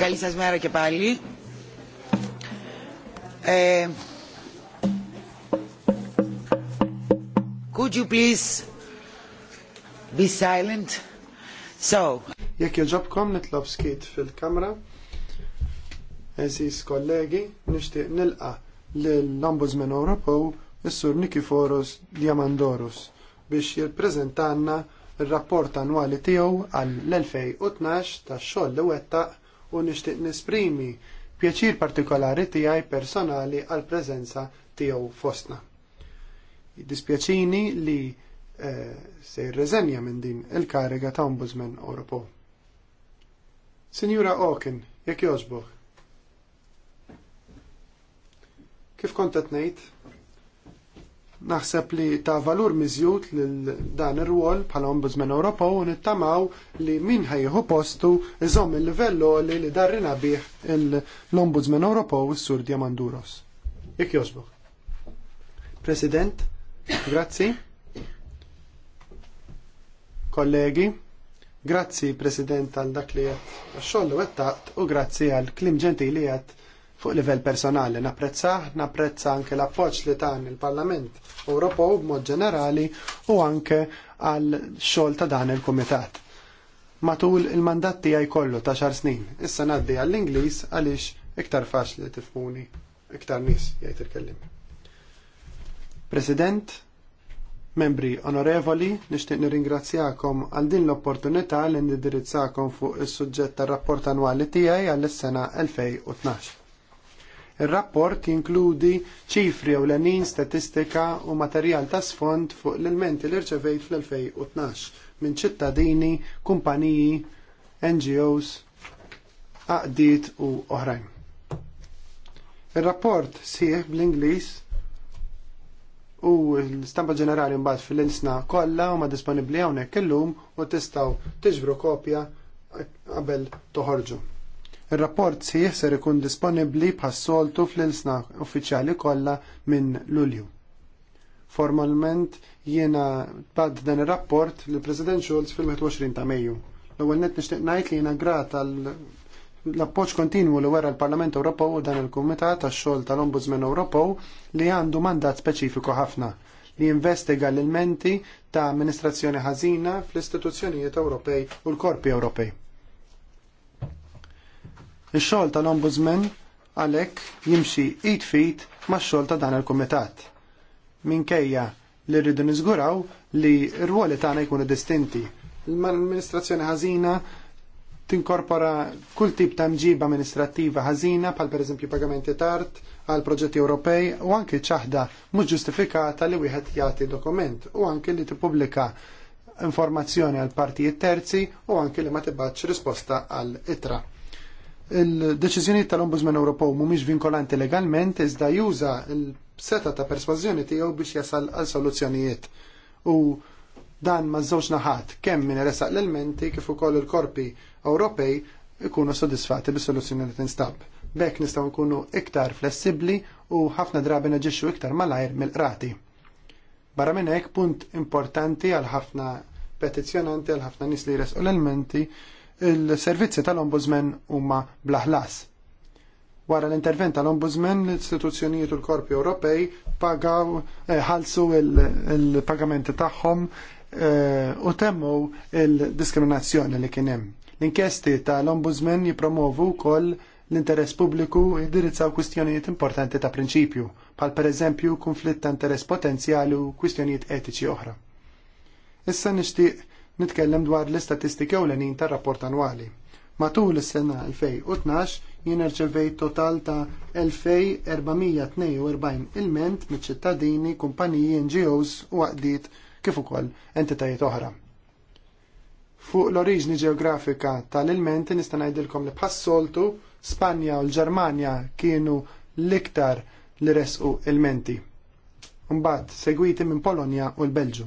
Καλή σας μέρα και πάλι. Ε, could you please be silent? So. Jekk joġobkom nitlob skit fil-kamra, eżis kollegi, nishtiq nilqa l-Ombudsman Ewropew is-Sur Nikiforos Diamandorus biex jippreżentanna r rapport annwali tiegħu għall 2012 tax-xogħol li wettaq u nixtieq nesprimi pjaċir partikolari tiegħi personali għal preżenza tiegħu fostna. Dispjaċini li eh, se jirreżenja minn din il-kariga ta' Ombudsman Europo. Sinjura Oken, jekk jogħġbok. Kif kont qed ngħid, Naħseb li ta' valur miżjut lil dan ir-rwol bħala Ombudsman Ewropew u nittamaw li min ħejħu postu iżomm il-livello li li darrina bih l-Ombudsman Ewropew is-Sur Diamanduros. Jekk josbok. President, grazzi. Kollegi, grazzi President għal dak li għat xollu għattaqt u grazzi għal klim ġentili għat fuq livell personali. Napprezzaħ, napprezza anke l-appoġġ li tan il-Parlament Ewropew b'mod ġenerali u anke għal xogħol ta' dan il-Kumitat. Matul il-mandat tiegħi kollu ta' xar snin, issa ngħaddi għall-Ingliż għaliex iktar faċli tifhmuni iktar nies jgħid il-kellim. President, membri onorevoli, nixtieq nirringrazzjakom għal din l-opportunità li nindirizzakom fuq is-suġġett tar-rapport annwali tiegħi għall-sena 2012. Ir-rapport jinkludi ċifri u l-għanin statistika u materjal ta' sfond fuq l-elementi li rċevejt fl-2012 minn ċittadini, kumpaniji, NGOs, għaqdiet u oħrajn. Ir-rapport sieħ bl-Ingliż u l-stampa ġenerali mbagħad fil-insna kollha huma disponibbli hawnhekk illum u tistgħu tiġbru kopja qabel toħorġu. Ir-rapport si ser ikun disponibbli bħas-soltu fl insna uffiċjali kollha minn Lulju. Formalment jiena bad dan ir-rapport li President Schulz fil-21 ta' Mejju. L-ewwel nett nixtieq ngħid li jiena grata l-appoġġ kontinwu li wera l-Parlament Ewropew u dan il-Kumitat tax-xogħol tal-Ombudsman Ewropew li għandu mandat speċifiku ħafna li jinvestiga l-ilmenti ta' amministrazzjoni ħażina fl-istituzzjonijiet Ewropej u l-korpi Ewropej. Ix-xogħol tal-Ombudsman għalhekk jimxi id fit max-xogħol ta' dan il-Kumitat. Minkejja li rridu niżguraw li r-ruoli tagħna jkunu distinti. L-amministrazzjoni ħażina tinkorpora kull tip ta' mġiba amministrattiva ħażina bħal pereżempju pagamenti tard għal proġetti Ewropej u anke ċaħda mhux ġustifikata li wieħed jagħti dokument u anke li tippubblika informazzjoni għal partijiet terzi u anke li ma tibbatx risposta għal itra il deċizjoni tal-Ombudsman Ewropew mhumiex vinkolanti legalment iżda juża l-seta ta' persważjoni tiegħu biex jasal għal soluzzjonijiet. U dan ma żewġ naħat kemm min resaq l-elementi kif ukoll il-korpi Ewropej ikunu sodisfatti bis-soluzzjoni li tinstab. Bekk nistgħu nkunu iktar flessibbli u ħafna drabi naġixxu iktar malajr mill-qrati. Barra minn hekk punt importanti għal ħafna petizzjonanti għal ħafna nies li jresqu l-elementi il-servizzi tal-Ombudsman huma blaħlas. Wara l-intervent tal-Ombudsman, l-istituzzjonijiet u l-korpi Ewropej pagaw eh, ħalsu il-pagamenti tagħhom eh, u temmu il-diskriminazzjoni li kien hemm. L-inkjesti tal-Ombudsman jipromovu wkoll l-interess pubbliku jiddirizzaw kwistjonijiet importanti ta' prinċipju, pal pereżempju konflitt ta' interess potenzjali u kwistjonijiet etiċi oħra. Issa nixtieq Nitkellem dwar l-istatistika u l-enin ta' rapport annwali. Matul is-sena 2012 jien irċevejt total ta' 2442 ilment miċ ċittadini kumpaniji, NGOs u għaqdiet kif ukoll entitajiet oħra. Fuq l-oriġni ġeografika tal-ilment nista' ngħidilkom li bħassoltu Spanja u l-Ġermanja kienu l-iktar li resqu ilmenti. Mbagħad segwiti minn Polonja u l-Belġu.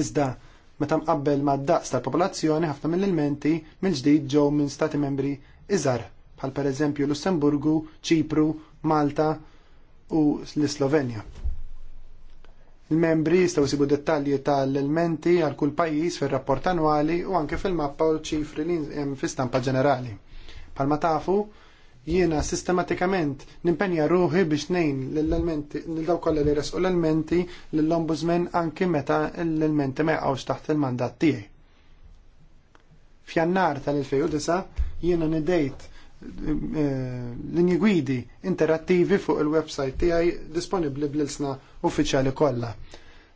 Iżda Meta mqabbel ma' daqs tal-popolazzjoni ħafna mill-elementi mill-ġdid ġew minn stati membri iżar, bħal pereżempju Lussemburgu, Ċipru, Malta u l-Slovenja. Il-membri jistgħu jsibu dettalji tal-elementi għal kull pajjiż fir-rapport annwali u anke fil-mappa u l-ċifri li hemm fi stampa ġenerali. Palma tafu, jiena sistematikament nimpenja ruħi biex nejn l-elementi, l li resqu l-elementi l-ombudsman anki meta l-elementi ma jgħawx taħt il-mandat tiegħi. Fjannar tal-2009 jiena nidejt eh, l gwidi interattivi fuq il-website tiegħi disponibbli bl-ilsna uffiċjali kollha.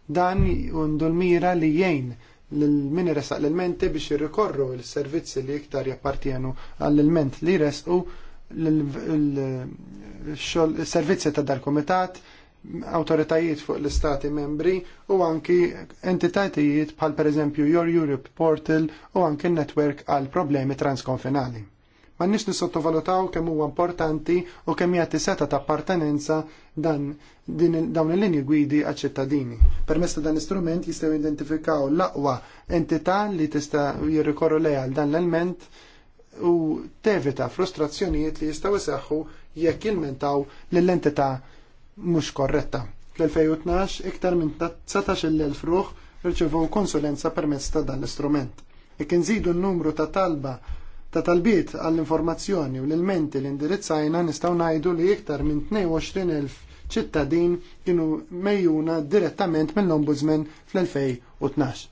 Dan undu l-mira li jgħin l-min resaq l-elementi biex jirrikorru l-servizzi li iktar jappartjenu għall-element li resqu il-servizzi ta' dal-komitat, autoritajiet fuq l-istati membri u anki entitajiet bħal per eżempju Your Europe Portal u anki netwerk għal problemi transkonfinali. Ma nix nisottovalutaw kemm huwa importanti u kemm hija seta ta' appartenenza dan din, dawn il-linji gwidi għal ċittadini. Permess ta' dan istrument jistgħu identifikaw l-aqwa entità li tista' jirrikorru lejha għal dan l-element u tevita frustrazzjonijiet li jistgħu iseħħu jekk jilmentaw lill-entità mhux korretta. Fl-2012 iktar minn 19,000 fruħ rċevaw konsulenza permezz ta' dan l-istrument. Ikken nżidu n-numru ta' talba ta' talbiet għall-informazzjoni u l-elementi li indirizzajna nistgħu ngħidu li iktar minn 22,000 ċittadin kienu mejjuna direttament mill-Ombudsman fl-2012.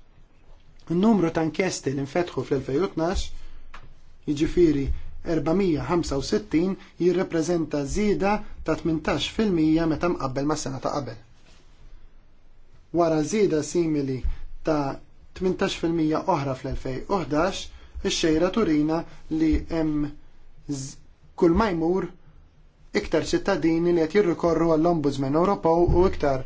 N-numru ta' inkjesti li nfetħu fl-2012 jiġifieri 465 jirrepreżenta żieda ta' 18% meta mqabbel mas sena ta' qabel. Wara żieda simili ta' 18% oħra fl-2011, ix-xejra turina li hemm kull ma jmur iktar ċittadini li qed jirrikorru għall-Ombudsman Ewropew u iktar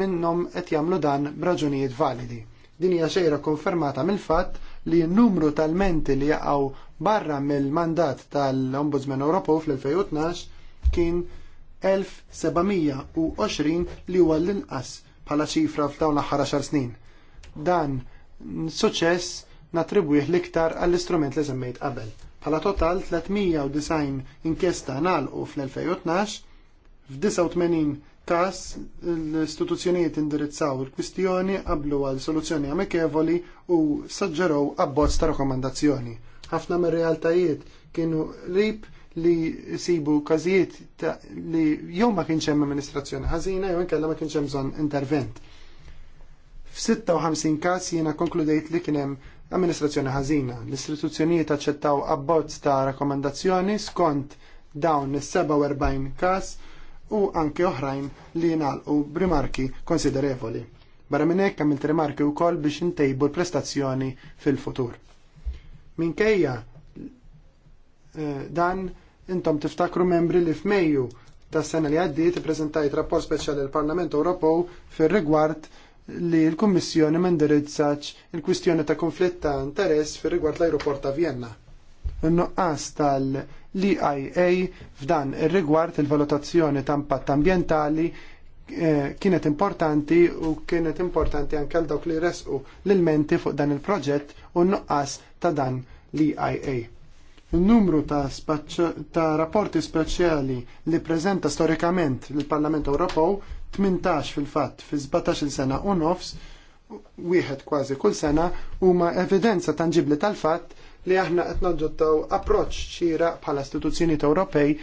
minnhom qed jagħmlu dan b'raġunijiet validi. Din hija xejra konfermata mill-fatt li n-numru tal-menti li jaqgħu barra mill-mandat tal-Ombudsman Ewropew fl-2012 kien 1720 li huwa l-inqas bħala ċifra f'dawn l-aħħar 10 snin. Dan suċess natribwih l-iktar għall-istrument li semmejt qabel. Bħala total 390 inkjesta nagħlqu fl-2012 f'89 każ, l-istituzzjonijiet indirizzaw il-kwistjoni qablu għal soluzzjoni amikevoli u saġġeraw abbozz ta' rakkomandazzjoni ħafna mir realtajiet kienu rib li sibu każijiet li jew ma kienx hemm amministrazzjoni ħażina jew inkella ma kienx hemm bżonn intervent. ħamsin każ jiena konkludejt li kien hemm amministrazzjoni ħażina. L-istituzzjonijiet aċċettaw abbozz ta' rakkomandazzjoni skont dawn is-47 każ u anke oħrajn li jingħalqu b'rimarki konsiderevoli. Barra minn hekk għamilt rimarki wkoll biex intejbu l-prestazzjoni fil-futur. Minkejja eh, dan intom tiftakru membri li f'Mejju tas sena li għaddiet ippreżentajt rapport speċjali l parlament Ewropew fir-rigward li l-Kummissjoni mendirizzax il-kwistjoni ta' konflitt ta' interess fir-rigward l-Ajruport ta' Vienna. In-nuqqas tal-EIA f'dan ir-rigward il-valutazzjoni ta' impatt ambjentali eh, kienet importanti u kienet importanti anke għal dawk li resqu l-menti fuq dan il-proġett u n-nuqqas ta' dan l-EIA. Il-numru ta', ta rapporti speċjali li prezenta storikament l-Parlament Ewropew 18 fil-fatt fi 17 sena u nofs, wieħed kważi kull sena, huma evidenza tangibli tal-fatt li aħna qed naġġottaw approċċ ċira bħala istituzzjonijiet Ewropej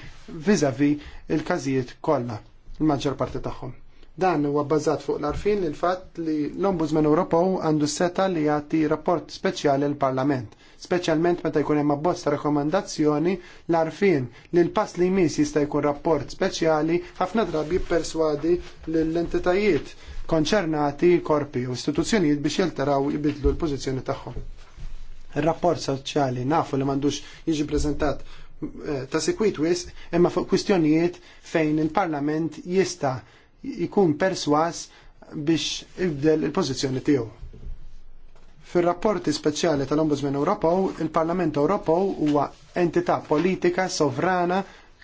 viżavi il-każijiet kollha, il-maġġor parti tagħhom. Dan huwa bbażat fuq l-arfin il fatt li l-Ombudsman Ewropew għandu seta li jagħti rapport speċjali l parlament speċjalment meta jkun hemm abbozz ta' rekomandazzjoni l-arfin li l-pass li jmiss jista' jkun rapport speċjali ħafna drabi jipperswadi l-entitajiet konċernati korpi u istituzzjonijiet biex jelteraw jibidlu l-pożizzjoni tagħhom. Ir-rapport soċjali nafu li m'għandux jiġi preżentat eh, ta' sekwit wisq imma fuq kwistjonijiet fejn il-Parlament jista' ikun perswas biex ibdel il-pożizzjoni tiegħu. Fir-rapporti speċjali tal-Ombudsman Ewropew, il-Parlament Ewropew huwa entità politika sovrana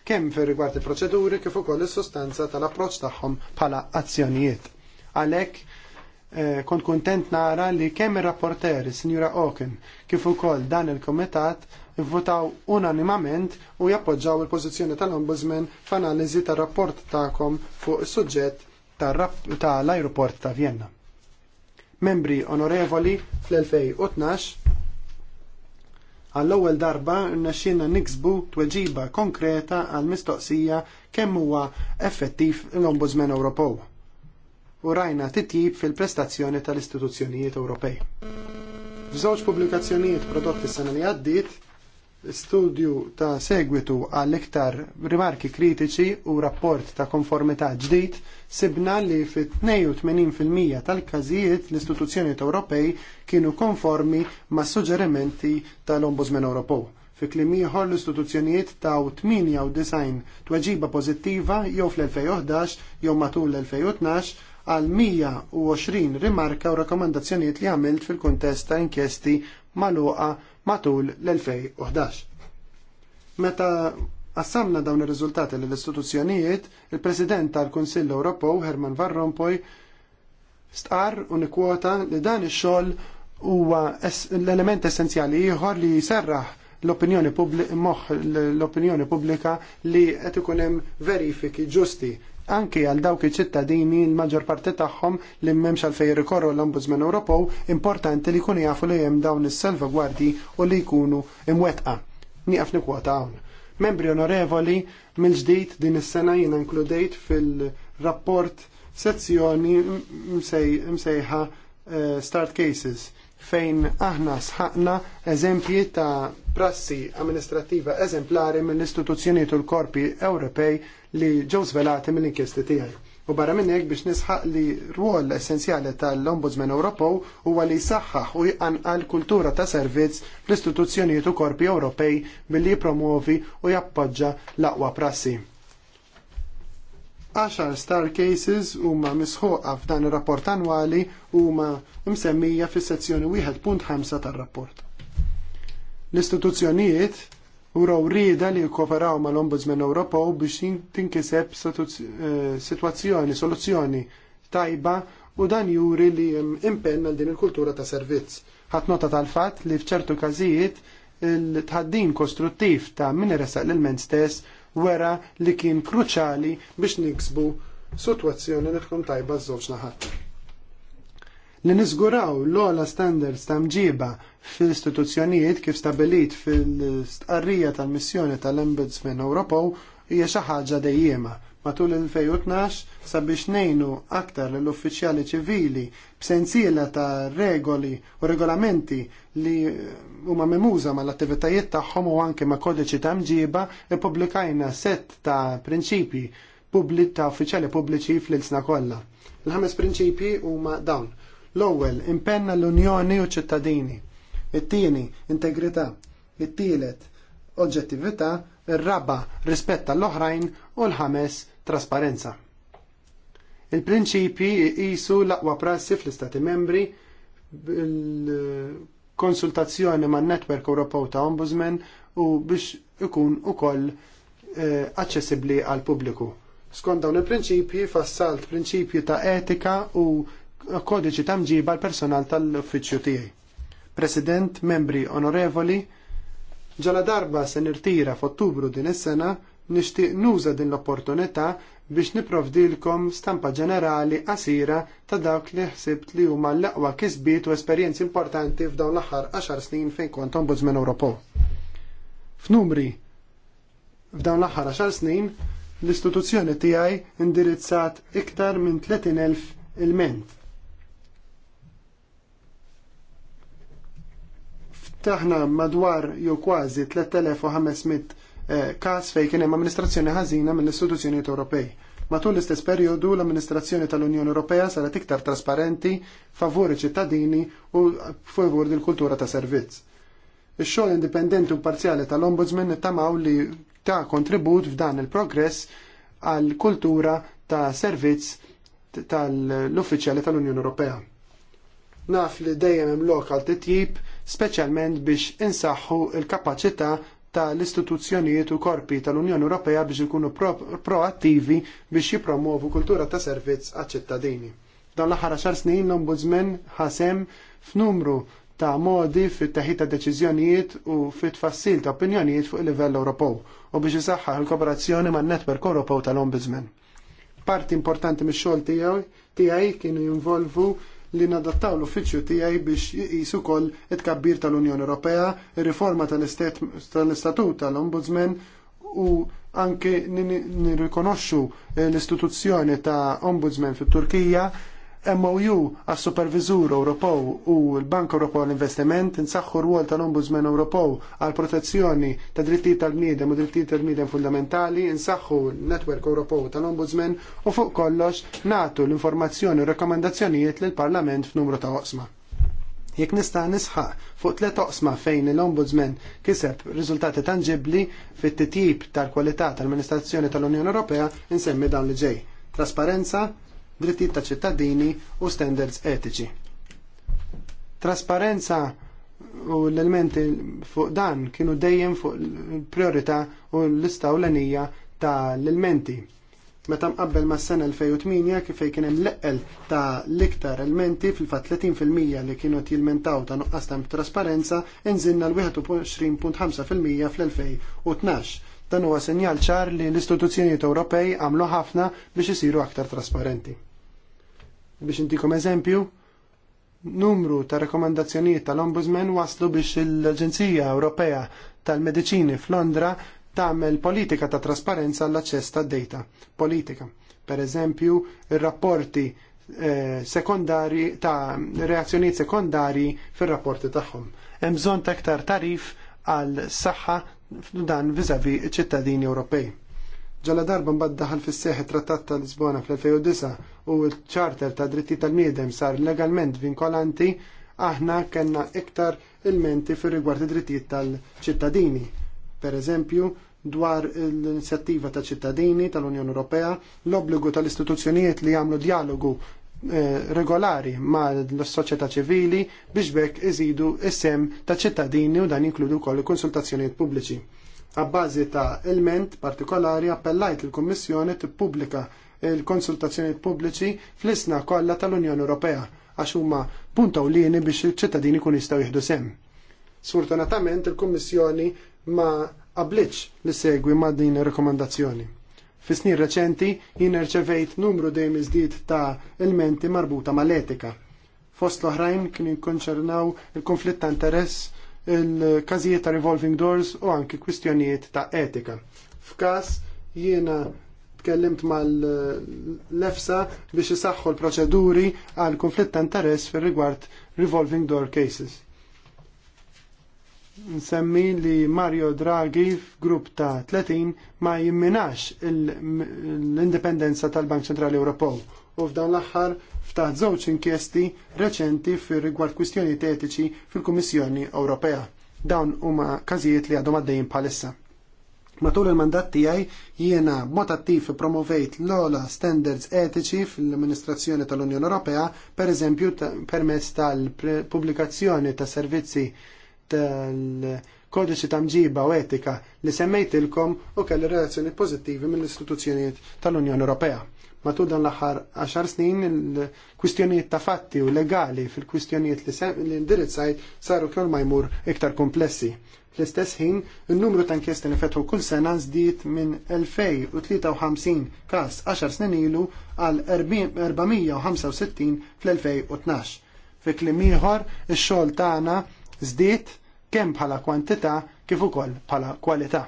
kemm fir rigward il-proċeduri kif ukoll is-sostanza tal-approċċ tagħhom bħala azzjonijiet. Għalhekk eh, kont kuntent nara li kemm ir-rapporter, is-Sinjura Oken, kif ukoll dan il-Kumitat votaw unanimament u jappoġġaw il-pożizzjoni tal-Ombudsman f'analiżi tar-rapport tagħkom fuq is-suġġett tal-ajruport ta' Vienna. Membri onorevoli fl-2012 għall-ewwel darba rnexxielna niksbu tweġiba konkreta għal mistoqsija kemm huwa effettiv l-Ombudsman Ewropew. U rajna titjib fil-prestazzjoni tal-istituzzjonijiet Ewropej. F'żewġ pubblikazzjonijiet prodotti s-sena li għaddiet, studju ta' segwitu għall-iktar rimarki kritiċi u rapport ta' konformità ġdid sibna li fit 82% tal-każijiet l-istituzzjoni Ewropej kienu konformi ma' suġġerimenti tal-Ombudsman Ewropew. Fi klim ieħor l-istituzzjonijiet taw 98 tweġiba pożittiva jew fl-2011 jew matul l-2012 għal 120 rimarka u rakkomandazzjonijiet li għamilt fil-kontest ta' inkjesti maluqa matul l-2011. Meta assamna dawn ir-riżultati l istituzzjonijiet il-President tal-Kunsill Ewropew Herman Van Rompuy stqar u li dan ix-xogħol huwa l-element essenzjali ieħor li jserraħ l-opinjoni pubblika l-opinjoni pubblika li qed ikun hemm verifiki ġusti anki għal dawk iċ-ċittadini l-maġġor parti tagħhom li m'hemmx għalfejn rikorru l-Ombudsman Ewropew importanti li jkunu jafu li hemm dawn is-salvagwardji u li jkunu imwettqa. Nieqaf nikwota hawn. Membri onorevoli, mill-ġdid din is-sena jiena inkludejt fil-rapport sezzjoni msejħa eh, Start Cases fejn aħna sħaqna eżempji ta' prassi amministrativa eżemplari mill-istituzzjonijiet u l-korpi Ewropej li ġew svelati mill-inkjesti tiegħi. U barra minn hekk biex nisħaq li rwol essenzjali tal-Ombudsman Ewropew huwa li saħħaħ u jqanqal kultura ta' servizz fl-istituzzjonijiet u korpi Ewropej billi jipromuovi u jappoġġa l-aqwa prassi. 10 star cases huma misħuqa f'dan ir-rapport annwali huma msemmija fis-sezzjoni 1.5 tar-rapport. L-istituzzjonijiet uraw rida li jkoperaw mal-Ombudsman Ewropew biex tinkiseb eh, situazzjoni, soluzzjoni tajba u dan juri li impenn għal din il-kultura ta' servizz. Ħadd nota tal-fatt li f'ċertu każijiet il-tħaddin kostruttiv ta' min resaq l-men stess wera li kien kruċali biex niksbu situazzjoni li tkun tajba żewġ naħat li niżguraw l-ola standards ta' mġiba fil-istituzzjonijiet kif stabilit fil-stqarrija tal-missjoni tal-Ombudsman Ewropew hija xi ħaġa dejjema. Matul il-2012 sabiex nejnu aktar l-uffiċjali ċivili b'sensiela ta' regoli u regolamenti li huma memuża mal-attivitajiet tagħhom u anke ma' kodiċi ta' mġiba ippubblikajna set ta' prinċipji ta' uffiċjali pubbliċi fl-ilsna kollha. Il-ħames prinċipji huma dawn. L-ewwel impenna l-Unjoni u ċittadini. It-tieni integrità. It-tielet oġġettività, ir-raba rispett tal-oħrajn u l-ħames trasparenza. Il-prinċipji jqisu l-aqwa prassi fl-Istati membri konsultazzjoni ma' Network Ewropew ta' Ombudsman u biex ikun ukoll eh, aċċessibbli għal pubbliku. Skont dawn il-prinċipji fassalt prinċipju ta' etika u kodiċi ta' mġiba l-personal tal-uffiċċju tiegħi. President, membri onorevoli, ġala darba se nirtira f'Ottubru din is-sena nixtieq nuża din l-opportunità biex niprovdilkom stampa ġenerali qasira ta' dawk li ħsibt li huma l-aqwa kisbiet u esperjenzi importanti f'dawn l-aħħar 10 snin fejn kont Ombudsman Ewropew. F'numri f'dawn l-aħħar 10 snin l-istituzzjoni tiegħi indirizzat iktar minn 30,000 ilment taħna madwar jew kważi 3500 każ fejn kien hemm amministrazzjoni ħażina mill-istituzzjonijiet Ewropej. Matul l-istess perjodu l-amministrazzjoni tal-Unjoni Ewropea saret iktar trasparenti, favur ċittadini u favur il-kultura ta' servizz. Ix-xogħol indipendenti u parzjali tal-Ombudsman tamaw li ta' kontribut f'dan il-progress għal kultura ta' servizz tal-uffiċjali tal-Unjoni Ewropea. Naf li dejjem hemm lokal titjib speċjalment biex insaħħu l-kapaċità tal istituzzjonijiet u korpi tal-Unjoni Ewropea biex ikunu proattivi pro biex jipromovu kultura ta' servizz għaċ-ċittadini. Dan l-aħħar xar snin l-Ombudsman ħasem f'numru ta' modi fit taħid ta' deċiżjonijiet u fit tfassil ta' opinjonijiet fuq il-livell Ewropew u biex isaħħa l kooperazzjoni man netwerk Ewropew tal-Ombudsman. Parti importanti mix-xogħol tiegħi kienu jinvolvu li nadattaw l-uffiċċju tiegħi biex jqisu wkoll it-kabbir tal-Unjoni Ewropea, ir-riforma tal-Istatut tal-Ombudsman u anke nirrikonoxxu eh, l-istituzzjoni ta' Ombudsman fit-Turkija MOU għas supervizur Ewropew u l-Bank Ewropew l-Investiment insaħħu rwol tal-Ombudsman Ewropew għal protezzjoni ta' drittijiet tal-bniedem u drittijiet tal-bniedem fundamentali, insaħħu l-Netwerk Ewropew tal-Ombudsman u fuq kollox natu l-informazzjoni u rekomendazzjonijiet lill parlament f'numru ta' oqsma. Jekk nista' nisħaq fuq tliet oqsma fejn l-Ombudsman kiseb riżultati tangibbli fit-titjib tal-kwalità tal-amministrazzjoni tal-Unjoni Ewropea insemmi dawn li ġej. Trasparenza, drittijiet ta' ċittadini u standards etiċi. Trasparenza u l-elementi fuq dan kienu dejjem fuq priorità u l-lista u l-anija ta' l-elementi. Meta mqabbel ma' s-sena 2008 kif kien hemm l-eqqel ta' l-iktar elementi fil-fat 30% li kienu jilmentaw ta' nuqqas ta' trasparenza inżinna l-21.5% fl-2012. Dan huwa sinjal ċar li l-istituzzjonijiet Ewropej għamlu ħafna biex isiru aktar trasparenti. Biex intikom eżempju, numru ta' rekomandazzjonijiet tal-Ombudsman waslu biex l-Aġenzija Ewropea tal-Mediċini f'Londra tagħmel politika ta' trasparenza l-aċċess tad-data. Politika. Per eżempju, ir-rapporti eh, sekondari ta' reazzjonijiet sekondari fir-rapporti tagħhom. Hemm bżonn ta' iktar tarif għal saħħa dan viżavi ċittadini Ewropej. Ġala darba mbagħad daħal fis-seħħ trattat ta' Lisbona fl-2009 u l-Charter ta' Dritti tal-Miedem sar legalment vinkolanti, aħna kellna iktar ilmenti fir rigward id-drittijiet tal-ċittadini. Per eżempju, dwar l-inizjattiva ta' ċittadini tal-Unjoni Ewropea, l-obbligu tal-istituzzjonijiet li jagħmlu dialogu eh, regolari ma l-soċjetà ċivili biex bekk iżidu is-sem ta' ċittadini u dan inkludu wkoll konsultazzjonijiet pubbliċi. Għabbażi ta' ilment partikolari appellajt il-Kummissjoni tippubblika il-konsultazzjoni pubbliċi fl-isna kollha tal-Unjoni Ewropea għax huma punta lini biex il-ċittadini kun jistgħu jieħdu sem. Sfortunatament il-Kummissjoni ma qablitx li segwi ma' din ir-rekomandazzjoni. Fis snin reċenti jien rċevejt numru dejjem iżdied ta' elementi marbuta mal-etika. Fost l-oħrajn kien jikkonċernaw il-konflitt ta' interess il-każijiet ta' revolving doors u anki kwistjonijiet ta' etika. F'każ jiena tkellimt mal-lefsa biex isaħħu l-proċeduri għal konflitt ta' interess fir rigward revolving door cases. Nsemmi li Mario Draghi f'grupp ta' 30 ma jimminax l-indipendenza tal-Bank Ċentrali Ewropew u f'dan l-aħħar ftaħt żewġ inkjesti reċenti fir rigward kwistjoni etiċi fil-Kummissjoni Ewropea. Dawn huma każijiet li għadhom għaddejjin bħalissa. Matul il-mandat tiegħi jiena mod attiv promovejt l-ola standards etiċi fil amministrazzjoni tal-Unjoni Ewropea, pereżempju permezz tal-pubblikazzjoni ta' servizzi tal- kodiċi ta' mġiba u etika li semmejtilkom u kelli relazzjoni pozittivi mill-istituzzjonijiet tal-Unjoni Ewropea. Matul dan l-aħħar 10 snin il-kwistjonijiet ta' fatti u legali fil-kwistjonijiet li indirizzajt saru kol ma jmur iktar komplessi. Fl-istess ħin, il-numru ta' inkjesti li fetħu kull sena żdied minn 2053 każ 10 snin ilu għal 465 fl-2012. Fi kliem ieħor, ix-xogħol tagħna żdied kemm bħala kwantità kif ukoll bħala kwalità.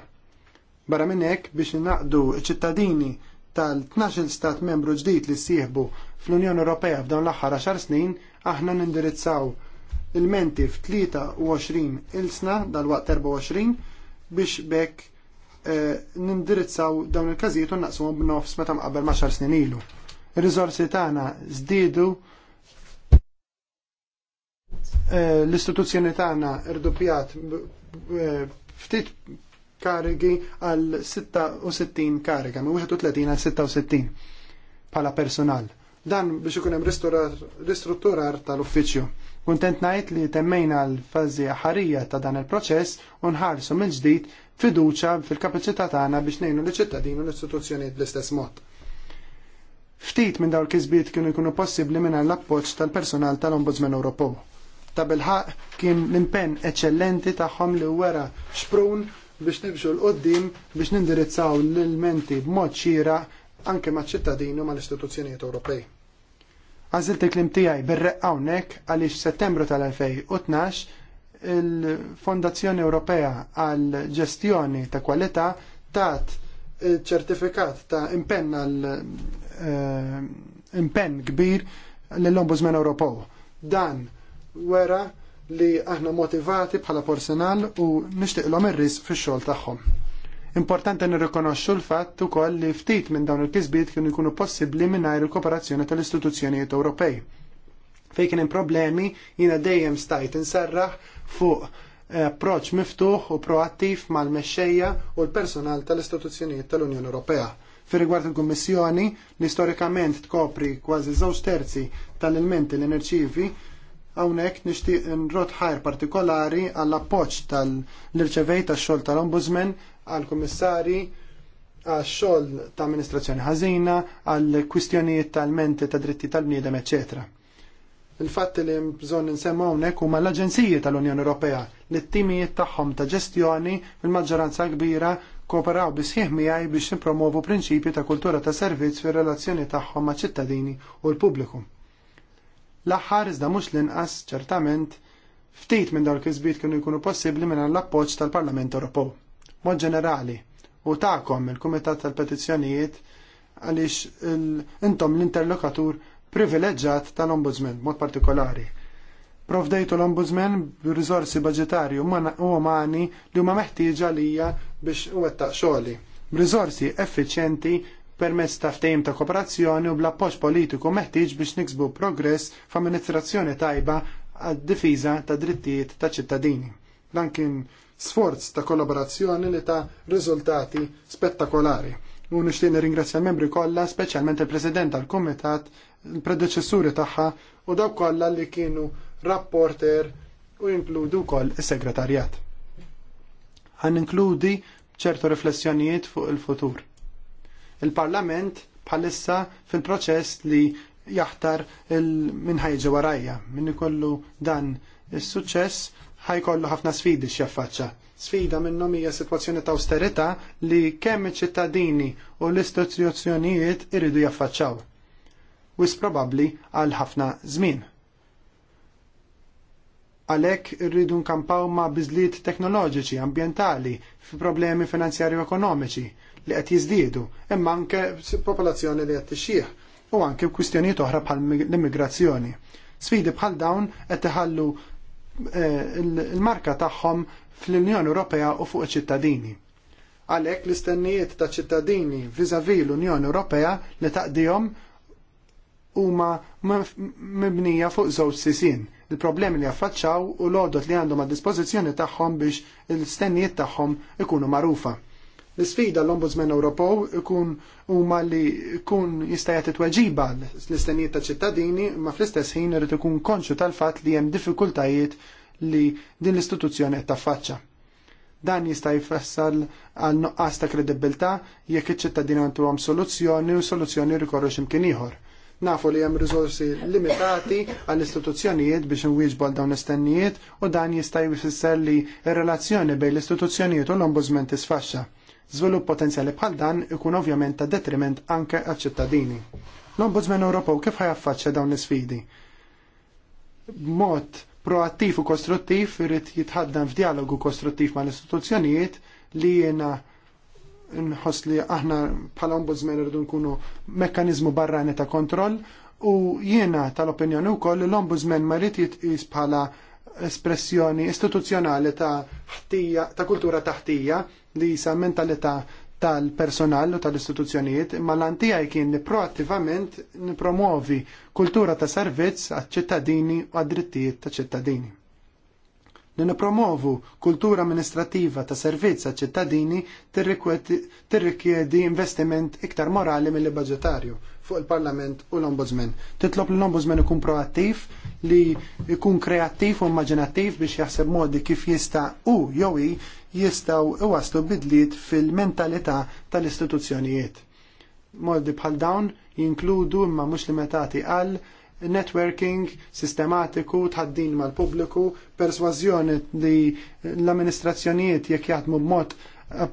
Barra minn hekk biex naqdu ċittadini tal-12 stat membru ġdid li sieħbu fl-Unjoni Ewropea f'dawn l-aħħar 10 snin, aħna nindirizzaw il-menti f-23 il-sna dal-waqt 24 biex bekk eh, nindirizzaw dawn il-każijiet u naqsuhom b'nofs meta mqabel ma' xar snin ilu. il riżorsi tagħna żdiedu eh, l-istituzzjoni tagħna irdupjat eh, ftit karigi għal 66 kariga, minn 31 għal 66 bħala personal. Dan biex ikun hemm ristrutturar tal-uffiċċju. Kuntent ngħid li temmejna l-fażi ħarija ta' dan il-proċess u nħarsu minn ġdid fiduċa fil-kapaċità tagħna biex ngħinu liċ ċittadin u l-istituzzjonijiet bl-istess mod. Ftit minn dawn kisbiet kienu jkunu possibbli mingħajr l-appoġġ tal-personal tal-Ombudsman Ewropew. Ta' bilħaq kien l-impenn eċċellenti tagħhom li wera xprun biex nimxu l-qoddim biex nindirizzaw l-elementi b'mod xira anke ma' ċittadini u ma' l-istituzzjonijiet Ewropej. Għazilt il-klim tijaj birreqqa unnek għalix settembru tal-2012 il-Fondazzjoni Ewropea għal ġestjoni ta' kwalità tat ċertifikat ta' impenn għal eh, impenn kbir l-Ombudsman Ewropew. Dan wera li aħna motivati bħala personal u nixtieqlhom ir-ris fix-xogħol tagħhom. Importanti nirrikonoxxu l-fatt ukoll li ftit minn dawn il-kisbiet kienu jkunu possibbli mingħajr il-kooperazzjoni tal-istituzzjonijiet Ewropej. Fejn kien hemm problemi jiena dejjem stajt inserraħ fuq eh, approċċ miftuħ u proattiv mal-mexxejja u l-personal tal-istituzzjonijiet tal-Unjoni Ewropea fi rigward il-Kummissjoni li storikament tkopri kważi żewġ terzi tal-elementi l-enerċivi Hawnhekk nixtieq nrot ħajr partikolari għall appoġġ tal-irċevej tax-xogħol tal-Ombudsman għall komissari għax-xogħol ta' amministrazzjoni ħażina, għall kwistjonijiet tal-menti ta' dritti tal-bniedem, eċċetera. Il-fatt li bżonn insemmu hawnhekk huma l-Aġenziji tal-Unjoni Ewropea li t-timijiet tagħhom ta' ġestjoni fil-maġġoranza kbira kooperaw bisħieħ miegħi biex jippromovu prinċipju ta' kultura ta' servizz fir-relazzjoni tagħhom ma' ċittadini u l-pubbliku. L-aħħar iżda mhux l-inqas ċertament ftit minn dawn il-kisbiet kienu jkunu possibbli minn l-appoġġ tal-Parlament Ewropew. Mod ġenerali, u tagħkom il-Kumitat tal-Petizzjonijiet għaliex intom l-interlokatur privileġġat tal-Ombudsman mod partikolari. Provdejtu l-Ombudsman b'riżorsi budġetarji u umani li huma meħtieġa lija biex wettaq xogħli. B'riżorsi effiċjenti permezz ta' ftehim ta' kooperazzjoni u bl-appoġġ politiku meħtieġ biex niksbu progress f'amministrazzjoni tajba għad-difiża ta' drittijiet ta' ċittadini. Dan kien sforz ta' kollaborazzjoni li ta' riżultati spettakolari. U nixtieq nirringrazzja l-membri kollha, speċjalment il-President tal-Kumitat, il-predeċessuri tagħha u dawk kollha li kienu rapporter u jinkludu wkoll is-segretarjat. Għan inkludi ċertu riflessjonijiet fuq il-futur Il-Parlament bħalissa fil-proċess li jaħtar il-minħajġi warajja. Min ikollu dan is suċess ħajkollu ħafna sfidi jaffaċċa. Sfida minnhom hija sitwazzjoni ta' austerita li kemm iċ-ċittadini u l-istituzzjonijiet iridu jaffaċċaw. Wis probabbli għal ħafna żmien. Għalhekk irridu nkampaw ma' biżliet teknoloġiċi, ambjentali, fi problemi finanzjarju ekonomiċi, li qed jiżdiedu, imma anke popolazzjoni li qed tixjih u anke kwistjonijiet oħra bħal l-immigrazzjoni. Sfidi bħal dawn qed iħallu eh, il-marka tagħhom fl-Unjoni Ewropea u fuq iċ-ċittadini. Għalhekk l-istennijiet ta' ċittadini viżavi l-Unjoni Ewropea li taqdihom huma mibnija fuq żewġ sisin il-problemi li affaċċaw u l-għodot li għandhom għad dispożizzjoni tagħhom biex l istennijiet tagħhom ikunu marufa. L-sfida l-Ombudsman Ewropew ikun huma li jkun jista' jagħti tweġiba l-istennijiet ta' ċittadini, ma fl-istess ħin irid ikun konxu tal-fatt li hemm diffikultajiet li din l-istituzzjoni qed taffaċċa. Dan jista' jfassal għal nuqqas ta' kredibilità jekk iċ-ċittadini għandhom soluzzjoni u soluzzjoni rikorru x'imkien ieħor. Nafu li hemm riżorsi limitati għall istituzzjonijiet biex inwieġbu dawn l-istennijiet u dan jista' jfisser li r-relazzjoni bejn l-istituzzjonijiet u l-ombudsman tisfaxxa żvilupp potenzjali bħal dan ikun ovvjament ta' detriment anke għaċ-ċittadini. L-Ombudsman Ewropew kif ħajaffaċċa dawn l-isfidi? Mod proattiv u kostruttiv irrid jitħaddan f'dialogu kostruttiv mal istituzzjonijiet li jiena nħoss li aħna bħala ombudsman irridu nkunu mekkaniżmu barrani ta' kontroll u jiena tal-opinjoni wkoll l-ombudsman ma rid jitqis bħala espressjoni istituzzjonali ta' ħtija, ta' kultura ta' ħtija li jisa mentalità tal-personal u tal-istituzzjonijiet, imma l-antijaj kien li proattivament nipromuovi kultura ta' servizz għad ċittadini u għad drittijiet ta' ċittadini li nipromovu kultura amministrativa ta' servizz ċittadini tirrikjedi investiment iktar morali mill budgetarju fuq il-Parlament u l-Ombudsman. Titlob li l-Ombudsman ikun proattiv, li ikun kreattiv u immaġinattiv biex jaħseb modi kif jista' u jew jistaw iwaslu bidliet fil-mentalità tal-istituzzjonijiet. Modi bħal dawn jinkludu imma mhux limitati għal networking sistematiku, tħaddin mal-pubbliku, persważjoni li l-amministrazzjonijiet jekk jaħdmu b'mod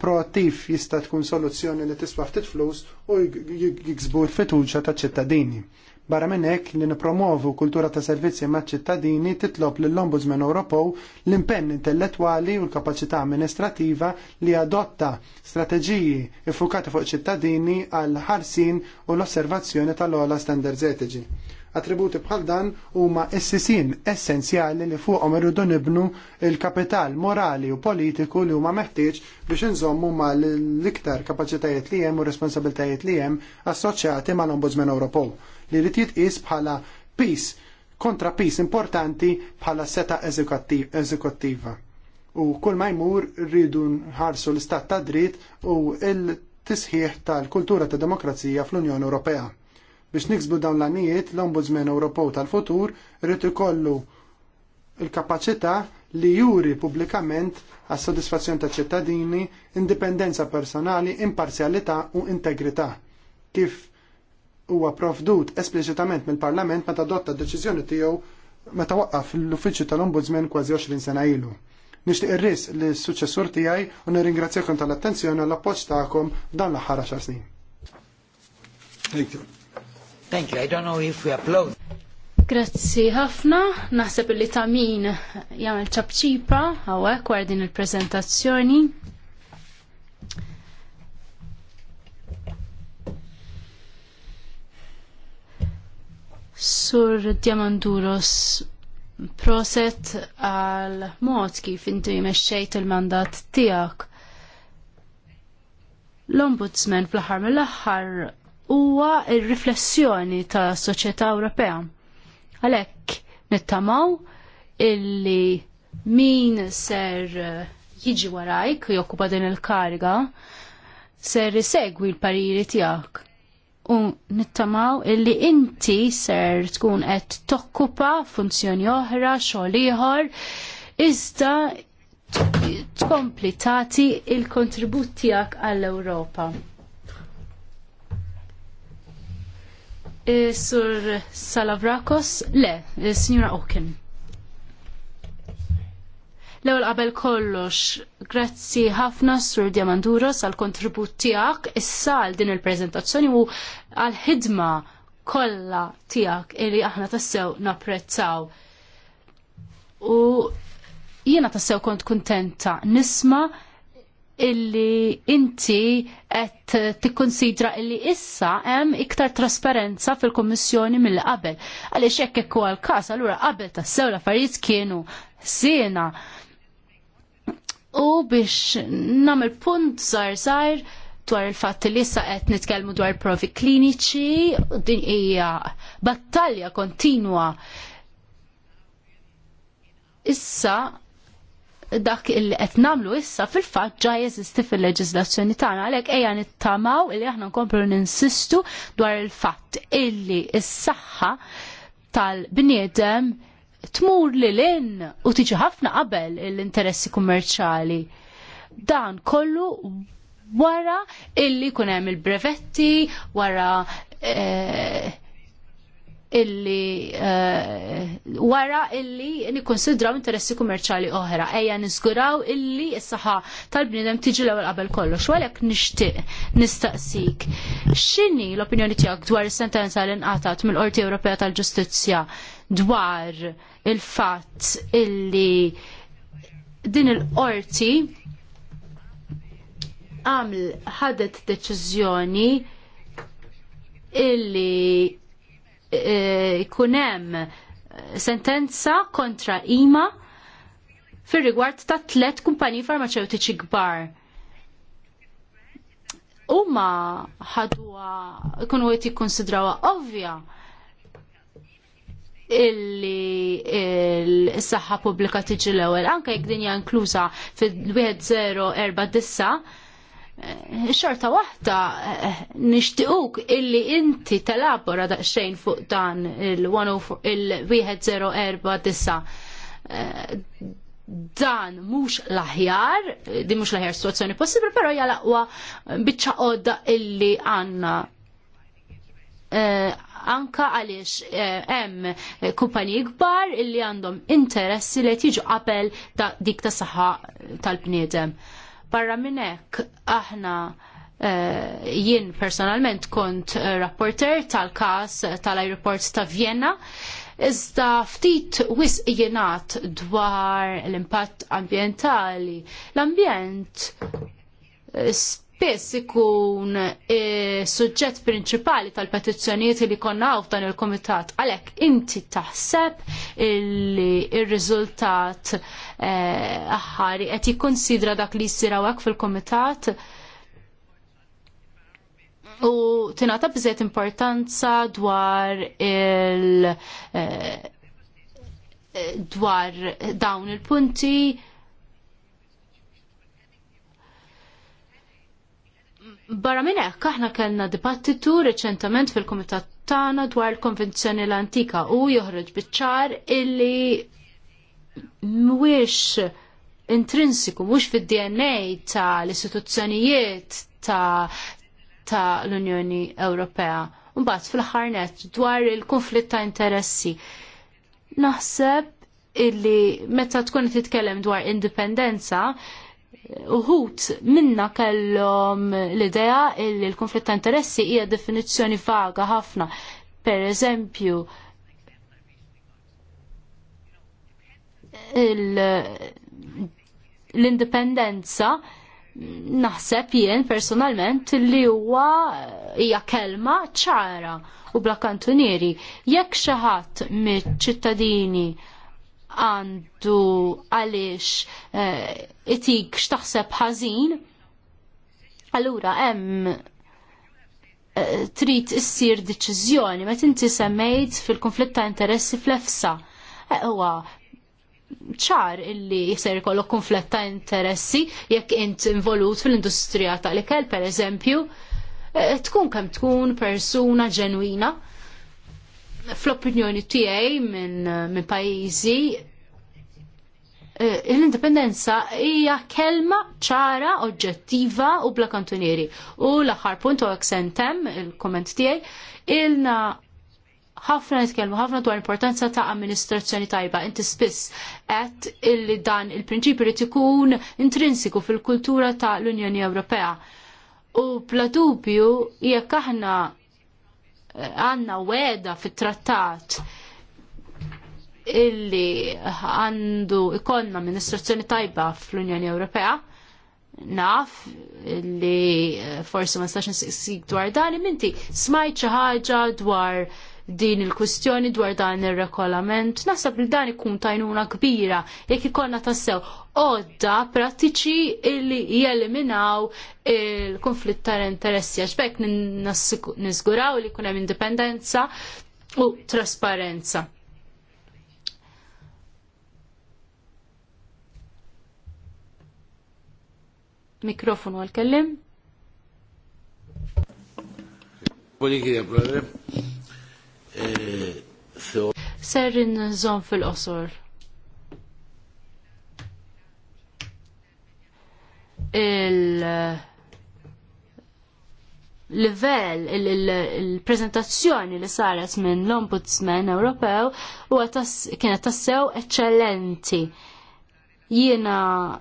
proattiv jista' tkun soluzzjoni li tiswa ftit flus u jiksbu l-fiduċja taċ ċittadini. Barra minn hekk li nipromovu kultura ta' servizzi maċ ċittadini titlob lill ombudsman Ewropew l-impenn intellettwali u l-kapaċità amministrativa li adotta strateġiji iffukati fuq ċittadini għal ħarsin u l-osservazzjoni tal-ola standards etiġi. Attributi bħal dan huma essisin essenzjali li fuqhom irridu nibnu il-kapital morali u politiku li huma meħtieġ biex inżommu ma l-iktar kapaċitajiet li hemm u responsabiltajiet li hemm assoċjati mal-Ombudsman Ewropew li rrid jitqis bħala peace, kontra pis importanti bħala seta eżekuttiva. U kull ma jmur rridu nħarsu l-istat ta' dritt u il tisħiħ tal-kultura ta' demokrazija fl-Unjoni Ewropea. Biex niksbu dawn l-anijiet, l-Ombudsman Ewropew tal-futur rrid ikollu il-kapacità li juri pubblikament għas sodisfazzjon ta' ċittadini, indipendenza personali, imparzjalità u integrità. Kif huwa provdut espliċitament mill-Parlament meta adotta deċiżjoni tiegħu meta waqqaf l-uffiċċju tal-Ombudsman kważi 20 sena ilu. Nixtieq irris li s-suċessur tiegħi u nirringrazzjakom tal-attenzjoni u l appoġġ tagħkom dan l-aħħar xar snin. Thank you. Thank you. I don't know if we applaud. Grazzi ħafna, naħseb li ta' min jagħmel ċabċipa hawnhekk wara din il-preżentazzjoni. Sur Diamanduros, proset għal mod kif inti mexxejt il-mandat tiegħek. L-Ombudsman fl-aħħar mill-aħħar huwa r riflessjoni ta' soċjetà Ewropea. Għalhekk nittamaw illi min ser jiġi warajk jokkupa din il-karga ser isegwi l-pariri tiegħek u nittamaw illi inti ser tkun qed tokkupa funzjoni oħra, xogħol ieħor, iżda tkompli tagħti il-kontribut tiegħek għall-Ewropa. Eh, Sur Salavrakos, le, eh, Signora Oken. L-ewwel qabel kollox, grazzi ħafna Sur Diamanduros għal kontribut tiegħek issa għal din il-preżentazzjoni u għal ħidma kollha tiegħek illi aħna tassew napprezzaw. U jiena tassew kont kuntenta nisma' illi inti qed tikkonsidra illi issa hemm iktar trasparenza fil-Kummissjoni mill qabel. Għaliex hekk hekk huwa l-każ, allura qabel tassew l-affarijiet kienu sena u biex namel punt zar zar dwar il-fatt li issa qed nitkellmu dwar provi kliniċi din hija battalja kontinwa. Issa dak il qed nagħmlu issa fil-fatt ġa jeżisti fil leġislazzjoni tagħna għalhekk ejja nittamaw li aħna nkomplu ninsistu dwar il-fatt illi s-saħħa tal-bniedem il tmur li l-in u tiġi ħafna qabel l-interessi kummerċali. Dan kollu wara illi kunem il-brevetti, wara eh, illi uh, wara illi nikkonsidraw interessi kummerċali oħra. Ejja nisguraw illi s-saħħa tal-bniedem tiġi l-ewwel qabel kollox. Għalhekk nixtieq nistaqsik. X'inhi l-opinjoni tiegħek dwar is-sentenza li nqatat mill-Qorti Ewropea tal-Ġustizzja dwar il-fatt illi din il-qorti għaml ħadet deċiżjoni illi ikunem e, sentenza kontra ima fir rigward ta' tlet kumpaniji farmaceutiċi kbar. Uma ħadwa kunu għet jikkonsidrawa ovvja illi il-saħħa pubblika tiġi l-ewwel anke jekk dinja inkluża fil 2049 eh, xorta waħda eh, nishtiquk illi inti telabora daqsxejn fuq dan il 2049 eh, dan mhux l-aħjar, di mhux l-aħjar situazzjoni possibbli, però hija l biċċa illi għandna anka għaliex eh, hemm eh, kumpaniji kbar illi għandhom interessi li tiġu qabel dik ta' saħħa tal-bniedem. Barra minn hekk aħna eh, jien personalment kont rapporter tal-każ tal-aeroport ta' Vienna Iżda ftit wisq jenat dwar l-impatt ambjentali, L-ambjent biss ikun e, suġġett prinċipali tal-petizzjonijiet li konna għaw f'dan il-komitat. Għalek, inti taħseb illi il-rizultat e, aħħari qed jikkonsidra dak li jsiraw hawnhekk fil-komitat u tingħata bżiet importanza dwar il- e, dwar dawn il-punti Barra minn hekk aħna kellna dibattitu reċentament fil-Kumitat tagħna dwar il-Konvenzjoni l-Antika u joħroġ biċ-ċar illi mhuwiex intrinsiku mhux fid-DNA tal istituzzjonijiet ta', ta l-Unjoni Ewropea. Mbagħad fil nett dwar il-konflitt ta' interessi. Naħseb illi meta tkun titkellem dwar indipendenza, uħut minna kellhom l-idea li l-konflitt ta' interessi hija definizzjoni vaga ħafna. Per eżempju, l-indipendenza naħseb jien personalment li huwa hija kelma ċara u bla kantunieri. Jekk xi ħadd miċ-ċittadini għandu għaliex eh, itik x'taħseb ħażin, allura hemm eh, trid issir deċiżjoni meta inti semmejt fil-konflitt ta' interessi fl-efsa. Eh, huwa ċar illi jisir jkollok konflitt ta' interessi jekk int involut fil-industrija tal-ikel, per eżempju, tkun kemm tkun persuna ġenwina fl-opinjoni tiegħi minn min pajjiżi eh, l-indipendenza hija kelma ċara, oġġettiva u bla kantunieri. U l-aħħar punt u sentem il-komment tiegħi ilna ħafna nitkellmu ħafna dwar importanza ta' amministrazzjoni tajba. Inti spiss qed illi dan il-prinċipju li ikun intrinsiku fil-kultura ta' l-Unjoni Ewropea. U bla dubju jekk aħna għanna weda fit-trattat illi għandu ikonna amministrazzjoni tajba fl-Unjoni Ewropea, naf li eh, forsi ma stax nsik dwar dan, minti smajt xi ħaġa dwar din il-kwistjoni dwar dan ir rekolament Naħseb li dan ikun tajnuna kbira jekk ikollna tassew għodda prattiċi li jeliminaw il-konflitt tal-interessi għax bekk niżguraw li jkun hemm indipendenza u trasparenza. Mikrofonu għal-kellim. Buongiorno, Serrin zon fil-qosor. il- livell il-prezentazzjoni li saret minn l-Ombudsman Ewropew u kienet tassew eccellenti. Jiena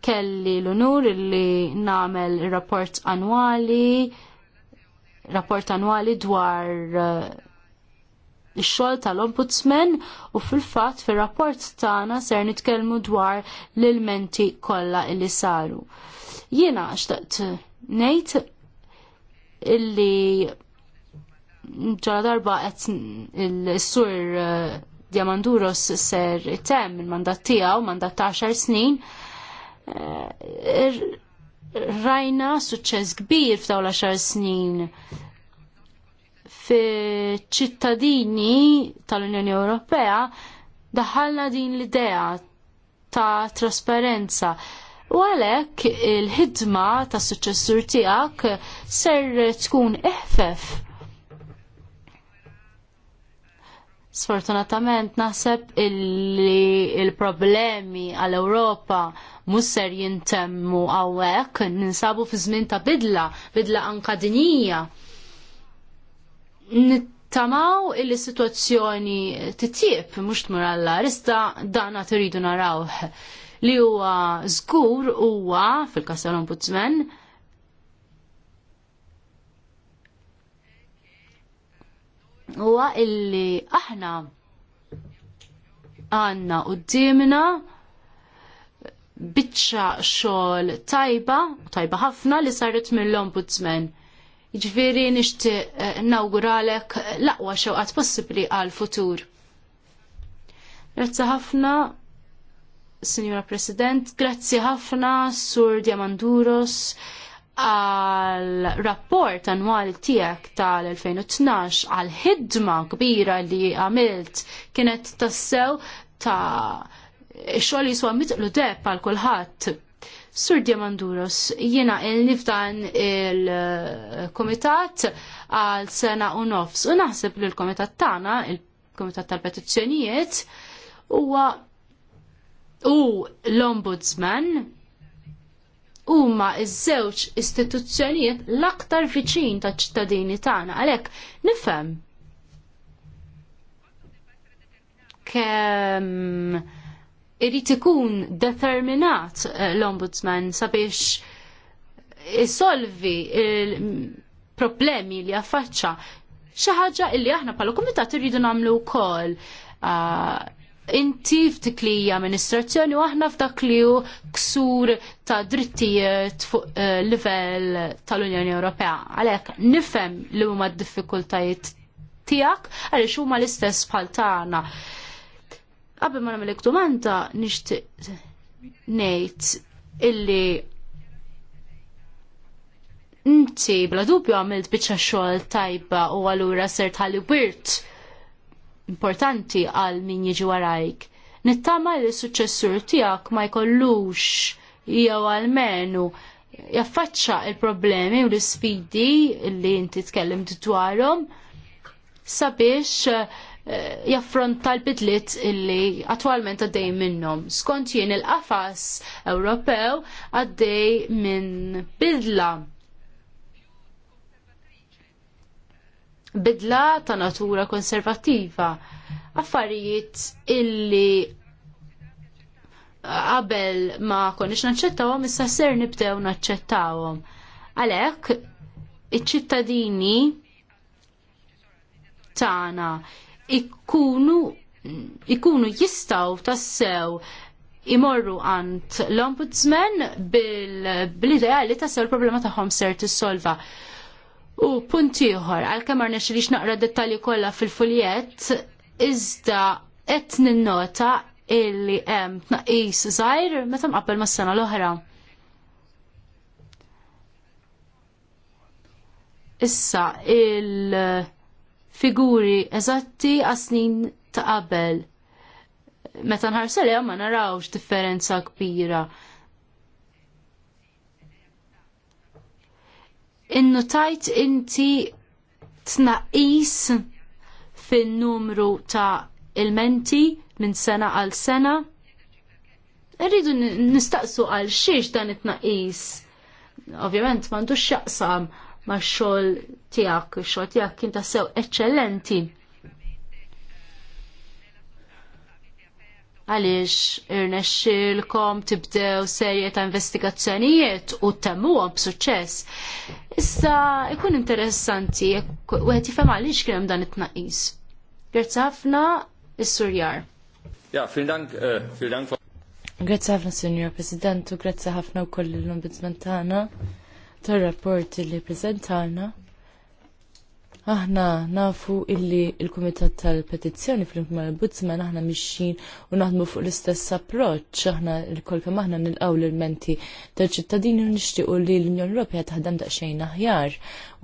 kelli l-unur li namel rapport annwali rapport annwali dwar eh, ix-xogħol tal-Ombudsman u fil-fatt fir-rapport tagħna ser nitkellmu dwar l-ilmenti kollha li saru. Jiena xtaqt ngħid illi ġara darba għet il-sur eh, Diamanduros ser tem il-mandat tiegħu, mandat ta' 10 snin, eh, er- rajna suċċess kbir f'daw l snin fi ċittadini tal-Unjoni Ewropea daħalna din l-idea ta' trasparenza. U għalhekk il-ħidma tas suċċessur tiegħek ser tkun iħfef Sfortunatament naħseb illi il-problemi għal Ewropa musser jintemmu għawek, ninsabu fi żmien ta' bidla, bidla anka dinija. Nittamaw il situazzjoni titjib mux tmur għalla, rista dana tiridu narawh li huwa żgur huwa fil-Kastel Ombudsman huwa illi aħna għanna u d-dimna bitxa xol tajba, tajba ħafna li saret mill-ombudsman. Ġviri jiġifieri nishti eh, nawguralek laqwa xewqat possibli għal-futur. Grazzi ħafna, Signora President, grazzi ħafna, Sur Diamanduros, għal rapport annwali tiegħek tal-2012 għal ħidma kbira li għamilt kienet tassew ta' xogħol jiswa mitlu deb għal kulħadd. Sur Diamanduros, jiena il-nifdan il-komitat għal sena u nofs u naħseb li l-komitat tagħna, il-komitat tal-petizzjonijiet, huwa u l-ombudsman huma iż-żewġ istituzzjonijiet l-aktar viċin taċ ċittadini tagħna għalhekk nifhem kemm irid ikun determinat eh, l-ombudsman sabiex isolvi il-problemi li affaċċa xi ħaġa li aħna bħala kumitat irridu nagħmlu wkoll ah, inti ftik li hija amministrazzjoni u aħna f'dak li hu ksur ta' drittijiet fuq eh, livell tal-Unjoni Ewropea. Għalhekk nifhem li huma d-diffikultajiet tiegħek għaliex huma l-istess bħal tagħna. Qabel ma nagħmel domanda nixtieq ngħid illi inti bla dubju għamilt biċċa xogħol tajba u allura ser tħalli wirt importanti għal min jiġi warajk. Nittama li s-successur tijak ma jkollux jew għalmenu jaffaċċa il-problemi u l-sfidi li inti tkellem dwarhom sabiex eh, jaffronta l-bidliet illi attualment għaddej minnom. Skont jien il-qafas Ewropew għaddej minn bidla bidla ta' natura konservattiva. Affarijiet illi qabel ma konniex naċċettawhom issa ser nibdew naċċettawhom. Għalhekk iċ-ċittadini tagħna ikunu ikunu jistaw tassew imorru għand l-ombudsman bil-idea li tassew il-problema tagħhom ser tissolva. U punti uħor, għal-kamar nexilix naqra dettali kolla fil-fuljet, iżda qed ninnota illi hemm tnaqqis żgħir meta ma mas-sena l-oħra. Issa il-figuri eżatti għasnin ta' qabel. Meta nħarsel ma narawx differenza kbira. tajt inti tnaqis fin-numru ta' ilmenti minn sena għal sena. Irridu nistaqsu għal xiex dan it-tnaqis. Ovvjament m'għandux xaqsam ma' xogħol tiegħek, xogħol tiegħek kinta sew eċċellenti. għaliex irnexxilkom tibdew serje ta' investigazzjonijiet u temmuhom b'suċċess. Issa ikun interessanti u qed jifhem għaliex kien hemm dan it-tnaqqis. Grazzi ħafna is-Surjar. Ja, vielen Dank, äh, vielen Dank. Grazzi ħafna Signor President u grazzi ħafna koll l-Ombudsman tagħna tar-rapporti li preżentana. Aħna nafu illi il-Kumitat tal-Petizzjoni fl mal Butzman aħna mixin u naħdmu fuq l-istess approċċ aħna l-kol kemm aħna nilqgħu l-menti tal-ċittadini u nixtiequ li l-Unjoni Ewropea taħdem daqsxejn aħjar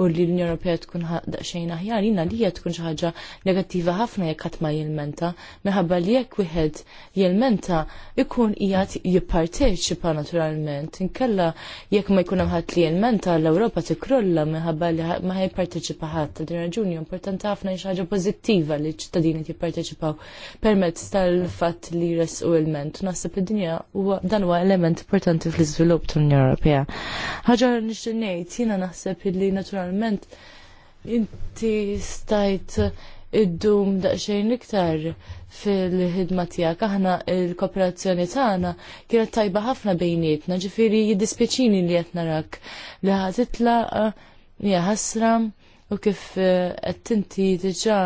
u li l-Unjoni Ewropea tkun daqsxejn aħjar jiena li hija tkun xi ħaġa negattiva ħafna jekk ħadd ma jilmenta minħabba li jekk wieħed jilmenta ikun qiegħed jipparteċipa naturalment. Inkella jekk ma jkun hemm ħadd li jilmenta l-Ewropa tikrolla minħabba li ma jipparteċipa ħadd din raġuni importanti ħafna xi ħaġa pożittiva li ċittadini jipparteċipaw permezz tal-fatt li jresqu il-ment. Nasib id-dinja dan huwa element importanti fl-iżvilupp tal-Unjoni Ewropea. Ħaġa nixtieq ngħid jiena naħseb li naturalment inti stajt id-dum daqxejn iktar fil-ħidma tijak, aħna il-kooperazzjoni tagħna kienet tajba ħafna bejnietna, ġifiri jiddispjaċini li qed narak li ħatitlaq hija ħasra u kif eh, qed inti diġà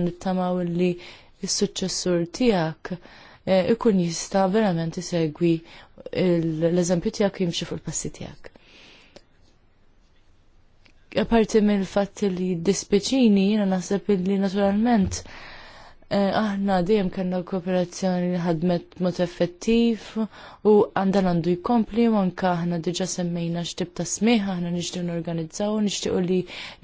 nittamaw li s-suċċessur tiegħek eh, ikun jista' verament isegwi l-eżempju tiegħek jimxi fuq il-passi tiegħek. Għaparti mill fat li dispiċini jiena naħseb li naturalment Eh, aħna dejjem kellna kooperazzjoni li ħadmet mod effettiv u għandan għandu jkompli u anke aħna diġà semmejna x'tib ta' smieħ aħna nixtieq norganizzaw nixtiequ li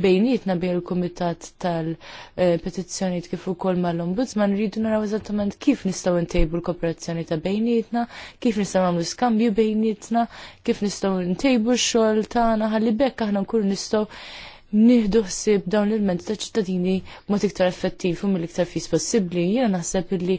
bejnietna bejn il-kumitat tal-petizzjonijiet eh, kif ukoll mal-ombudsman rridu naraw eżattament kif nistgħu ntejbu l-kooperazzjoni ta' bejnietna, kif nistgħu nagħmlu skambju bejnietna, kif nistgħu ntejbu x-xogħol tagħna ħalli bekk aħna nkunu nistgħu nieħdu ħsieb dawn l-elementi ta' ċittadini mod iktar effettiv u mill-iktar fis possibbli. Jiena naħseb illi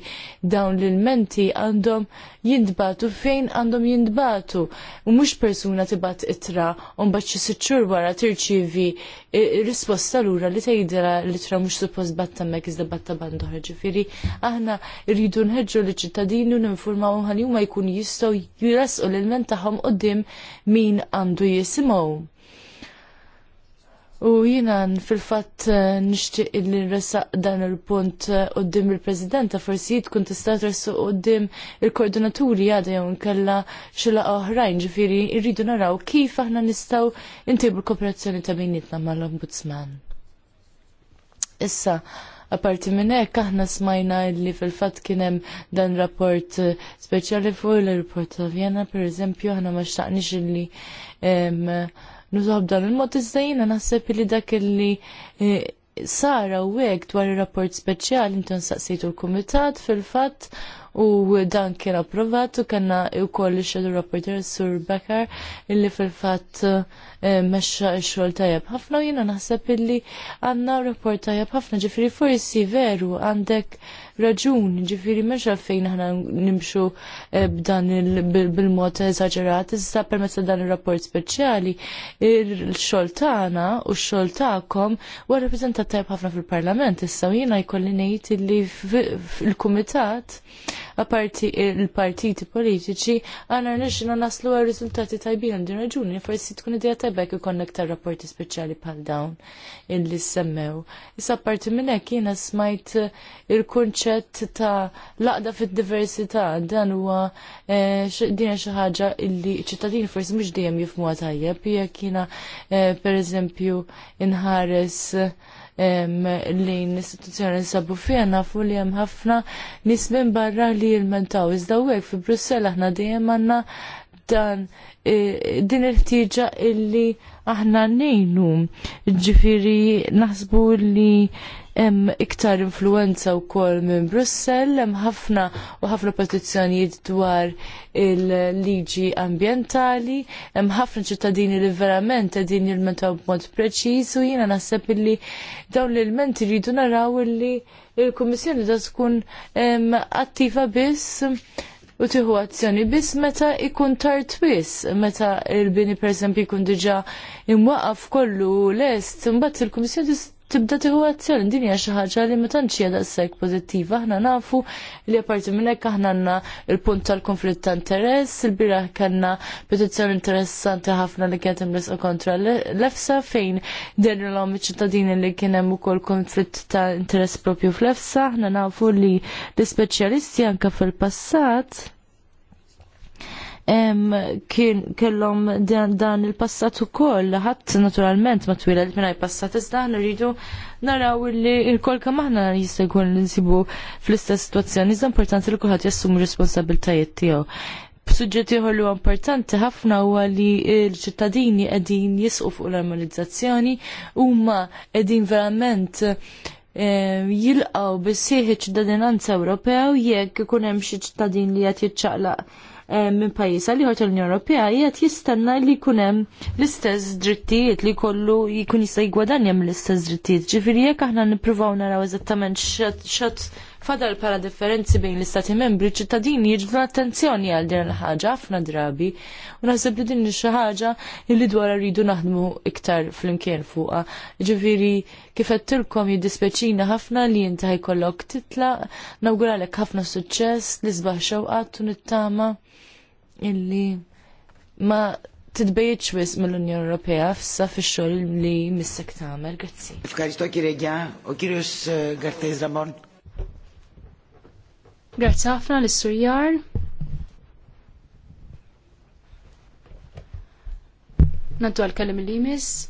dawn l-elementi għandhom jindbatu fejn għandhom jindbatu. U mhux persuna tibgħat itra u mbagħad xi siċċur wara tirċievi eh, risposta lura li tgħidilha li tra mhux suppost batta mek iżda batta bandu oħra. Ġifieri aħna rridu nħeġġu liċ-ċittadini u ninformaw ħalli huma jkun jistgħu jrasqu l-ilment tagħhom qudiem min għandu jisimgħu. U jina fil-fat eh, nishtiq li nresaq dan il-punt eh, qoddim il-Presidenta forsi tkun tista' tressu qoddim il-koordinaturi għada jew nkella xilla oħrajn ġifiri irridu naraw kif aħna nistgħu intibu l-kooperazzjoni ta' bejnietna mal-Ombudsman. Issa, Aparti minn hekk aħna smajna li fil-fatt kien hemm dan rapport eh, speċjali fuq il-rapport ta' Vienna, pereżempju aħna ma xtaqniex illi nużaw b'dan il-mod iżda naħseb li dak illi e, sara u għek dwar il-rapport speċjali inti nsaqsejtu l-kumitat fil-fatt u dan kien approvat u kanna u koll il-xedu rapporter Sur Bekar illi fil-fatt Eh, meċa x-xogħol tajjeb ħafna u jiena naħseb illi għandna rapport tajjeb ħafna ġifiri forsi veru għandek raġun ġifieri meċa fejn aħna nimxu eh, b'dan bil-mod eżaġerat iżda permezz dan ir-rapport speċjali il-xogħol tagħna u x-xogħol tagħkom huwa rappreżentat tajjeb ħafna fil-Parlament issa u jiena jkolli ngħid illi fil kumitat il-partiti politiċi għana nixinu naslu għal riżultati tajbin għal din raġuni forsi tkun idea tajba ikonnek ta' rapporti speċjali bħal dawn illi semmew. Issa parti minn hekk jiena smajt il-kunċett ta' laqda fid-diversità dan huwa eh, din xi ħaġa illi ċittadini forsi mhux dejjem jifhmuha tajjeb jekk jiena eh, pereżempju inħares lejn l-istituzzjoni sabu fija nafu li hemm ħafna nies barra li jilmentaw. Iżda hekk fi Brussell aħna dejjem għandna dan e, din il-ħtieġa illi aħna nejnu ġifiri naħsbu li hemm iktar influenza wkoll minn Brussell, hemm ħafna u ħafna petizzjonijiet dwar il-liġi ambjentali, hemm ħafna ċittadini li verament qegħdin jilmentaw b'mod preċiż u jiena naħseb illi dawn l-ilmenti rridu naraw illi il-Kummissjoni da tkun attiva biss u tieħu azzjoni biss meta ikun tard biss, meta il-bini per jkun diġà imwaqaf kollu lest, mbagħad il-Kummissjoni tibda tiħu għazzjoni din hija xi ħaġa li ma għada s sajk pożittiva. Aħna nafu li apparti minn hekk aħna għandna il-punt tal-konflitt ta' interess, il-biraħ kellna petizzjoni interessanti ħafna li kienet u kontra l-EFSA fejn derrilhom iċ-ċittadini li kien hemm ukoll konflitt ta' interess propju fl-EFSA. Aħna nafu li l-ispeċjalisti anke fil-passat kellhom dan il-passat ukoll ħadd naturalment ma li minna passat iżda aħna rridu naraw li l koll kemm aħna jista' jkun nsibu fl-istess sitwazzjoni iżda importanti li kulħadd jassumi responsabiltajiet tiegħu. Suġġetti ieħor li importanti ħafna huwa li l-ċittadini qegħdin jisqu fuq l-armonizzazzjoni huma qegħdin verament jilqaw bissieħi ċittadinanza Ewropew jekk ikun hemm xi ċittadin li qed jiċċaqlaq Eh, minn pajjiż għal ieħor l unjoni Ewropea qiegħed jistenna li jkun hemm l-istess drittijiet li kollu jkun jista' jgwadanja mill-istess drittijiet. Ġifieri jekk aħna nippruvaw naraw eżattament x'għad fadal bħala differenzi bejn l-istati membri ċittadini jiġu attenzjoni għal din il-ħaġa ħafna drabi u naħseb li din xi ħaġa li dwar rridu naħdmu iktar flimkien fuqha. Ġifieri kif qed tilkom jiddispjaċina ħafna li jinti ħajkollok titla, nawguralek ħafna suċċess, li żbaħ xewqat u nittama illi ma titbejjitx wis mill-Unjoni Ewropea fissa fix-xogħol li missek tagħmel. Grazzi. Fkarito kiregja u kirjus eh, Gartez Ramon. Grazzi ħafna lis surjar Naddu għal-kellim li jmiss.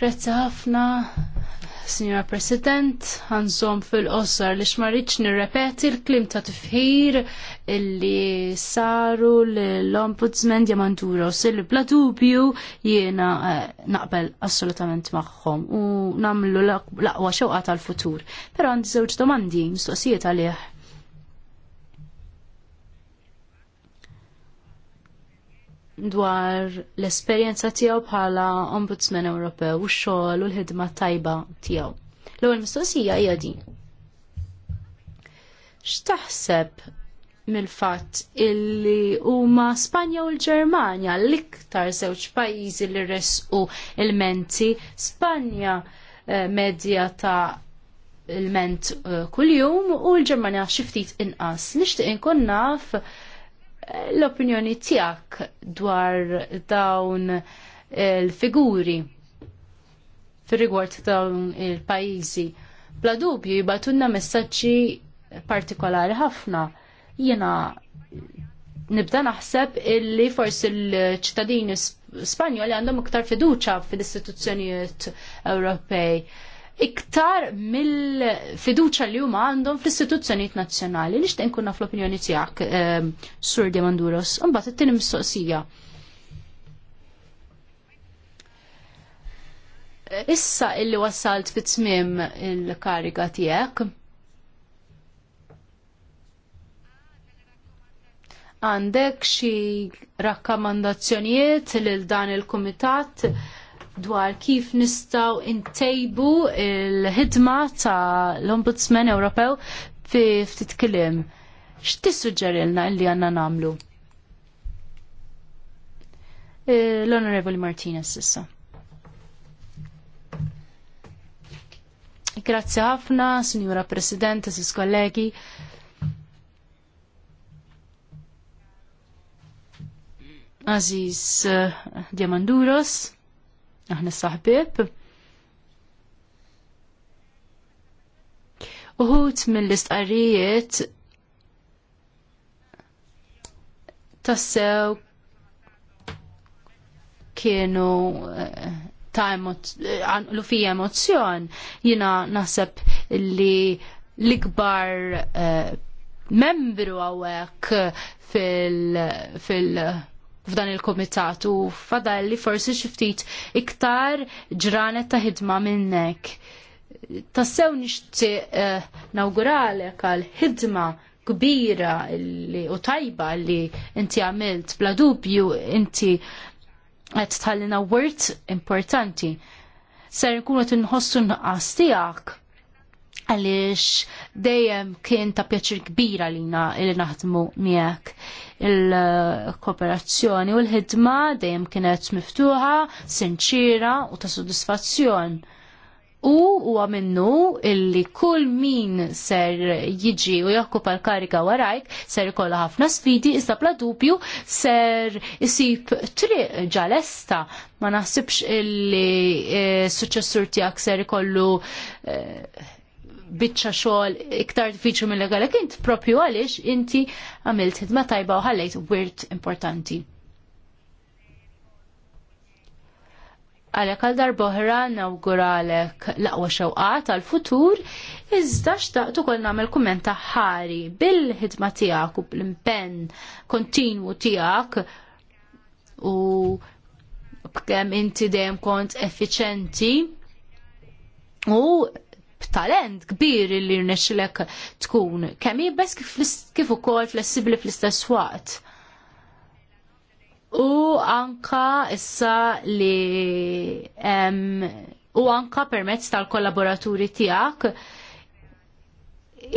Grazzi ħafna, Signora President, għanżom fil-qosor li xmarriċ nirrepeti l-klim ta' tifħir illi saru l-Ombudsman Diamanduro silli bla dubju jiena eh, naqbel assolutament magħhom u namlu l-aqwa xewqa tal-futur. Però għandi żewġ domandi mistoqsijiet għalih dwar l-esperjenza tiegħu bħala Ombudsman Ewropew u x-xogħol u l-ħidma tajba tiegħu. L-ewwel mistoqsija hija din. X'taħseb mill-fatt illi huma Spanja u l-Ġermanja l-iktar żewġ pajjiżi li resqu il-menti, Spanja eh, medja ta' il-ment eh, kuljum u l-Ġermanja xi ftit inqas. Nixtieq inkun naf l-opinjoni tijak dwar dawn il-figuri fil-rigward dawn il-pajizi. Bla dubju jibatunna messaċi partikolari ħafna. Jena nibda naħseb illi forsi l-ċittadini Spanjoli għandhom iktar fiduċa fil-istituzzjonijiet Ewropej iktar mill-fiduċa li huma għandhom fl-istituzzjonijiet nazzjonali. Nixtieq nkun naf l-opinjoni tiegħek, ehm, Sur Diamanduros. Imbagħad it-tieni mistoqsija. Issa illi wassalt fit tmiem il-kariga tiegħek. Għandek xi rakkomandazzjonijiet lil dan il-kumitat? dwar kif nistaw intejbu il-ħidma ta' l-Ombudsman Ewropew fi ftit kliem. X'tissuġġerilna li għandna nagħmlu? Eh, L-Onorevoli Martinez issa. Grazzi ħafna, Signora President, sis kollegi. Aziz uh, Diamanduros aħna saħbib. Uħut mill istqarijiet tassew kienu eh, ta' għanqlu eh, fija emozjon, jina naħseb li l-ikbar uh, membru għawek fil-, fil f'dan il-komitat u fadalli forsi xiftit iktar ġranet ta' ħidma minnek. Tassew nixti eh, nawguralek għal ħidma kbira li, u tajba li inti għamilt bla dubju inti għed tal-lina wirt importanti. Ser nkunu nħossu nqas tiegħek għaliex dejjem kien ta' pjaċir kbira lina li naħdmu miegħek il-kooperazzjoni u l-ħidma dejjem kienet miftuħa, sinċira u ta' sodisfazzjon. U huwa minnu illi kull min ser jiġi u jokkupa l-karika warajk ser kolla ħafna sfidi iżda bla dubju ser jisib tri ġalesta ma naħsibx illi e, eh, suċessur tiegħek ser ikollu e, biċċa xogħol iktar diffiċli mill għalek int propju għaliex inti għamilt ħidma tajba u ħallejt wirt importanti. Għalek għal darboħra nawguralek laqwa xewqat għal futur iżda xtaqt ukoll nagħmel kumenta ħari bil-ħidma tiegħek u bl-impenn kontinwu tiegħek u kemm inti dejjem kont effiċenti u b'talent kbir li rnexxilek tkun kemm jibes kif ukoll flessibbli fl-istess waqt. U anka issa li um, u anka permezz tal-kollaboraturi tiegħek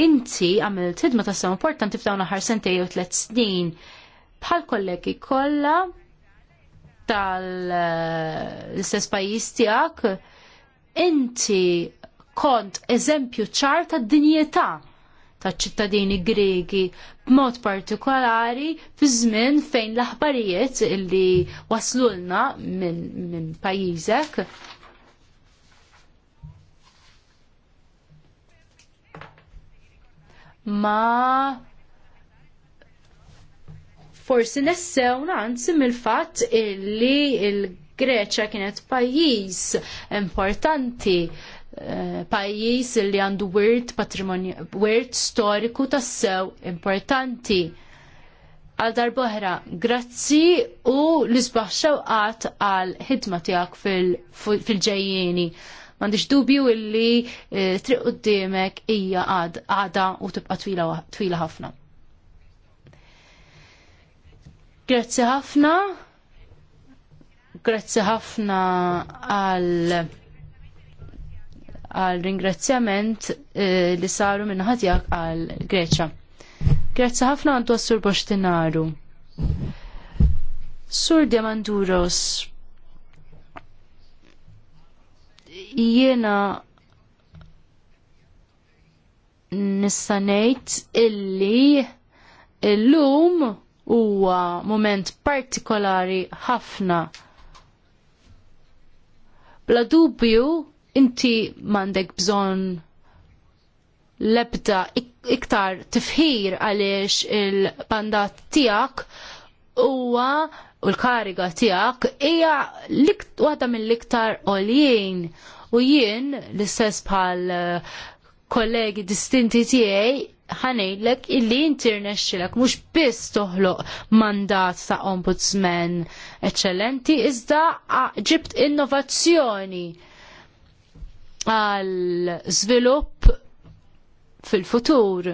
inti għamilt ħidma ta' importanti f'dawn aħħar sentej jew tlet snin bħal kollegi kollha tal-istess eh, pajjiż tiegħek inti kont eżempju ċar ta' dinjità ta' ċittadini Gregi b'mod partikolari fi żmien fejn l-aħbarijiet illi waslulna minn min pajjiżek ma forsi nessewna anzi mill-fatt illi il-Greċa kienet pajjiż importanti Eh, pajjiż li għandu wirt patrimonju, wirt storiku tassew importanti. Għal darboħra, grazzi u l-isbaħ xewqat għal ħidma tiegħek fil-ġejjeni. M'għandix dubju illi eh, triq qudiemek hija għada u tibqa' twila ħafna. Grazzi ħafna. Grazzi ħafna għal għal ringrazzjament eh, li saru minn ħatijak għal Greċa. Grazzi ħafna għandu Sur Boċtinaru. Sur Diamanduros, jiena nistanejt illi illum huwa moment partikolari ħafna. Bla dubju inti m'għandek bżonn l-ebda iktar tifħir għaliex il-bandat tiegħek huwa u l-kariga tiegħek hija waħda mill-iktar għoljien u jien l-istess bħal eh, kollegi distinti tiegħi ħanejlek illi internexxilek mhux biss toħloq mandat ta' ombudsman eċċellenti iżda ġibt innovazzjoni għal żvilupp fil-futur.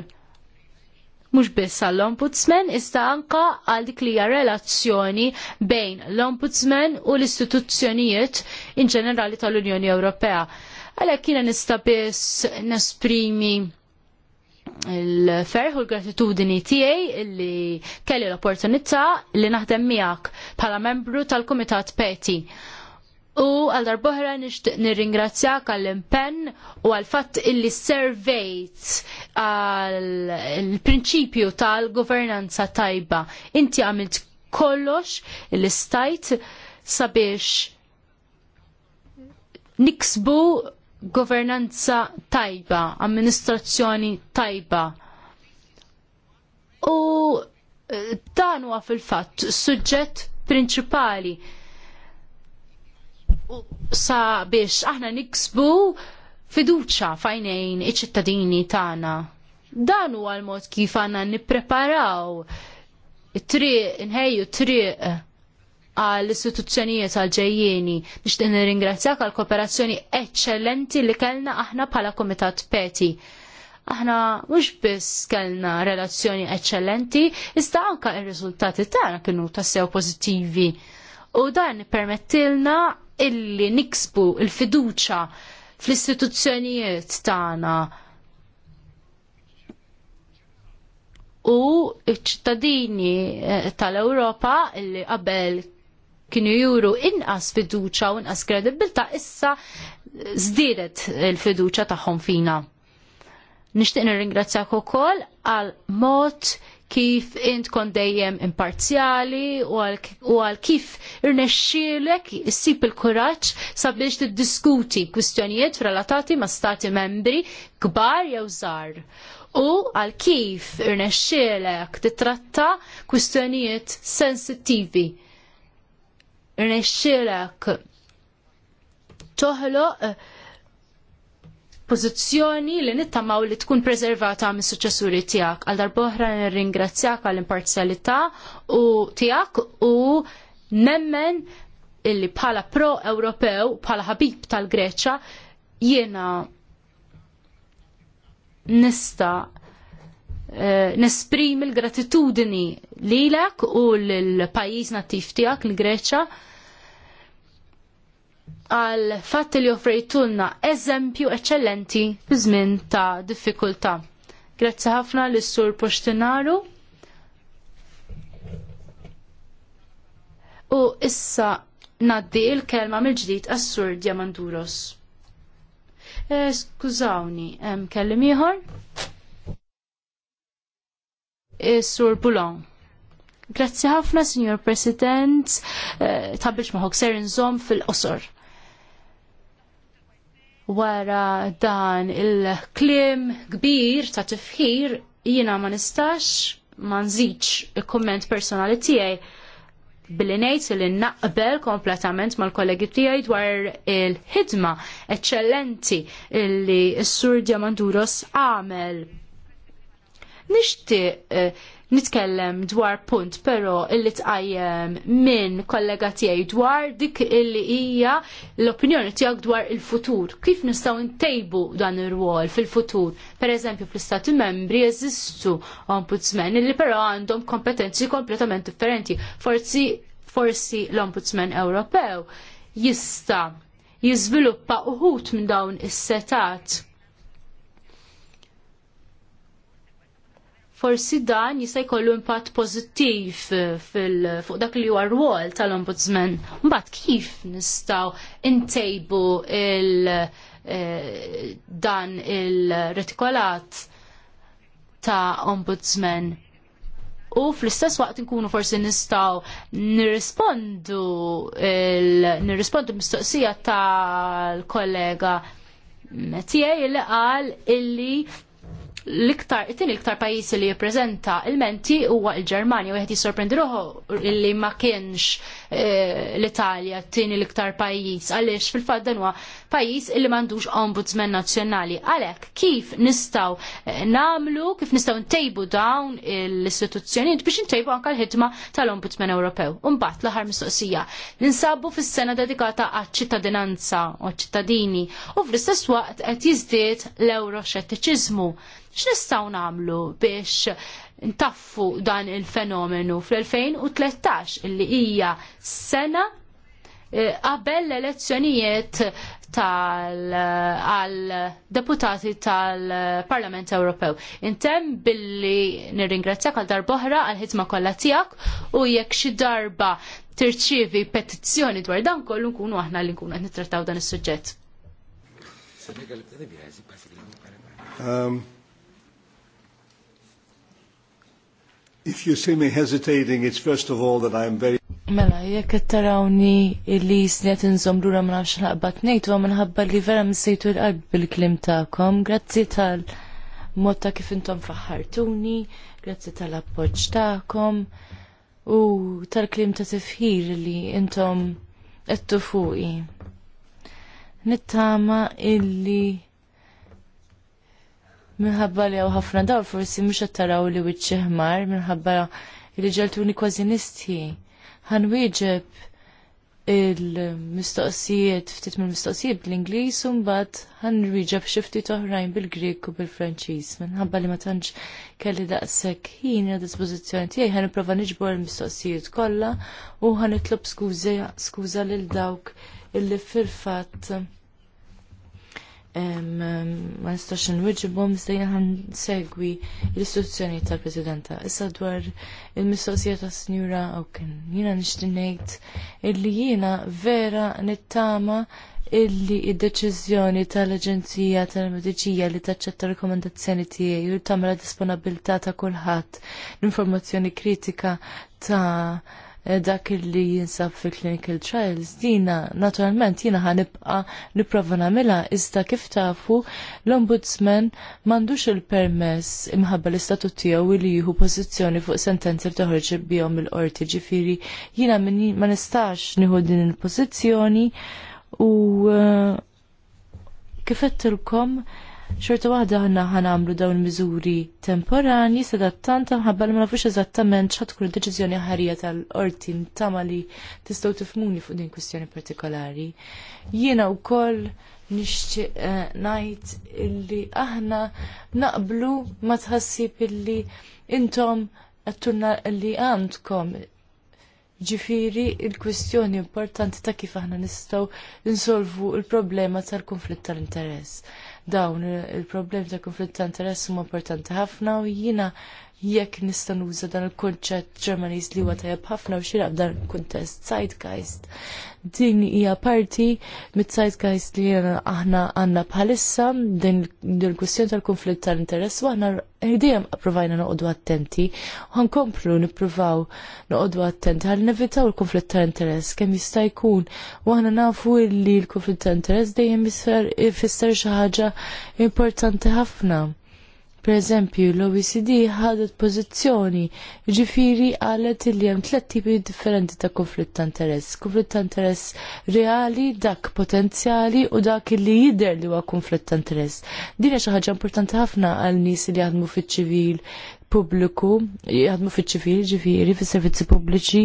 Mhux biss għall ombudsman iżda anka għal dik li hija relazzjoni bejn l-Ombudsman u l-istituzzjonijiet in ġenerali tal-Unjoni Ewropea. Għalhekk jiena nista' biss nesprimi il-ferħ u l-gratitudini tiegħi li kelli l-opportunità li naħdem miegħek bħala membru tal-Kumitat Peti. U għal darbohra nishtiq nirringrazzjak għall impenn u għal fatt illi servejt għal il-prinċipju tal-governanza tajba. Inti għamilt kollox li stajt sabiex niksbu governanza tajba, amministrazzjoni tajba. U eh, dan huwa fil-fatt suġġett prinċipali sa biex aħna niksbu fiduċa fajnejn iċ-ċittadini tagħna. Dan huwa l-mod kif għandna nippreparaw it-triq, nħejju triq għall istituzzjonijiet għal ġejjieni din nirringrazzjak għal kooperazzjoni eċċellenti li kellna aħna bħala Komitat Peti. Aħna mhux biss kellna relazzjoni eċċellenti, iżda anke r-riżultati tagħna kienu tassew pożittivi. U dan permettilna illi niksbu il-fiduċa fl-istituzzjonijiet tagħna u ċ-ċittadini eh, tal-Ewropa illi qabel kienu juru inqas fiduċa u inqas kredibilta issa żdiedet il-fiduċa tagħhom fina. Nixtieq nirringrazzjak ukoll għal mod kif int kont dejjem imparzjali u għal kif irnexxielek issib il-kuraġġ sabiex tiddiskuti kwistjonijiet relatati ma' stati membri kbar jew żgħar. U għal kif irnexxielek titratta kwistjonijiet sensittivi. Irnexxielek toħloq uh, pożizzjoni li nittamaw li tkun preservata mis suċessuri tiegħek. Għal boħra nirringrazzjak għall imparzjalità u tiegħek u nemmen illi bħala pro-Ewropew, bħala ħabib tal-Greċa, jiena nista eh, nesprim il-gratitudini lilek u l-pajis natif tijak, l-Greċa, għal fatt li offrejtulna eżempju eċċellenti fi żmien ta' diffikultà. Grazzi ħafna l sur Poxtinaru. U issa naddi il-kelma mill-ġdid għas-sur Diamanduros. E, skużawni, hemm kellim ieħor? Is-sur e, Boulon. Grazzi ħafna, Signor President, e, tabbiċ maħok ser nżomm fil-qosor wara dan il-klim kbir ta' tifħir jiena ma nistax ma nżidx il-komment personali tiegħi billi ngħid li naqbel kompletament mal-kollegi tiegħi dwar il-ħidma eċċellenti li s-Sur Diamanduros għamel. Nixtieq eh, nitkellem dwar punt però illi tqajjem minn kollega tiegħi dwar dik illi hija l-opinjoni tiegħek dwar il-futur. Kif nistgħu ntejbu dan ir-rwol fil-futur? Pereżempju fl-Istati Membri jeżistu ombudsman illi però għandhom kompetenzi kompletament differenti. Forsi forsi l-Ombudsman Ewropew jista' jiżviluppa uħut minn dawn is-setat forsi dan jista' jkollu impatt pożittiv eh, fuq dak li huwa rwol tal-Ombudsman. Mbagħad kif nistgħu ntejbu il eh, dan il-retikolat ta' Ombudsman u fl-istess waqt nkunu forsi nistgħu nirrispondu nirrispondu mistoqsija tal-kollega tiegħi li qal illi l-iktar, it-tini l-iktar pajjiżi li jippreżenta il-menti huwa l-Ġermanja, wieħed jissorprendi ruħu li ma kienx eh, l-Italja t-tini l-iktar pajjiż għaliex fil-fatt dan huwa pajjiż li m'għandux ombudsman nazzjonali. Għalhekk kif nistgħu eh, namlu, kif nistgħu ntejbu dawn l-istituzzjonijiet biex ntejbu anke l-ħidma tal-Ombudsman Ewropew. mbagħad l-aħħar mistoqsija. Ninsabu fis-sena dedikata għaċ-ċittadinanza u ċittadini u fl-istess waqt qed jiżdied l-euroxettiċiżmu X'nistgħu nagħmlu biex ntaffu dan il-fenomenu fl-2013 illi hija sena eh, qabel l-elezzjonijiet tal-deputati tal-Parlament Ewropew. Intem billi nirringrazzjak għal darboħra għal ħidma kollha tiegħek u jekk xi darba tirċievi petizzjoni dwar dan kollu nkunu aħna li nkunu qed nittrattaw dan is-suġġett. If you see me hesitating, it's first of all that I am very... Mela, jekk qed tarawni li jisnet inżom lura ma nafx naqbad ngħid huwa minħabba li vera missejtu l-qalb bil-klim tagħkom. Grazzi tal motta kif intom faħħartuni, grazzi tal-appoġġ tagħkom u tal-klim ta' tifħir li intom qed tufuqi. Nittama illi minħabba li għaw ħafna daw forsi mux għattaraw li wicċi ħmar minħabba li ġeltuni kważi nisti. Għan wieġeb il-mistoqsijiet, ftit mill-mistoqsijiet bl-Inglis un bat għan wieġeb xifti oħrajn bil grik u bil-Franċis. Minħabba li ma tantx kelli daqsek ħin għad dispozizjoni tiegħi għan iprova niġbor il-mistoqsijiet kollha u għan itlob skuża lil dawk illi fil-fatt ma nistax nwiġibhom iżda ħan segwi l-istruzzjoni tal-Presidenta. Issa dwar il-mistoqsija ta' Snjura Awken. Jiena nixtieq ngħid illi jiena vera nittama illi id-deċiżjoni tal-Aġenzija tal-Mediċija li taċċetta rekomendazzjoni tiegħi u tagħmel disponibilità ta' kulħadd l-informazzjoni kritika ta' Eh, dak li jinsab fi clinical trials dina naturalment jina ħanibqa niprofa nagħmilha iżda kif tafu l-ombudsman m'għandux il-permess imħabba l-istatut tiegħu li jieħu pożizzjoni fuq sentenzi li toħroġ bihom il-qorti ġifiri jiena ma nistax nieħu din il-pożizzjoni u eh, kif qedtilkom xorta waħda ħana ħanamlu dawn miżuri temporani sadattant ħabbal ma nafux eżattament xa il deċiżjoni ħarija tal-qorti tama li tistgħu tifmuni fuq din kwistjoni partikolari. Jiena wkoll nixtieq eh, ngħid illi aħna naqblu ma tħassib illi intom għattunna illi għandkom ġifiri il-kwistjoni importanti ta' kif aħna nistgħu insolvu il-problema tal-konflitt tal-interess dawn il-problemi ta' konflitt ta' interess huma importanti ħafna u jiena jekk nista' nuża dan il-kunċett Ġermaniż li huwa tajjeb ħafna u xiraq dan il-kuntest Zeitgeist. Din hija parti mit-Zeitgeist li aħna għandna bħalissa din il-kwistjoni tal-konflitt tal-interess u aħna dejjem approvajna noqogħdu attenti u ħankomplu nippruvaw noqogħdu attenti ħalli nevitaw il-konflitt ta' interess kemm jista' jkun u aħna nafu li l-konflitt ta' interess dejjem jfisser xi ħaġa importanti ħafna. Per eżempju, l-OECD ħadet pożizzjoni ġifiri għalet li hemm tliet tipi differenti ta' konflitt ta' interess. Konflitt ta' interess reali, dak potenzjali u dak li jidher li huwa konflitt ta' interess. Din hija xi ħaġa importanti ħafna għal nies li jaħdmu fiċ-ċivil pubbliku jaħdmu fiċ ċivili ġifieri fis-servizzi pubbliċi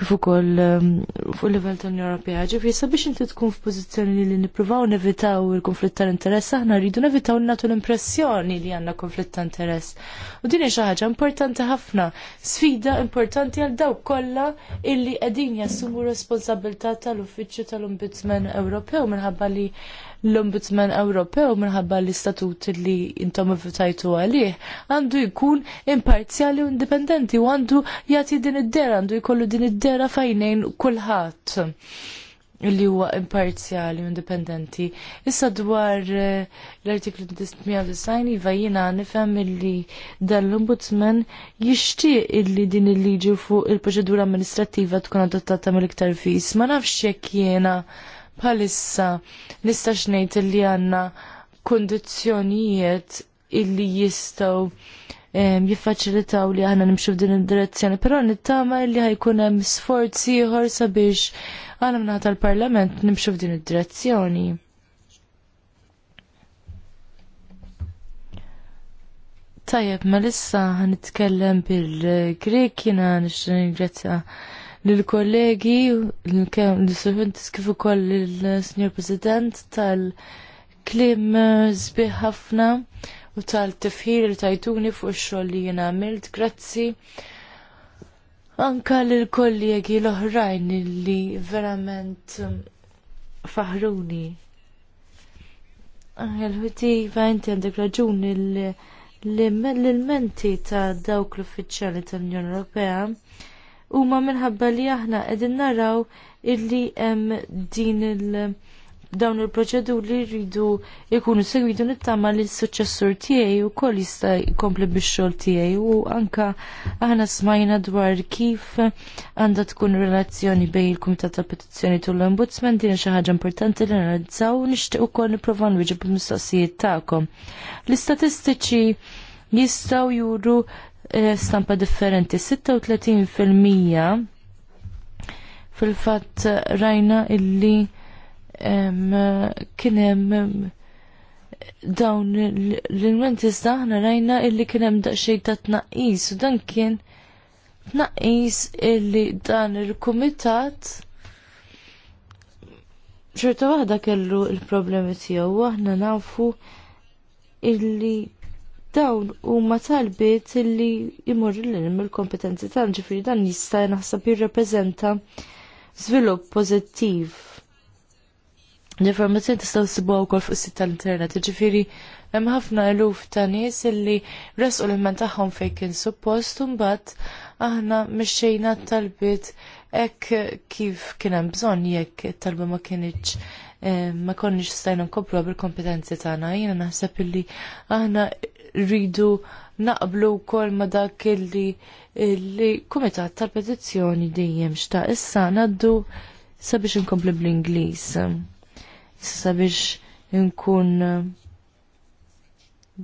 kif ukoll um, fuq livell tal-Unjoni Ewropea. Ġifieri sabiex inti tkun f'pożizzjoni li nippruvaw nevitaw il-konflitt ta' interess aħna rridu nevitaw nagħtu l-impressjoni li għandna konflitt ta' interess. U din hija xi ħaġa importanti ħafna, sfida importanti għal dawk kollha illi qegħdin jassumu responsabilità tal-Uffiċċju tal-Ombudsman Ewropew minħabba li l-Ombudsman Ewropew minħabba l-istatut li intom votajtu għalih għandu jkun imparzjali u indipendenti u għandu jagħti din id-dera, għandu jkollu din id-dera fajnejn kulħadd li huwa imparzjali u indipendenti. Issa dwar eh, l-artiklu 98 iva jiena nifhem illi dan l-ombudsman jixtieq illi din il-liġi fuq il-proċedura amministrattiva tkun adottata mill-iktar fis. Ma nafx jekk jiena bħalissa nistax ngħid li għandna kondizzjonijiet illi jistgħu jiffaċilitaw li aħna nimxu f'din id-direzzjoni, però nittama illi ħajkun hemm sforz ieħor sabiex aħna mingħata tal-Parlament nimxu f'din id-direzzjoni. Tajjeb, ma lissa ħanitkellem bil-Grek, jina nixtri ringrazzja lill-kollegi l-suħuntis kif ukoll lill sinjor President tal-klim eh, sbieħ ħafna u tal-tifħir li tajtuni fuq ix-xogħol li jien għamilt. Grazzi anka lill-kollegi l-oħrajn li verament eh, faħruni. Ah, il-ħuti fajnti għandek raġun l-menti ta' dawk l-uffiċjali tal-Unjoni Ewropea huma minħabba li aħna qegħdin naraw illi hemm din il- dawn il-proċeduri rridu jkunu segwitu nittama li s-successur tiegħi u koll jista' jkompli bix-xogħol tiegħi u anka aħna smajna dwar kif għanda tkun relazzjoni bejn il-Kumitat tal Petizzjoni tu l-Ombudsman din xi ħaġa importanti li analizzaw u nixtieq ukoll nipprova nwieġeb mistoqsijiet tagħkom. L-istatistiċi jistgħu juru Eh, stampa differenti. 36% fil-fatt rajna illi kienem dawn l inventi zdaħna rajna illi kienem daċxej ta' tnaqis u dan kien tnaqis illi dan il-komitat ċerta waħda kellu il-problemi tiegħu aħna nafu illi dawn huma talbiet li jimur l mill-kompetenzi tagħna ġifiri dan jista' naħseb jirrepreżenta żvilupp pożittiv. L-informazzjoni tista' tsibuha wkoll fuq is-sit tal-internet, ġifieri hemm ħafna eluf ta' nies li resqu l-imman tagħhom fejn kien suppost u mbagħad aħna mixxejna talbiet hekk kif kien hemm bżonn jekk it-talba ma kienx eh, ma konniex stajna nkopru bil kompetenzi tagħna, jiena naħseb illi aħna rridu naqblu wkoll ma dak li l-Kumitat tal-Petizzjoni dejjem xta' issa ngħaddu sabiex inkompli bl-Ingliż. Sabiex inkun eh,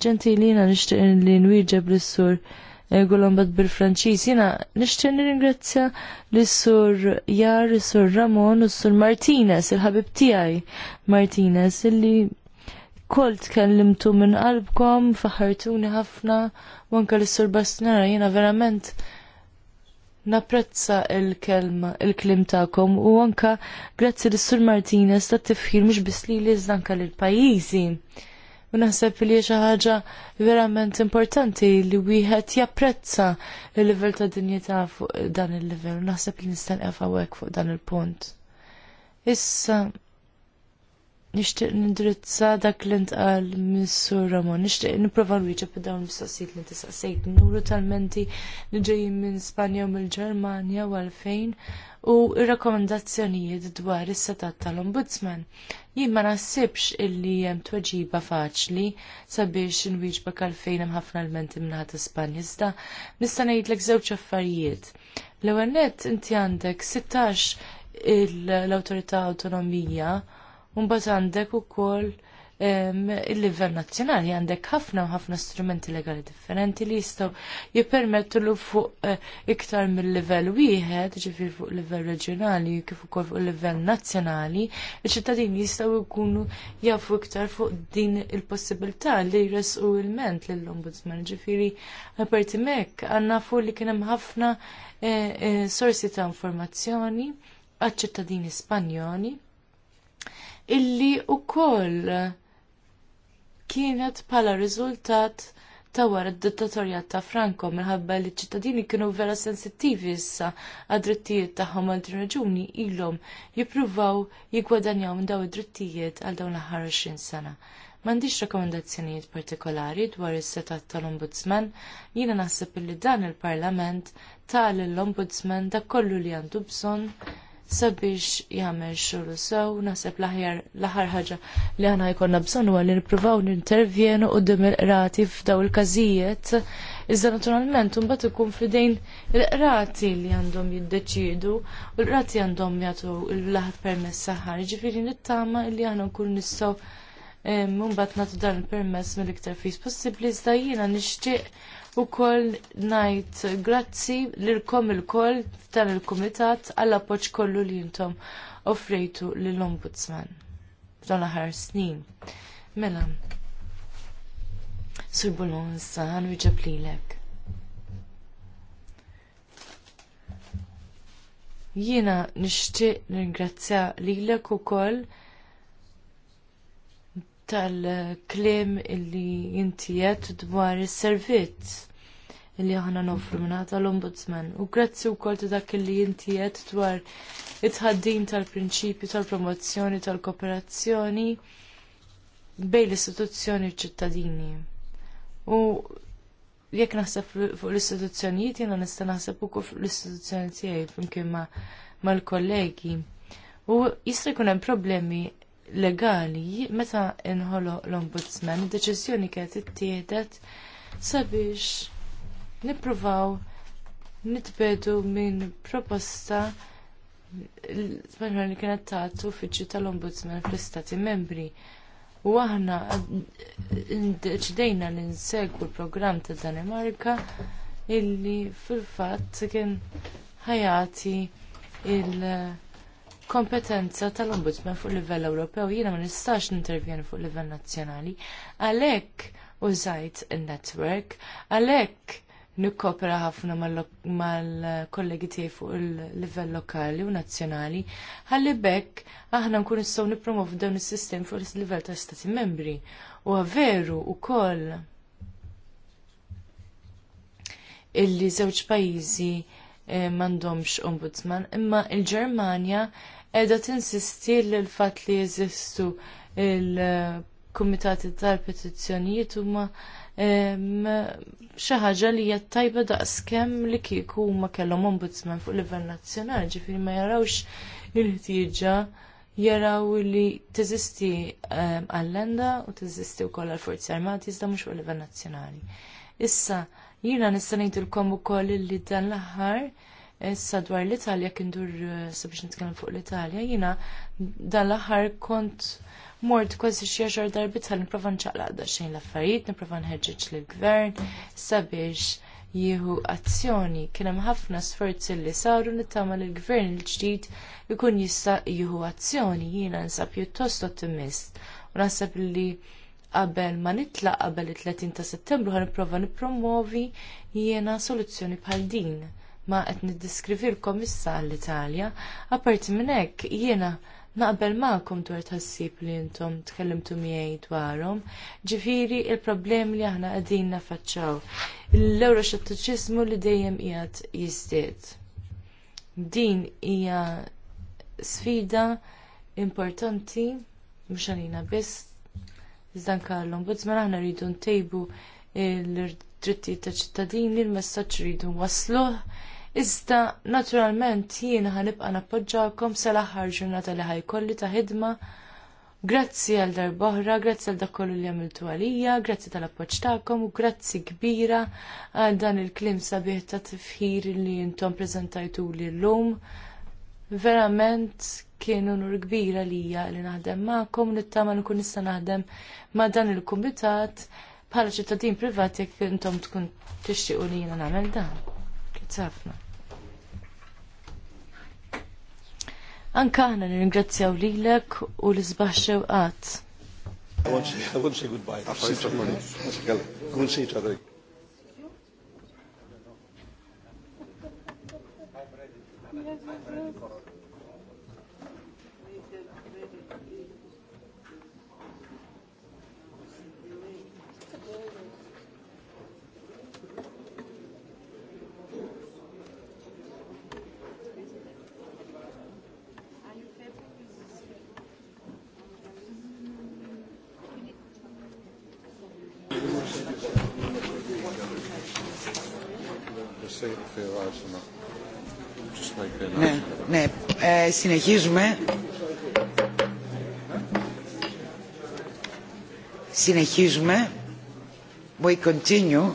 ġentilina nixtieq li nwieġeb lis-sur eh, Golombad bil-Franċiż. Jiena nixtieq nirringrazzja l sur Jar, is-sur Ramon u s-sur Martinez, il-ħabib tiegħi Martinez, illi il-koll tkellimtu minn qalbkom, faħartuni ħafna, u anke l-sur Bastinara jiena verament napprezza il-kelma, il-klim tagħkom u anke grazzi l-sur Martinez ta' tifħir mhux bisli li li l lill-pajjiżi. U naħseb li xi ħaġa verament importanti li wieħed japprezza il-livell ta' dinjità fuq dan il U Naħseb li nistenqef fuq dan il-punt. Issa, Nixtieq nindirizza dak li ntqal Missur Ramon, nixtieq nipprova nwieġeb dawn l-mistoqsijiet li tisaqsejt nuru tal-menti li ġejjin minn Spanja u mill-Ġermanja u għalfejn u r-rakkomandazzjonijiet dwar is-setat tal-Ombudsman. Jien ma naħsibx illi hemm tweġiba faċli sabiex nwieġba għalfejn hemm ħafna l-menti minnaħat Spanja, iżda nista' ngħidlek żewġ affarijiet. L-ewwel nett inti għandek 16 l-Awtorità Awtonomija Mbagħad għandek ukoll il-livell nazzjonali għandek ħafna u ħafna strumenti legali differenti li jistgħu jippermettu l fuq eh, iktar mill-livell wieħed, ġifir fuq livell reġjonali kif ukoll fuq livell nazzjonali, iċ-ċittadini jistgħu jkunu jafu iktar fuq din il-possibilità li jresqu il-ment lill-ombudsman. ġifiri apparti mek, għandna fuq li kien hemm ħafna eh, eh, sorsi ta' informazzjoni għaċ-ċittadini Spanjoli illi wkoll kienet bħala riżultat ta' wara d-dittatorjat ta' Franco minħabba li ċittadini kienu vera sensittivi issa għad-drittijiet tagħhom għal din raġuni ilhom jippruvaw jigwadanjaw minn daw id-drittijiet għal dawn l-aħħar 20 sena. M'għandix rakkomandazzjonijiet partikolari dwar is-setat tal-Ombudsman, jiena naħseb li dan il-Parlament tal l-Ombudsman dak kollu li għandu bżonn sabiex jagħmel xogħol sew naħseb l-aħjar l-aħħar ħaġa li aħna jkollna bżonn huwa li nippruvaw nintervjenu qudiem il-qrati f'daw il-każijiet iżda naturalment imbagħad ikun f'idejn il-qrati li għandhom jiddeċiedu u l-qrati għandhom jagħtu l-aħħar permess saħħar. Ġifieri nittama li aħna nkunu nistgħu eh, mbagħad nagħtu dan il-permess mill-iktar fis possibbli iżda jiena nixtieq koll ngħid grazzi lilkom ilkoll f'dan il-kumitat għall appoġġ kollu li intom offrejtu lill-Ombudsman f'dan aħħar snin. Mela, Sur Bulon issa ħanwiġeb lilek. Jiena nixtieq ningrazzja lilek ukoll tal-klim illi jintijet dwar is servizz illi aħna nofru minna tal-ombudsman. U grazzi wkoll ta' dak illi jintijet dwar it-ħaddin tal-prinċipju tal-promozzjoni tal-kooperazzjoni bejn l-istituzzjoni ċittadini. U jekk naħseb fuq l-istituzzjonijiet, jena nista' naħseb ukoll fuq l-istituzzjoni tiegħi flimkien mal-kollegi. U jista' jkun hemm problemi legali meta nħolo l-ombudsman, deċiżjoni kienet ittieħdet sabiex nippruvaw nitbedu minn proposta l li kienet tagħtu uffiċċju tal-Ombudsman fl-Istati Membri. U aħna deċidejna li nsegwu l-programm ta' Danimarka illi fil-fatt kien ħajati il- kompetenza tal-Ombudsman fuq livell Ewropew jiena ma nistax nintervjeni fuq livell nazzjonali. Għalhekk użajt in-network, għalhekk nikkopera ħafna mal-kollegi tiegħi fuq il-livell lokali u nazzjonali, ħalli bekk aħna nkun nistgħu nippromovu dawn is-sistemi fuq il-livell ta' stati membri. U veru wkoll illi żewġ pajjiżi eh, m'għandhomx ombudsman, imma il ġermanja edha tinsisti l-fat li jeżistu il-Kumitati tal-Petizzjonijiet huma xi ħaġa li hija tajba daqskemm li kieku huma kellhom ombudsman fuq livell nazzjonali, ġifieri ma jarawx il-ħtieġa jaraw li teżisti għall u teżisti wkoll għall-Forzi Armati iżda mhux fuq livell nazzjonali. Issa, jiena nista' ngħidilkom ukoll li dan l-aħħar Issa dwar l-Italja kien dur eh, sabiex nitkellem fuq l-Italja, jiena dan l-aħħar kont mort kważi xi għaxar darbit ħalli nipprova nċaqlaq daqsxejn l-affarijiet, nipprova nħeġġeġ lill-gvern sabiex jieħu azzjoni. Kien hemm ħafna sforzi li saru nittama lill l-gvern il-ġdid ikun jista' jieħu azzjoni. Jiena nsab pjuttost ottimist u naħseb li qabel ma nitlaq qabel it-30 ta' Settembru ħan nipprova nippromovi jiena soluzzjoni bħal din ma qed niddiskrivilkom issa għall-Italja. Apparti minn hekk jiena naqbel magħkom dwar tħassib li intom tkellimtu miegħi dwarhom, ġifieri l problemi li aħna qegħdin nafaċċaw. L-Ewroxettiċiżmu li dejjem qiegħed jiżdied. Din hija sfida importanti mhux għalina biss iżda anke l-Ombudsman aħna rridu ntejbu l-drittijiet ta' ċittadini, l-messaġġ rridu wasluh Iżda, naturalment, jiena ħanibqa nappoġġawkom sal-aħħar ġurnata li ħajkolli ta' ħidma. Grazzi għal darboħra, grazzi għal dakollu li għamiltu għalija, grazzi tal-appoġġ tagħkom u grazzi kbira għal dan il-klim sabiħ ta' tifħir li intom preżentajtuli li l-lum. Verament, kien unur kbira lija li naħdem ma'kom nittama nkun nista' naħdem ma' dan il-kumitat bħala ċittadin privat jekk intom tkun tixtiequ li jiena nagħmel dan. Kitzafna. Anka ħna nirringrazzjaw lilek u l-isbaħ xewqat. I won't say goodbye. I won't say goodbye. say goodbye. Ναι, ναι. Ε, συνεχίζουμε. Συνεχίζουμε. We continue.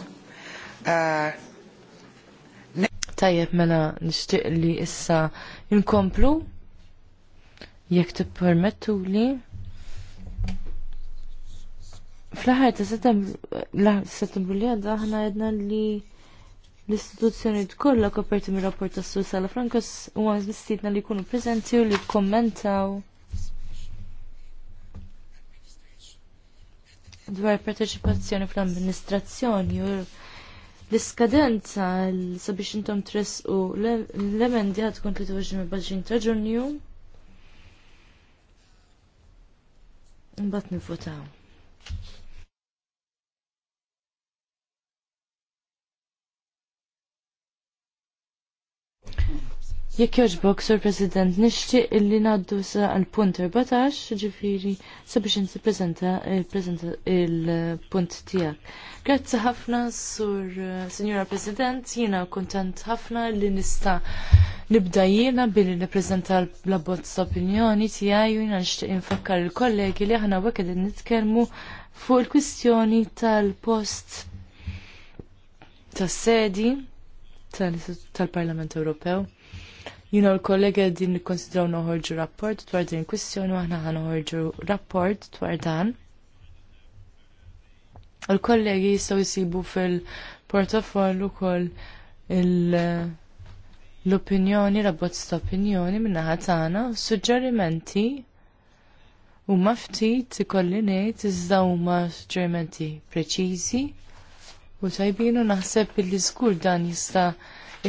Uh, Tajjeb mela nixtieq li issa inkomplu jekk tippermettu li fl-aħħar ta' settembru li għadna li l-istituzzjoni kollha koperti mir-rapport tas Sur Sala Frankos huma mistiedna li jkunu preżenti u li kommentaw dwar parteċipazzjoni fl-amministrazzjoni u l-iskadenza sabiex intom tres u l-emendi għad kont li t-għuġin ta' ġunju. Mbatt nivotaw. Jekk joġbok, Sur President, nixtieq illi ngħaddu sa għal-punt 14, ġifieri sabiex inti eh, prezenta il-punt tiegħek. Grazzi ħafna, Sur eh, Signora President, jiena kuntent ħafna li nista' nibda jiena billi nippreżenta l sa opinjoni tiegħi u jiena nixtieq infakkar il-kollegi li aħna wek qegħdin nitkellmu fuq il-kwistjoni tal-post tas-sedi tal-Parlament Ewropew. Jina l-kollega din konsidraw noħorġu rapport dwar din kwistjoni u aħna ħan noħorġu rapport dwar dan. L-kollegi jistaw jisibu fil-portafoll u l-opinjoni, rabbozz ta' opinjoni minna ħatana, suġġerimenti u maftit ikolli ngħid iżda huma suġġerimenti preċiżi u tajbinu naħseb li żgur dan jista'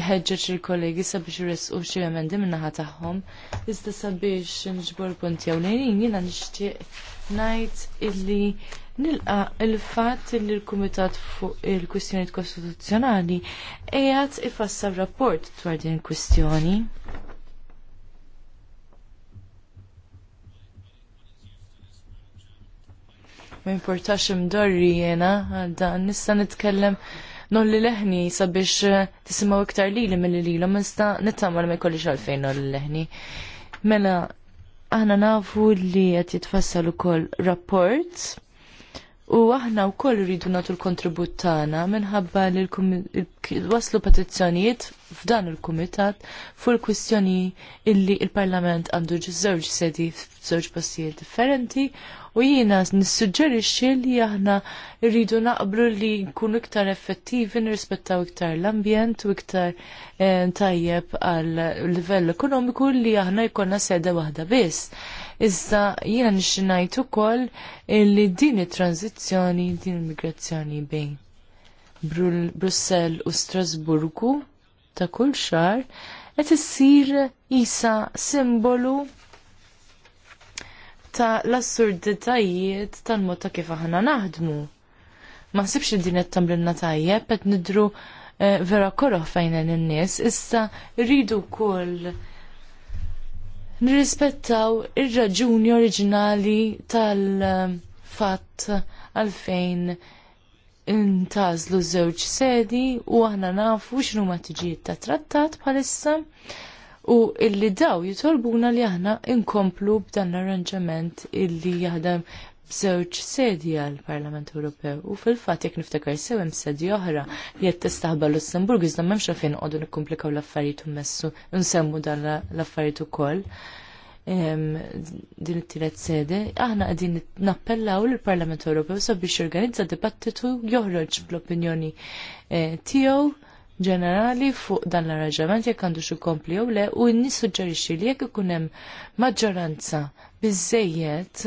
iħeġġeġ il-kollegi sabiex jresqu xi emendi min-naħa tagħhom. Iżda sabiex nġbor punti ewlenin jiena nixtieq ngħid illi nilqa il-fat li l-Kumitat fuq il-Kwistjonijiet Kostituzzjonali qiegħed ifassar rapport dwar din il-kwistjoni. Ma importax imdorri jena għal nista' nitkellem li leħni sabiex eh, tisimgħu iktar lili milli lilhom iżda nittama ma jkollix għalfejn li leħni. Mela aħna nafu li qed jitfassal ukoll rapport U aħna wkoll rridu nagħtu l-kontribut tagħna minħabba li waslu petizzjonijiet f'dan il-kumitat fuq il-kwistjoni illi il-Parlament għandu żewġ sedi f'żewġ postijiet differenti u jiena nissuġġerixxi li aħna rridu naqblu li nkunu iktar effettivi nirrispettaw iktar l-ambjent u iktar eh, tajjeb għal livell ekonomiku li aħna jkollna seda waħda biss Iżda jiena nixtieq ukoll li din it-tranzizzjoni, din il-migrazzjoni bejn Brussell u Strasburgu ta' kull xar qed issir isa simbolu ta' l-assurditajiet tal-mod ta' kif aħna naħdmu. Ma sibx din qed tamrilna tajjeb qed nidru eh, vera koroħ fejn in-nies, issa rridu wkoll nirrispettaw ir-raġuni oriġinali tal-fatt għalfejn intażlu żewġ sedi u aħna nafu x'nu ma tiġijiet ta' trattat bħalissa u illi daw jitolbuna li aħna inkomplu b'dan l-arranġament illi jaħdem żewġ sedja għall Parlament Ewropew u fil-fatt jekk niftakar sew hemm sedi oħra li qed tistaħbal Lussemburg iżda m'hemmx fejn qogħdu nikkumplikaw l-affarijiet u messu nsemmu dan l-affarijiet ukoll. Din it-tielet sede, aħna qegħdin nappellaw lill-Parlament Ewropew sabiex jorganizza dibattitu joħroġ bl-opinjoni e, tiegħu ġenerali fuq dan l-arranġament jekk għandu xi kompli jew le u nissuġġerixxi li jekk ikun hemm maġġoranza biżejjed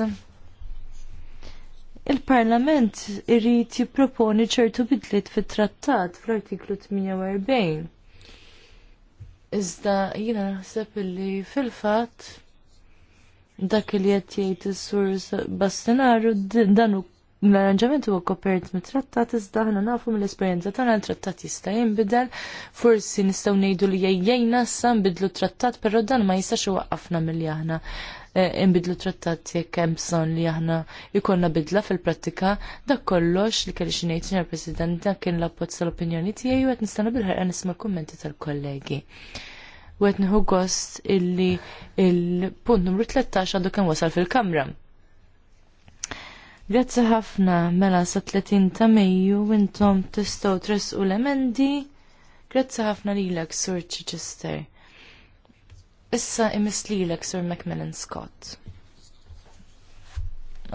il-Parlament irrit jipproponi ċertu bidliet fit-trattat fl-artiklu 48. Iżda jiena naħseb li fil-fatt dak li qed jgħid is-sur Bastinaru dan l-arranġament huwa kopert mit-trattat iżda aħna nafu mill-esperjenza tagħna l-trattat jista' jinbidel, forsi nistgħu ngħidu li jgħinna issa nbidlu trattat, però dan ma jistax iwaqqafna milli aħna Eh, imbidlu trattat jekk hemm bżonn li aħna jkollna bidla fil-prattika dak kollox li kelli ngħid Sinjor President dak kien l appoġġ tal-opinjoni tiegħi u qed nistenna bil-ħarqa nisma' kummenti tal-kollegi u qed nieħu gost illi il-punt numru 13 għandu kemm wasal fil-kamra. Grazzi ħafna mela sa 30 ta' Mejju intom tistgħu tresqu l-emendi. Grazzi ħafna lilek Sur Chichester. Issa l Sir Macmillan Scott.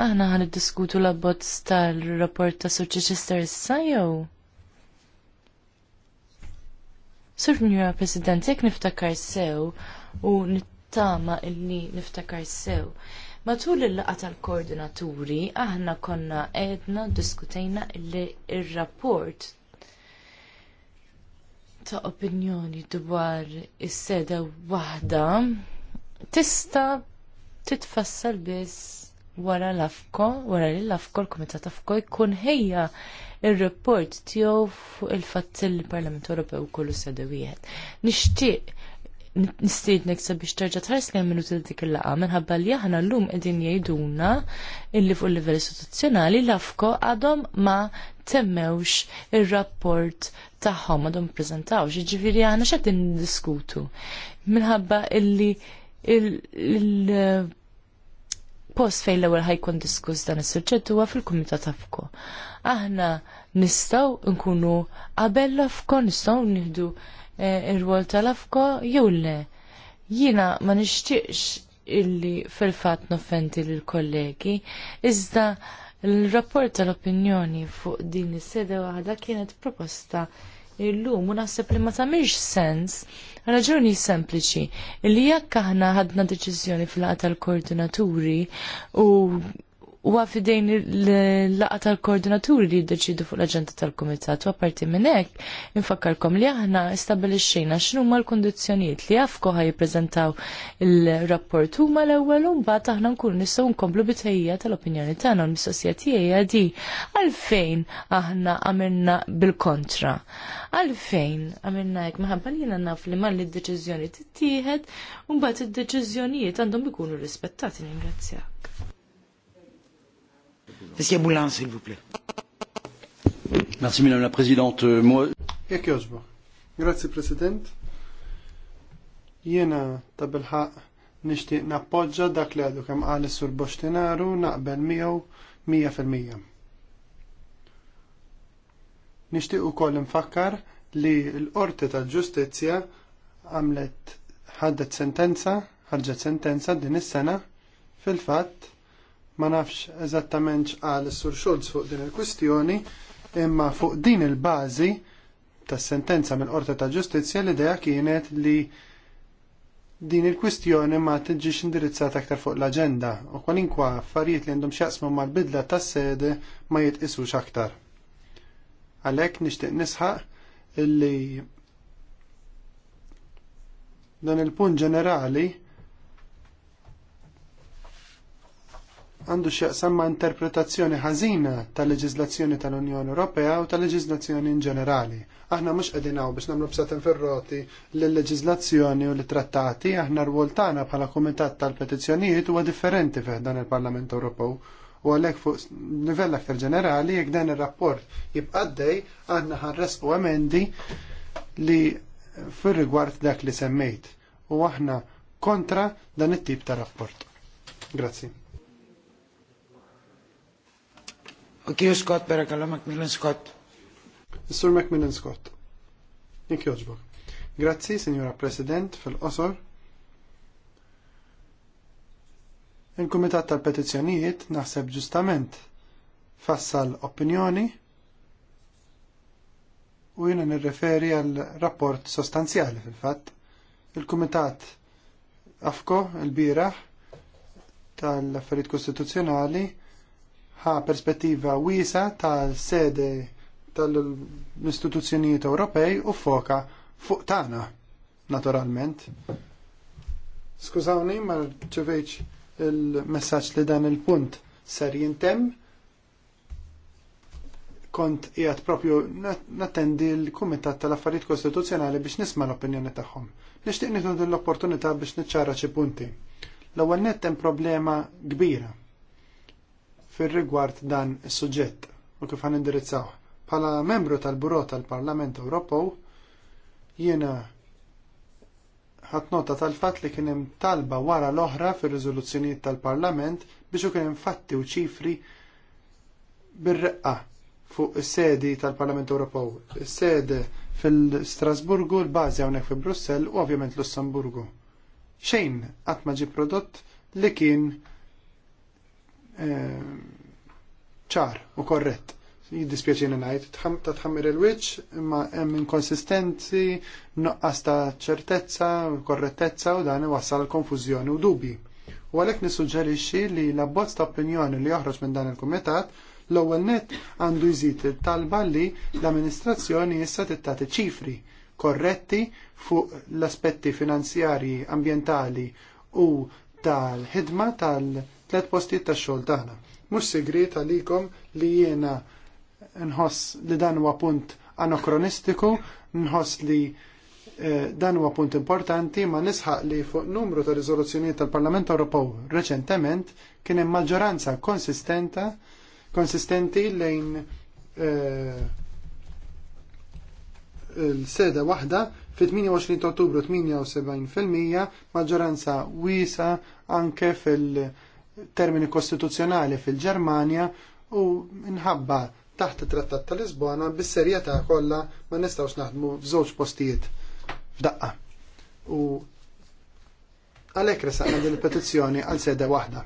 Aħna ħan diskutu l-abbozz stal rapport ta' Sir Chichester issa jow? Sir Njura President, jek niftakar sew u nittama illi niftakar sew. Matul il laqgħa tal-koordinaturi, aħna konna edna diskutejna li il-rapport ta' opinjoni dwar is-seda waħda tista' titfassal biss wara l-afko, wara li l-afko l-Kumitat Afko jkun ħejja il-report tiegħu fuq il-fatt li l-Parlament Ewropew kollu seda wieħed. Nixtieq nekseb biex terġa' tħares li minuti dik il-laqa minħabba li aħna llum qegħdin jgħiduna illi fuq il-livell istituzzjonali l-afko għadhom ma temmewx ir-rapport tagħhom għadhom ppreżentawx, jiġifieri aħna x'qed diskutu. Minħabba illi il-post fejn l-ewwel ħajkun diskuss dan is-suġġett huwa fil-kumitat tafko. Aħna nistgħu nkunu qabel l-afko nistgħu nieħdu eh, ir-rwol tal-afko jew le. Jiena ma nixtieqx illi fil-fatt noffendi lill kollegi iżda Il-rapport tal-opinjoni fuq din is-sede waħda kienet proposta illum u naħseb li ma tagħmilx sens raġuni sempliċi li jekk aħna ħadna deċiżjoni fil-qata tal-koordinaturi u u għafidejn l-laqa tal-koordinaturi li jiddeċidu fuq l-agenda tal-komitat. U għaparti minnek, infakkarkom li aħna istabilixxejna x'nu ma l kondizjoniet li għafko ħaj jiprezentaw il-rapport u ma l-ewel un bat aħna nkun nistaw nkomplu bitħejja tal-opinjoni tagħna u l-mistoqsija tiegħi di għalfejn aħna għamilna bil-kontra. Għalfejn għamilna hekk minħabba li naf li mal id-deċiżjoni tittieħed u mbagħad id-deċiżjonijiet għandhom ikunu rispettati ningrazzjak. Monsieur Boulin, s'il vous plaît. Merci, Madame la Présidente. Euh, moi... Grazie, President. Jena ta' bilħaq nishtiq nappoġġa dak li għadu kem għal sur Boċtinaru naqbel miegħu 100%. Nishtiq ukoll nfakkar li l-Qorti tal-Ġustizzja għamlet ħaddet sentenza, ħarġet sentenza din is-sena fil-fatt Ma nafx eżattament għal sur Schulz fuq din il-kwistjoni, imma fuq din il-bażi tas-sentenza mill-Qorta ta' Ġustizzja l-idea kienet li din il-kwistjoni ma tiġix indirizzata aktar fuq l agenda u kwalinkwa affarijiet li għandhom x'jaqsmu mal-bidla tas-sede ma jitqisux aktar. Għalhekk nixtieq nisħaq illi dan il-punt ġenerali għandu x'jaqsam interpretazzjoni ħażina tal leġizlazzjoni tal-Unjoni Ewropea u tal leġizlazzjoni in ġenerali. Aħna mhux qegħdin hawn biex nagħmlu bsaten ferroti lill leġizlazzjoni u l-trattati, aħna rwol tagħna bħala kumitat tal-petizzjonijiet huwa differenti fih dan il-Parlament Ewropew. U għalhekk fuq nivell aktar ġenerali jekk dan ir-rapport jibqaddej aħna ħarresqu emendi li fir-rigward dak li semmejt. U aħna kontra dan it-tip ta' rapport. Grazzi. Ο Scott, Σκοτ, Macmillan Scott. Σκοτ. Macmillan Scott. Nik joġbok. Grazzi, Signora President, fil-qosor. Il-Kumitat tal-Petizzjonijiet naħseb ġustament fassal opinjoni u jina nirreferi għal rapport sostanzjali fil-fatt. Il-Kumitat Afko, il-Biraħ, tal-Affarijiet Kostituzzjonali, ħa perspettiva wiesa tal-sede tal-istituzzjonijiet Ewropej u foka fuq tagħna, naturalment. Skużawni, ma ċevejċ il-messaġġ li dan il-punt ser jintem. Kont qiegħed propju nattendi l-Kumitat tal-Affarijiet Kostituzzjonali biex nisma' l-opinjoni tagħhom. Nixtieq nieħdu l-opportunità biex niċċara xi punti. L-ewwel nettem problema kbira fil rigward dan is-suġġett u kif għan indirizzaw. Pala membru tal-Buro tal-Parlament Ewropew jiena ħatnota nota tal-fatt li kien hemm talba wara l-oħra fir-riżoluzzjonijiet tal-Parlament biex ukoll hemm fatti u ċifri bir-reqqa fuq is-sedi tal-Parlament Ewropew. Is-sede fil-Strasburgu, l-bażi hawnhekk fi Brussell u ovvjament Lussemburgu. Xejn qatt ma ġie prodott li kien ċar u korrett. Jiddispjaċini ngħid, ta' tħammir il-wiċċ, imma hemm inkonsistenzi, noqqas ta' ċertezza, korrettezza u dan iwassal konfużjoni u dubji. U għalhekk nissuġġerixxi li l-abbozz ta' opinjoni li joħroġ minn dan il-kumitat l-ewwel nett għandu jżid il-talba li l-amministrazzjoni issa tittati ċifri korretti fuq l-aspetti finanzjarji, ambjentali u tal-ħidma tal-, -ħidma, tal tlet postijiet ta' xogħol tagħna. Mhux segret għalikom li jiena nħoss li dan huwa punt anokronistiku, nħoss li eh, dan huwa punt importanti ma nisħaq li fuq numru ta' riżoluzzjonijiet tal-Parlament Ewropew reċentement kien hemm maġġoranza konsistenta konsistenti lejn eh, l-seda waħda fit-28 ottubru 78% maġġoranza wiesa anke fil- termini kostituzzjonali fil-Ġermanja u minħabba taħt it-Trattat ta' Lisbona bis-serjetà kollha ma nistgħux naħdmu f'żewġ postijiet f'daqqa. U għalhekk resaqna din il-petizzjoni għal sede waħda.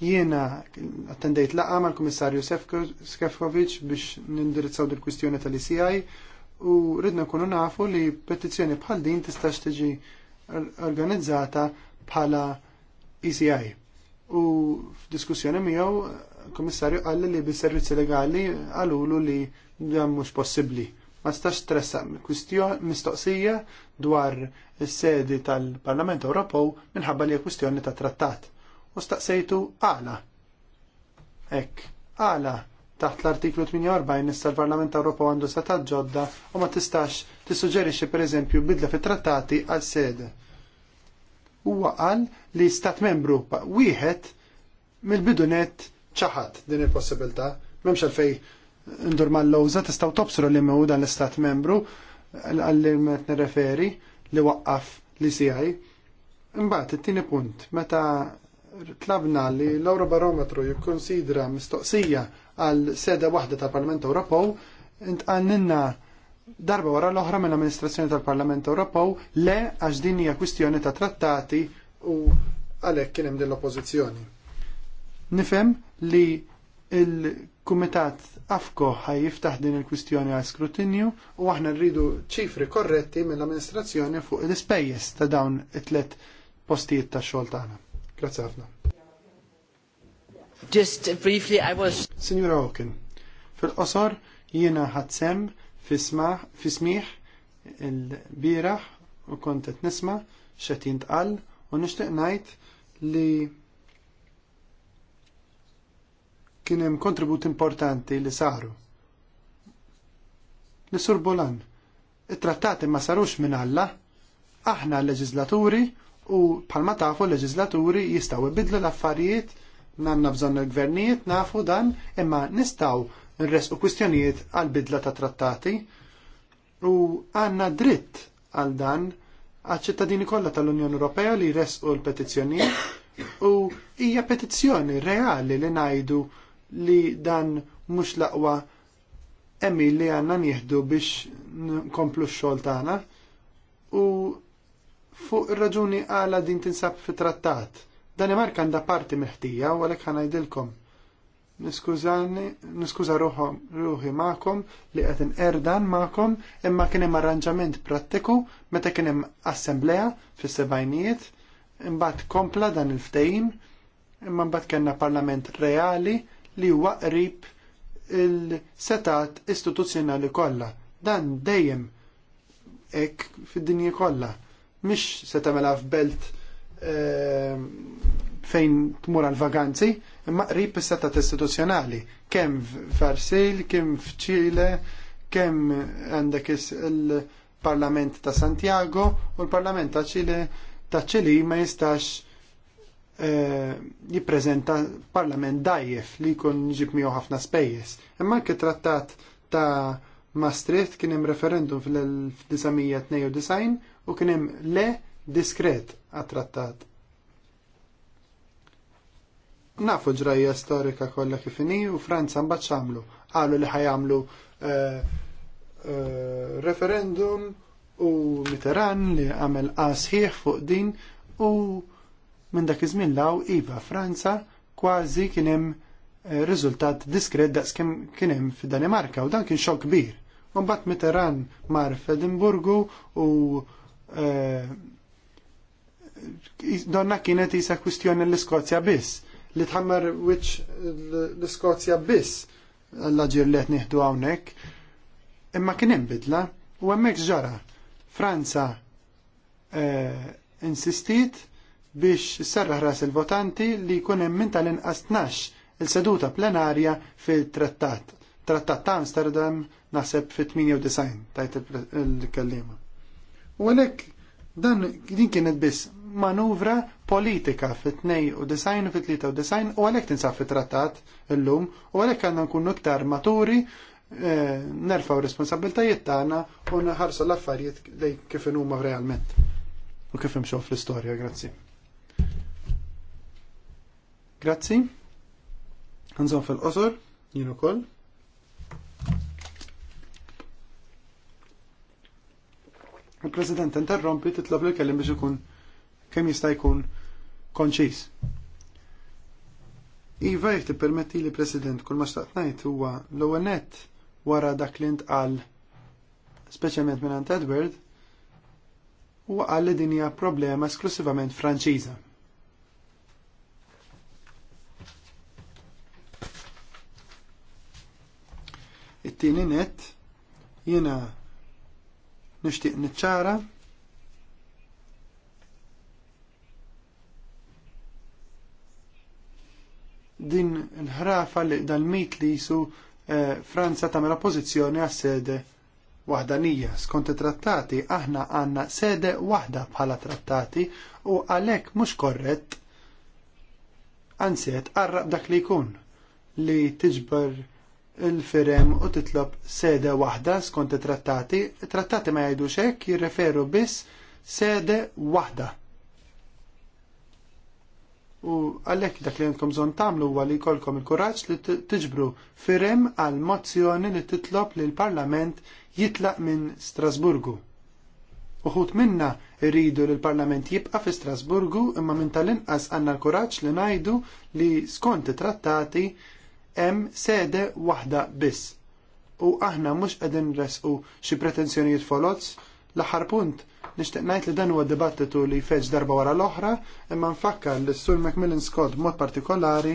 Jiena attendejt laqgħa mal-Kummissarju Sefkovic biex nindirizzaw dil kwistjoni tal-ICI u ridna nkunu nafu li petizzjoni bħal din tistax tiġi organizzata bħala ECI u f'diskussjoni miegħu komissarju qal li bis-servizzi legali qalulu li dan mhux possibbli. Ma stax stressa mistoqsija dwar is-sedi tal-Parlament Ewropew minħabba li kwistjoni ta' trattat. U staqsejtu għala. Ek, għala taħt l-artiklu 48 issa l-Parlament Ewropew għandu ta' ġodda u ma tistax tissuġġerixxi pereżempju bidla fit-trattati għal sede huwa qal li stat membru wieħed mill-bidunet ċaħat din il-possibilità. Memx għalfej ndur mal-lowza tistaw tobsru li mewda dan l-istat membru għalli met nereferi li waqqaf li CI. Mbagħad it-tieni punt meta tlabna li l Barometru jikkonsidra mistoqsija għal seda waħda tal-Parlament Ewropew intqanninna darba wara l-oħra mill-Amministrazzjoni tal-Parlament Ewropew le għax din hija kwistjoni ta' trattati u għalhekk kien hemm din l-oppożizzjoni. Nifhem li il-Kumitat Afko ħaj jiftaħ din il-kwistjoni għal skrutinju u aħna rridu ċifri korretti mill-amministrazzjoni fuq l-ispejjeż ta' dawn it-tlet postijiet ta' xogħol tagħna. Grazzi ħafna. Just briefly I was Signora Hawken, fil-qosor jiena ħadsem fismiħ il-biraħ u kont qed nisma x'qed jintqal u nixtieq ngħid li kien hemm kontribut importanti li saru. Nisur Bolan, it-trattati ma sarux minn Alla, aħna l-leġislaturi u bħalma tafu l-leġislaturi jistgħu ibidlu l-affarijiet nanna bżonn il-gvernijiet nafu dan imma nistgħu nresqu kwistjonijiet għal bidla ta' trattati u għanna dritt għal dan għal ċittadini kollha tal-Unjoni Ewropea li jresqu l-petizzjonijiet u hija petizzjoni reali li ngħidu li dan mhux laqwa emmi li għanna nieħdu biex nkomplu x-xogħol tagħna u fuq ir-raġuni għala din tinsab fit-trattat. Danimarka għandha parti meħtija u għalhekk ħanajdilkom Niskużani, niskuża ruħi ma'kom li qed erdan ma'kom imma kien hemm arranġament prattiku meta kien hemm assembleja fis-sebgħinijiet imbagħad kompla dan il-ftehim imma mbagħad kellna parlament reali li huwa qrib il-setat istituzzjonali kollha. Dan dejjem hekk fid-dinji kollha. Mhix se tagħmelha f'belt eh, fejn tmur għal vaganzi, imma qrib is-setat istituzzjonali kemm f'Arsil, kemm f'Ċile, kemm għandek il-Parlament ta' Santiago u l-Parlament ta' Ċile ta' Ċili ma jistax eh, jippreżenta parlament dajjef li jkun jġib miegħu ħafna spejjeż. Imma anke trattat ta' Maastricht kien hemm referendum fl 1992 u kien hemm le diskret għat-trattat nafu ġrajja storika kollha kif inhi u Franza mbagħad xamlu. Qalu li ħajamlu eh, eh, referendum u Mitterrand li għamel qasħiħ fuq din u minn dak iż-żmien law iva Franza kważi kien hemm eh, riżultat diskret daqs kien hemm fid-Danimarka u dan kien xokk kbir. U mbagħad Mitterrand mar f'Edinburgu u donna kienet isa kwistjoni l-Iskozja biss li tħammar wiċ l-Skozja biss l-ġir li għetniħdu għawnek. Imma kien bidla u għemmek ġara. Franza eh, insistit biex serraħ ras il-votanti li kunem min tal-inqas 12 il-seduta plenarja fil-trattat. Trattat ta' Amsterdam naħseb fit-98 tajt il-kellima. U għalek dan din kienet biss manuvra politika fit 92 u design u fit 93 u design u għalhekk tinsab fit-trattat illum u għalhekk għandna nkunu iktar maturi eh, nerfaw responsabiltajiet tagħna u nħarsu l-affarijiet lej kif huma realment u kif imxew fl-istorja, grazzi. Grazzi. Għanżon fil-qosor, jien koll. Il-President interrompi titlob li kellim biex ikun kemm jista' jkun konċis. Iva jek permetti li President kull ma xtaqt ngħid huwa l-ewwel wara dak li ntqal speċjalment minn Edward huwa qal li din hija problema esklusivament Franċiża. It-tieni nett jiena nixtieq niċċara din l-ħrafa li dal-mit li jisu eh, Franza tamela pożizzjoni għas sede wahdanija. Skont trattati aħna għanna sede waħda bħala trattati u għalek mhux korrett għanset għarra dak li jkun li tiġbar il-firem u titlob sede waħda skont trattati. Trattati ma jajdu xek jirreferu biss sede waħda U għalhekk dak li għandkom bżonn tagħmlu huwa li jkollkom il-kuraġġ li tiġbru firem għal mozzjoni li titlob li l-Parlament jitlaq minn Strasburgu. Uħut minna rridu li l-Parlament jibqa fi Strasburgu imma minn tal-inqas għanna l-kuraġġ li ngħidu li skont trattati hemm sede waħda biss. U aħna mhux qegħdin resqu xi pretenzjonijiet folots l-aħħar punt Nixtieq ngħid li dan huwa dibattitu li feġ darba wara l-oħra, imma nfakkar li s-Sur Macmillan Scott mod partikolari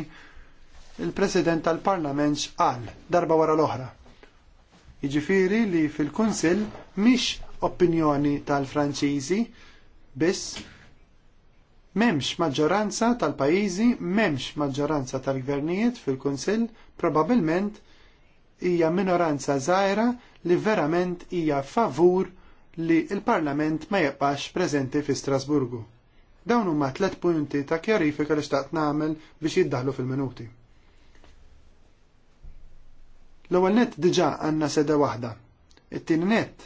il-President tal-Parlament x'qal darba wara l-oħra. Jiġifieri li fil-Kunsill mhix opinjoni tal-Franċiżi biss Memx maġġoranza tal-pajizi, memx maġġoranza tal-gvernijiet fil-Kunsill, probabilment hija minoranza zaħira li verament hija favur li l parlament ma jibqax preżenti fi Strasburgu. Dawn huma tliet punti ta' kjarifika li xtaqt nagħmel biex jiddaħlu fil-minuti. L-ewwel nett diġà għandna seda waħda. It-tieni net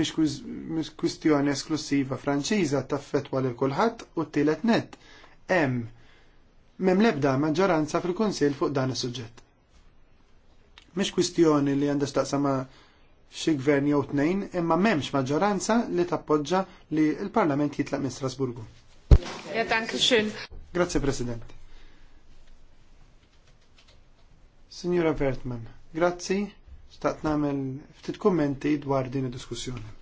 mhix kwistjoni esklusiva Franċiża taffetwa lil kulħadd u t-tielet nett hemm m'hemm l-ebda maġġoranza fil-Kunsill fuq dan is-suġġett. Mhix kwistjoni li għandha x'taqsam ma' xi gvern jew tnejn, imma m'hemmx maġġoranza li tappoġġa li l-Parlament jitlaq minn Strasburgu. Ja, danke schön. Grazie President. Signora Vertman, grazzi staqt nagħmel ftit kummenti dwar din id-diskussjoni.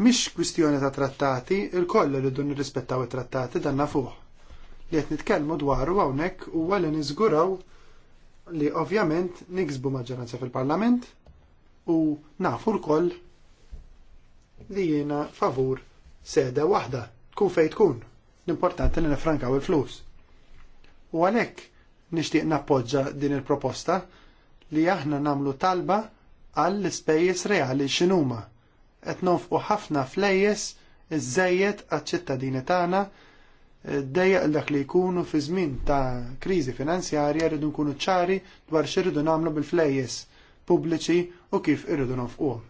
Mhix kwistjoni ta' trattati, il-koll li dun nirrispettaw it-trattati danna fuq. Li qed nitkellmu dwaru hawnhekk huwa li niżguraw li ovvjament niksbu maġġoranza fil-Parlament u nafu l-koll li jiena favur seda waħda, tkun fej tkun. L-importanti li nifrankaw il-flus. U għalhekk nixtieq nappoġġa din il-proposta li aħna namlu talba għall ispejjeż reali x'inhuma qed nonfqu ħafna flejjes żejjed għaċ-ċittadini tagħna Eh, dejjaq dak li jkunu fi żmien ta' kriżi finanzjarja rridu nkunu ċari dwar x'irridu nagħmlu bil-flejjes pubbliċi u kif irridu nofquhom.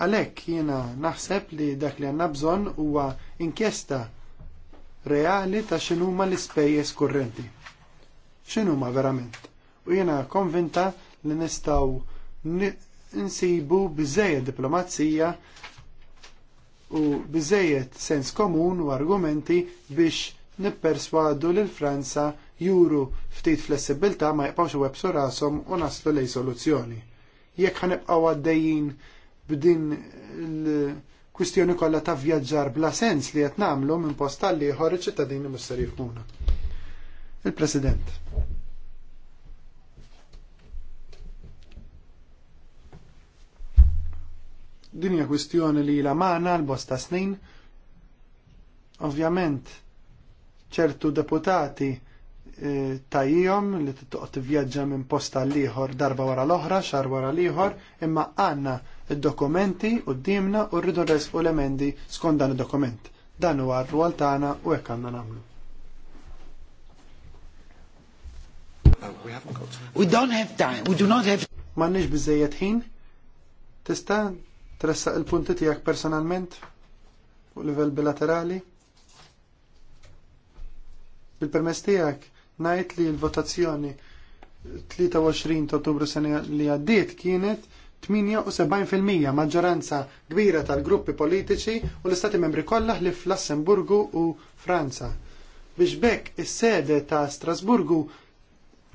Għalhekk jiena naħseb li dak li għandna bżonn huwa inkjesta reali ta' x'inhuma l-ispejjeż kurrenti. X'inhuma verament. U jiena konvinta li nistgħu insibu biżejjed diplomazija u biżejjed sens komun u argumenti biex nipperswadu lil Franza juru ftit flessibilità ma jibqawx websu rashom u naslu lejn soluzzjoni. Jekk ħanibqgħu għaddejjin b'din l-kwistjoni kollha ta' vjaġġar bla sens li qed nagħmlu minn post tal ieħor iċ-ċittadini mhux ser Il-President. Din hija kwistjoni li la magħna l-bosta snin. Ovvjament ċertu deputati eh, tajjom li t-toqt vjaġġa minn posta liħor darba wara l-oħra, xar wara liħor, imma għanna il dokumenti u d-dimna u rridu resqu l-emendi skont dan id-dokument. Dan huwa r għaltana tagħna u hekk għandna nagħmlu. Oh, we don't have time. We do not have. M'għandniex biżejjed ħin. Tista' tressaq il-punti tiegħek personalment u livell bilaterali? Bil-permess tiegħek ngħid li l-votazzjoni 23 ta' Ottubru sena li għaddiet kienet 78% maġġoranza kbira tal-gruppi politiċi u l-istati membri kollha li fl u Franza. Biex bekk is-sede ta' Strasburgu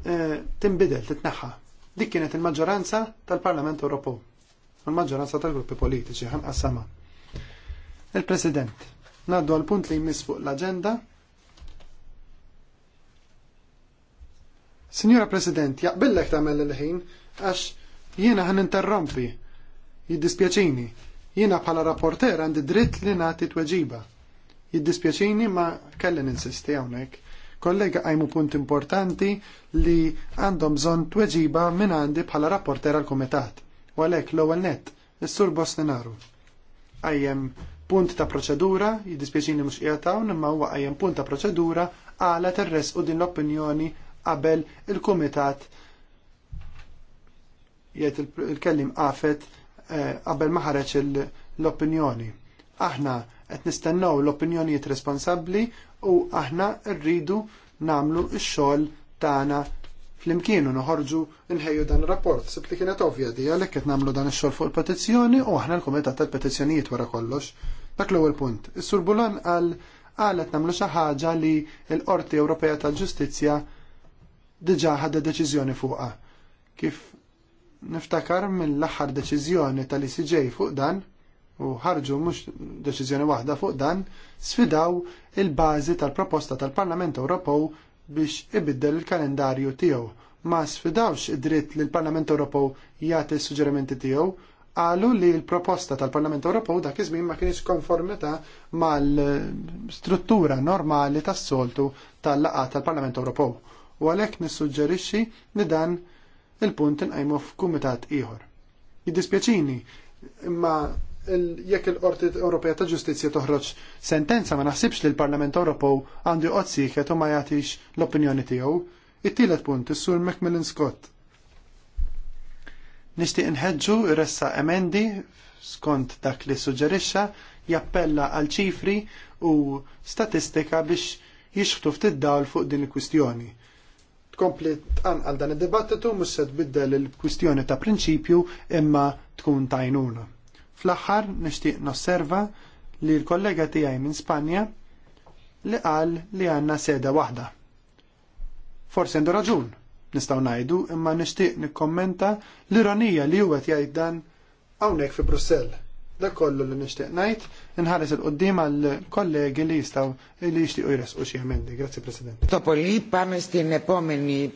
eh, timbidel, titneħħa. Dik kienet il-maġġoranza tal-Parlament Ewropew mal maġġoranza tal-gruppi politiċi ħanqassama. Il-President, naddu għal punt li jmiss fuq l-agenda. Signora President, jaqbillek tagħmel il-ħin għax jiena ħan interrompi, jiddispjaċini, jiena bħala rapporter għandi dritt li nagħti tweġiba. Jiddispjaċini ma kelli ninsisti hawnhekk kollega għajmu punt importanti li għandhom bżon tweġiba minn għandi bħala rapporter għal komitat U għalhekk l-ewwel nett, is-Sur naru. Għajjem punt ta' proċedura, jiddispjaċini mhux qiegħed hawn, imma huwa għajjem punt ta' proċedura għala terres u din l-opinjoni qabel il-kumitat jgħid il-kellim qafet eh, qabel ma ħareġ l-opinjoni. Aħna qed nistennew l-opinjonijiet responsabbli u aħna rridu namlu x-xogħol tagħna flimkienu noħorġu nħejju dan rapport. Sibt li kienet ovvja di għalhekk qed nagħmlu dan ix-xogħol fuq il-petizzjoni u aħna l-kumitat tal-petizzjonijiet wara kollox. Dak l-ewwel punt. Is-Sur Bulon qal qalet nagħmlu xi ħaġa li l-Qorti Ewropea tal-Ġustizzja diġà ħadda deċiżjoni fuqha. Kif niftakar mill-aħħar deċiżjoni tal-ICJ fuq dan, u ħarġu mhux deċiżjoni waħda fuq dan, sfidaw il-bażi tal-proposta tal-Parlament Ewropew biex ibiddel il-kalendarju tiegħu. Ma sfidawx id-dritt li l-Parlament Ewropew jagħti s-suġġerimenti tiegħu, qalu li l-proposta tal-Parlament Ewropew dak iż-żmien ma kienx konformità mal-struttura normali tas-soltu tal-laqgħa tal-Parlament Ewropew. U għalhekk nissuġġerixxi li dan il-punt inqajmu f'kumitat ieħor. Jiddispjaċini, imma jekk il-Qorti Ewropea ta' Ġustizzja toħroġ sentenza ma naħsibx li l-Parlament Ewropew għandu jqod u ma jagħtix l-opinjoni tiegħu. It-tielet punt is-Sur Macmillan Scott. Nixtieq inħeġġu ressa emendi skont dak li suġġerixxa jappella għal ċifri u statistika biex jixħtu ftit dawl fuq din il-kwistjoni tkompli tqanqal dan id-dibattitu mhux se tbiddel il-kwistjoni ta' prinċipju imma tkun tajnuna. Fl-aħħar nixtieq nosserva li l-kollega tiegħi minn Spanja li qal li għandna seda waħda. Forsi għandu raġun, nistgħu ngħidu, imma nixtieq nikkommenta l-ironija li huwa jgħid dan hawnhekk fi Brussell. Dak kollu li nixtieq ngħid, nħares il-qoddim għal kollegi li jistgħu li jixtiequ jresqu xi emendi. Grazie President. Topoli pame πάμε στην επόμενη,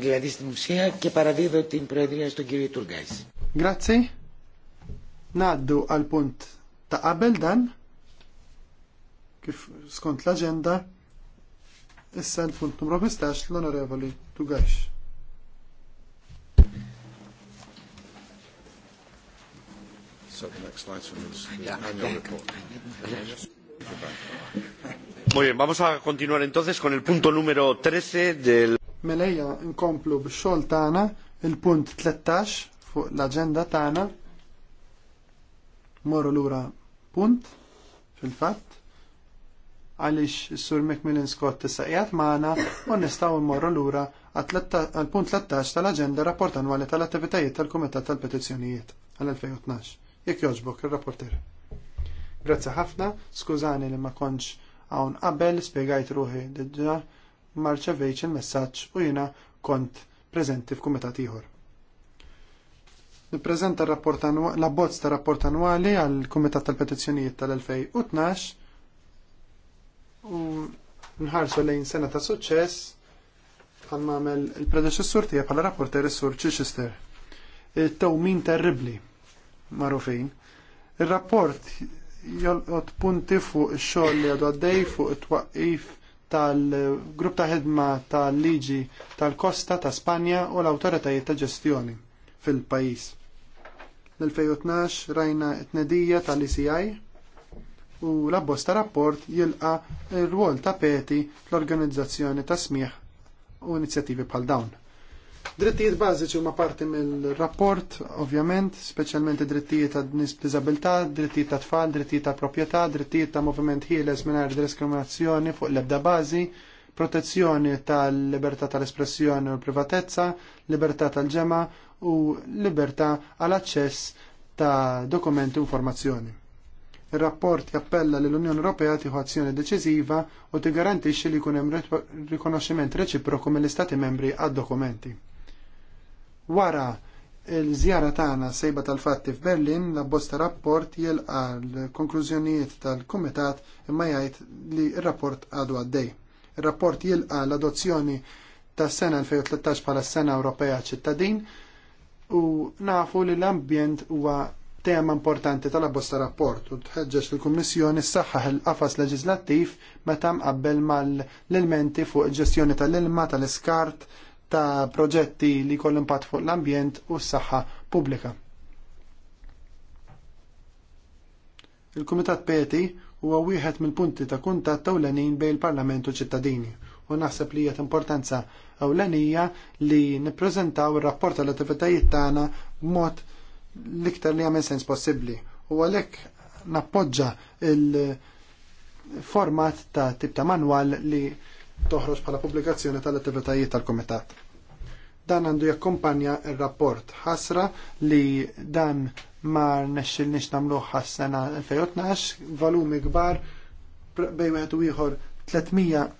di la στην ουσία paradido tim την Προεδρία στον κύριο Grazie. Naddu għal punt ta' qabel dan, kif skont l-agenda, issa l-punt numru 15 l-onorevoli Tugax. Muy bien, vamos a continuar entonces con el punto número 13 del... Meleja nkomplu b-xol tana, il-punt 13 fuq l-aġenda tagħna morru lura punt fil-fatt għaliex is-sur Macmillan Scott issa qiegħed magħna u nistgħu mmorru lura għal punt 13 tal-aġenda rapport annwali tal-attivitajiet tal-Kumitat tal-Petizzjonijiet għal-2012. Jekk jogħġbok ir-rapporter. Grazzi ħafna, skużani li ma kontx hawn qabel spjegajt ruħi diġà marċevejx il-messaġġ u jiena kont prezenti f'kumitat ieħor nippreżenta l-abbozz ta' rapport annwali għal Kumitat tal-Petizzjonijiet tal-2012 u nħarsu lejn sena ta' suċċess għal mamel il-predeċessur tiegħek bħala rapporter is-sur Chichester. Il-tawmin terribli marufin. Il-rapport jolqot punti fuq ix-xogħol li għadu għaddej fuq it-twaqqif tal-grupp ta' ħidma tal-liġi tal-Kosta ta' Spanja u l-awtoritajiet ta' ġestjoni fil-pajjiż. L-2012 rajna t-nedija tal-ICI u l-abbos ta' rapport jilqa il rwol ta' peti fl-organizzazzjoni ta' smieħ u inizjattivi bħal dawn. Drittijiet bażiċi huma parti mill-rapport, ovvjament, speċjalment id-drittijiet ta' nies b'diżabilità, drittijiet ta' tfal, drittijiet ta' proprjetà, drittijiet ta' moviment ħieles mingħajr diskriminazzjoni fuq l-ebda bażi, protezzjoni tal-libertà tal-espressjoni u l-privatezza, libertà tal-ġema u libertà għal aċċess ta' dokumenti u informazzjoni. Ir-rapport jappella l unjoni Ewropea tieħu azzjoni deċiżiva u tigarantixxi li jkun hemm rikonoxximent reċiproku mill-Istati membri għad-dokumenti. Wara l-żjara tagħna sejba tal-fatti f'Berlin, l-abbozta rapport jilqa l-konklużjonijiet tal-Kumitat imma jgħid li r-rapport għadu għaddej. Ir-rapport jilqa l-adozzjoni tas-sena 2013 bħala s-sena Ewropea ċittadin u nafu li l-ambjent huwa tema importanti tal-abbosta rapport u tħeġġeġ l-Kummissjoni s-saħħaħ il-qafas leġislattiv meta mqabbel mal-elementi fuq il ġestjoni tal-ilma, tal-iskart, ta' proġetti li kollu impatt fuq l-ambjent u s-saħħa pubblika. Il-Kumitat Peti huwa wieħed mill-punti ta' kuntatt tawlenin bejn il-Parlament u ċittadini u naħseb li jgħat importanza ewlenija li nippreżentaw ir-rapport tal-attivitajiet tagħna b'mod l-iktar li għamil sens possibbli. U għalhekk nappoġġa il-format ta' tip ta' manwal li toħroġ bħala pubblikazzjoni tal-attivitajiet tal-Komitat. Dan għandu jakkompanja il-rapport ħasra li dan ma nexxilniex namluħ ħas-sena 2012 valumi kbar bejn wieħed u ieħor 300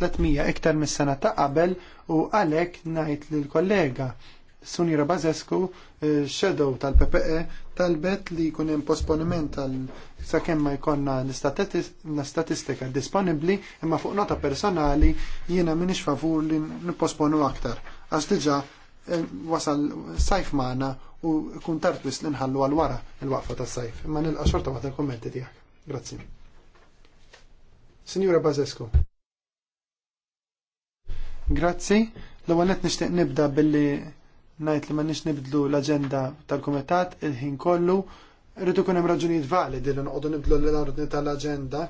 300 iktar mis-sena ta' qabel u għalhekk ngħid lil kollega Suni Rabazesku, eh, shadow tal-PPE, talbet li jkun hemm posponiment tal sakemm ma jkollna l statistika disponibbli imma fuq nota personali jiena m'iniex favur li nipposponu aktar. Għax diġà eh, wasal sajf magħna u kun tartwis li nħallu għal wara il-waqfa tas-sajf. Imma nilqa' xorta għat il kummenti tiegħek. Grazzi. Signora Bazescu. Grazzi. L-ewwel qed nixtieq nibda billi ngħid li m'għandniex nibdlu l-aġenda tal-kumitat il-ħin kollu. Rrid ikun hemm raġunijiet validi li noqogħdu nibdlu l-ordni tal-aġenda.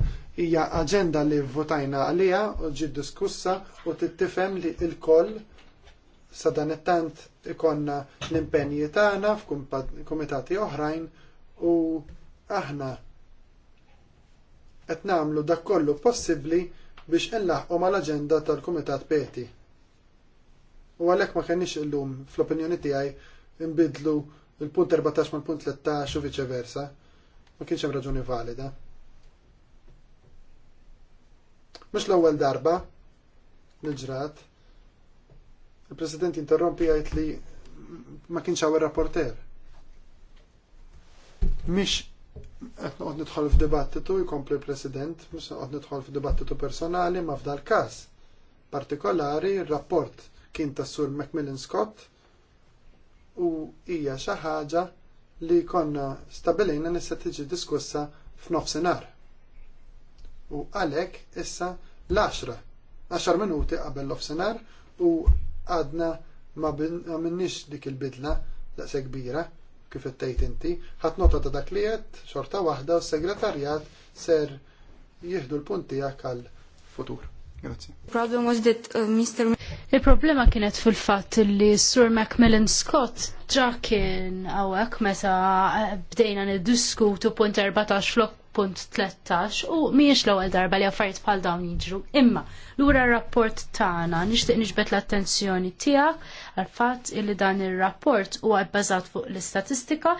Hija aġenda li votajna għaliha u ġi diskussa u tittifhem li l-koll sa dan it-tant ikonna l-impenji tagħna f'kumitati oħrajn u aħna qed nagħmlu dak kollu possibbli biex inlaħqu mal-aġenda tal-Kumitat Peti. U għalhekk ma kenniex illum fl-opinjoni tiegħi nbidlu il-punt 14 mal-punt 13 u versa. Ma kienx hemm raġuni valida. Mhux l-ewwel darba li ġrat. Il-President interrompi jgħid li ma kienx hawn ir-rapporter. Mhix qed nidħol f'dibattitu jkompli President, mhux noqgħod nidħol f'dibattitu personali ma f'dal każ. Partikolari r-rapport kien tas-sur Macmillan Scott u hija xi ħaġa li konna stabilejna nista' tiġi diskussa f'nofsinhar. U għalhekk issa l-10 10 minuti qabel l u għadna ma minnix dik il-bidla daqsa kbira kif ittejt inti, ħat nota ta' dak li għedt, xorta waħda u segretarjat ser jieħdu l-punti għal futur. Grazie. Problem was that uh, Mr. Il-problema kienet fil-fatt li Sur Macmillan Scott ġa kien għawek meta bdejna niddiskutu punt 14 flok punt 13 u miex l-ewwel darba li affarijiet bħal dawn jiġru. Imma lura r-rapport tagħna nixtieq niġbed l-attenzjoni tiegħek għal fatt illi dan ir-rapport huwa bbażat fuq l-istatistika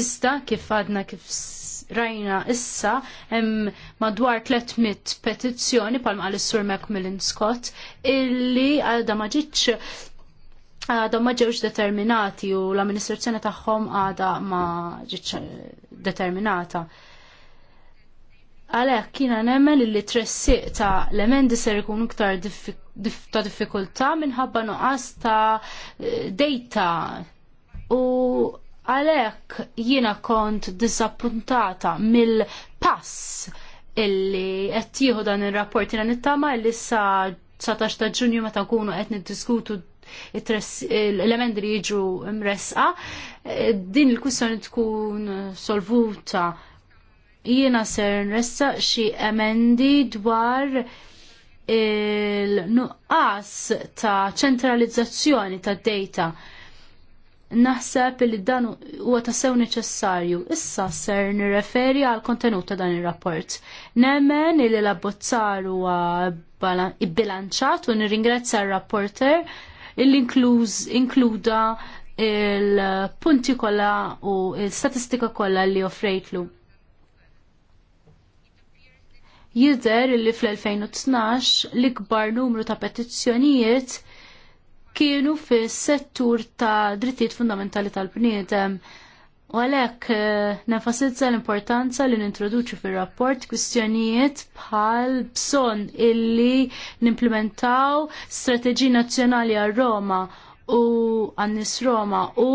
iżda kif għadna kif rajna issa hemm madwar 300 petizzjoni palma għal sur Macmillan Scott illi għadha ma ġitx għadha ma ġewx determinati u l-amministrazzjoni tagħhom għadha ma ġietx eh, determinata. Għalhekk kina nemmen li tressiq ta' l-emendi ser ikun iktar ta' diffikultà minħabba nuqqas ta' data u għalhekk jiena kont disappuntata mill-pass illi qed jieħu dan ir-rapport jiena nittama illi sa 19 ta' Ġunju meta nkunu qed niddiskutu l-emendi li jiġu mresqa eh, din il-kwissjoni tkun solvuta jiena ser nressa xi emendi dwar il-nuqqas ta' ċentralizzazzjoni ta' data. Naħseb li dan huwa tassew neċessarju. Issa ser nirreferi għal kontenut ta' dan ir-rapport. Nemmen li l-abbozzar huwa bilanċat u nirringrazzja r-rapporter il-inkluda il-punti kollha u l statistika kollha li offrejtlu jidher li fl-2012 l-ikbar numru ta' petizzjonijiet kienu fis-settur ta' drittijiet fundamentali tal-bniedem. U għalhekk eh, nenfasizza l-importanza li nintroduċu fir-rapport kwistjonijiet bħal bżonn illi nimplementaw strateġiji nazzjonali għal Roma u għannis Roma u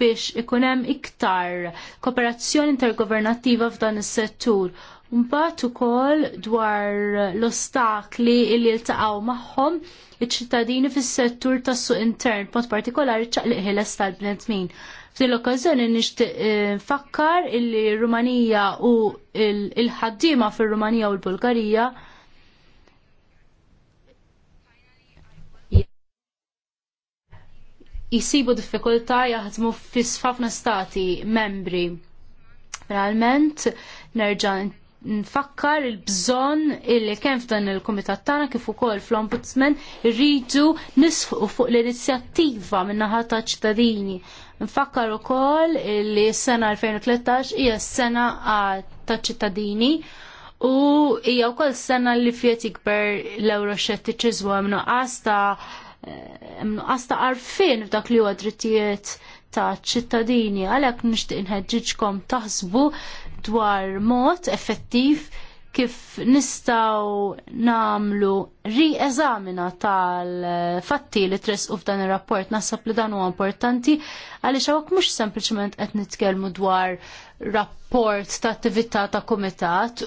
biex ikunem iktar kooperazzjoni intergovernattiva f'dan is-settur Mbagħad ukoll dwar l-ostakli li jiltaqgħu magħhom iċ-ċittadini fis-settur tas-suq intern, b'mod partikolari ċaqliq ħiles tal-bnedmin. F'din l-okkażjoni nixtieq eh, nfakkar illi Rumanija u il-ħaddiema fir-Rumanija u l-Bulgarija jisibu diffikultà jaħdmu fis ħafna stati membri. Realment nerġa' nfakkar il-bżonn illi kemm f'dan il-kumitat tagħna kif ukoll fl-Ombudsman irridu nisfuq fuq l-inizjattiva min-naħa ta' ċittadini. Nfakkar ukoll li s-sena 2013 hija s-sena ta' ċittadini u hija wkoll sena li fiet ikber l-euroxettiċiżmu hemm nuqqas ta' eh, hemm nuqqas ta' arfin f'dak li huwa drittijiet ta' ċittadini għalhekk nixtieq inħeġġiġkom taħsbu dwar mod effettiv kif nistaw namlu rieżamina tal-fatti li u f'dan ir-rapport nasab li dan huwa importanti għaliex xawak mhux sempliċement qed nitkellmu dwar rapport ta' attività ta' komitat.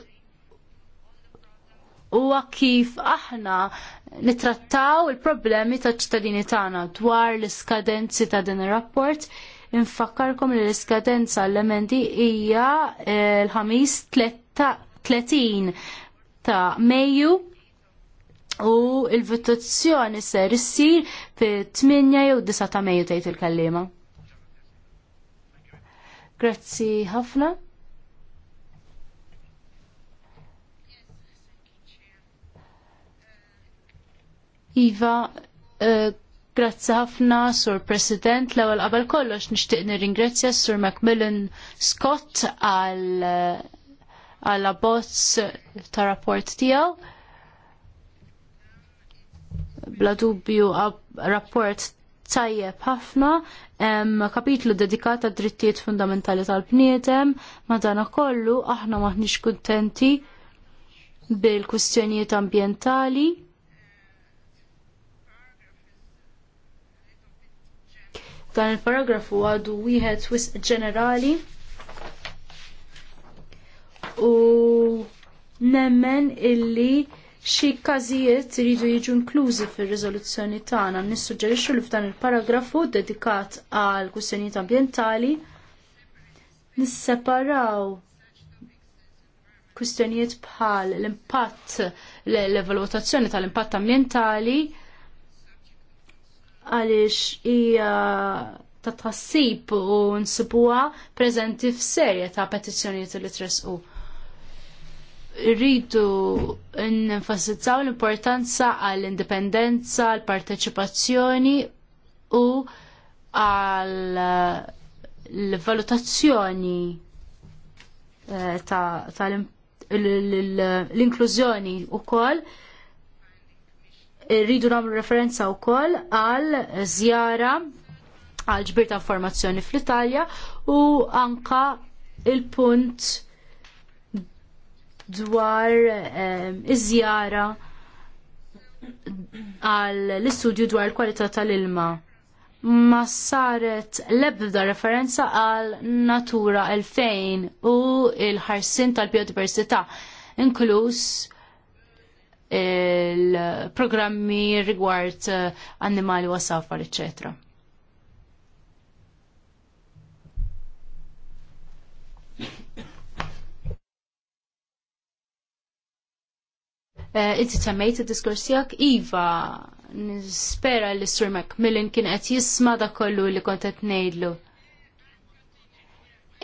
huwa kif aħna nitrattaw il-problemi ta' ċittadini tagħna dwar l-iskadenzi ta' din ir-rapport Infakkarkom li l-iskadenza l-emendi hija eh, l-ħamis 30 ta' Mejju u l-votazzjoni ser issir fi 8 jew 9 ta' Mejju tgħid il kallima Grazzi ħafna. Iva, uh, Grazzi ħafna, Sur President, l ewwel qabel kollox nixtieq nirringrazzja Sur Macmillan Scott għal għal abbozz ta' rapport tiegħu. Bla dubju rapport tajjeb ħafna, hemm kapitlu dedikat għad drittijiet fundamentali tal-bniedem, madana kollu aħna maħniex kuntenti bil-kwistjonijiet ambjentali Dan il-paragrafu għadu wieħed wisq ġenerali u nemmen illi xi każijiet iridu jiġu inklużi fir-riżoluzzjoni tagħna. Nissuġġerixxu li f'dan il-paragrafu dedikat għal kwistjonijiet ambjentali nisseparaw kwistjonijiet bħal l-impatt l-evalutazzjoni tal-impatt ambjentali għaliex hija ta' tħassib u nsibuha preżenti f'serje ta' petizzjonijiet li tresqu. Rridu nenfasizzaw l-importanza għall-indipendenza, l-parteċipazzjoni u għall valutazzjoni tal l-inklużjoni u koll rridu nagħmlu referenza wkoll għal żjara għal ġbir ta' informazzjoni fl-Italja u anka il-punt dwar ehm, iż-żjara għal l-istudju dwar il-kwalità tal-ilma. Ma saret l-ebda referenza għal Natura 2000 u il-ħarsin tal-biodiversità, inkluż il-programmi rigward eh, annimali u safar, ecc. Eh, inti tammejt id-diskors tiegħek iva nispera li Sur Macmillan kien qed jisma' dak kollu li kont qed ngħidlu.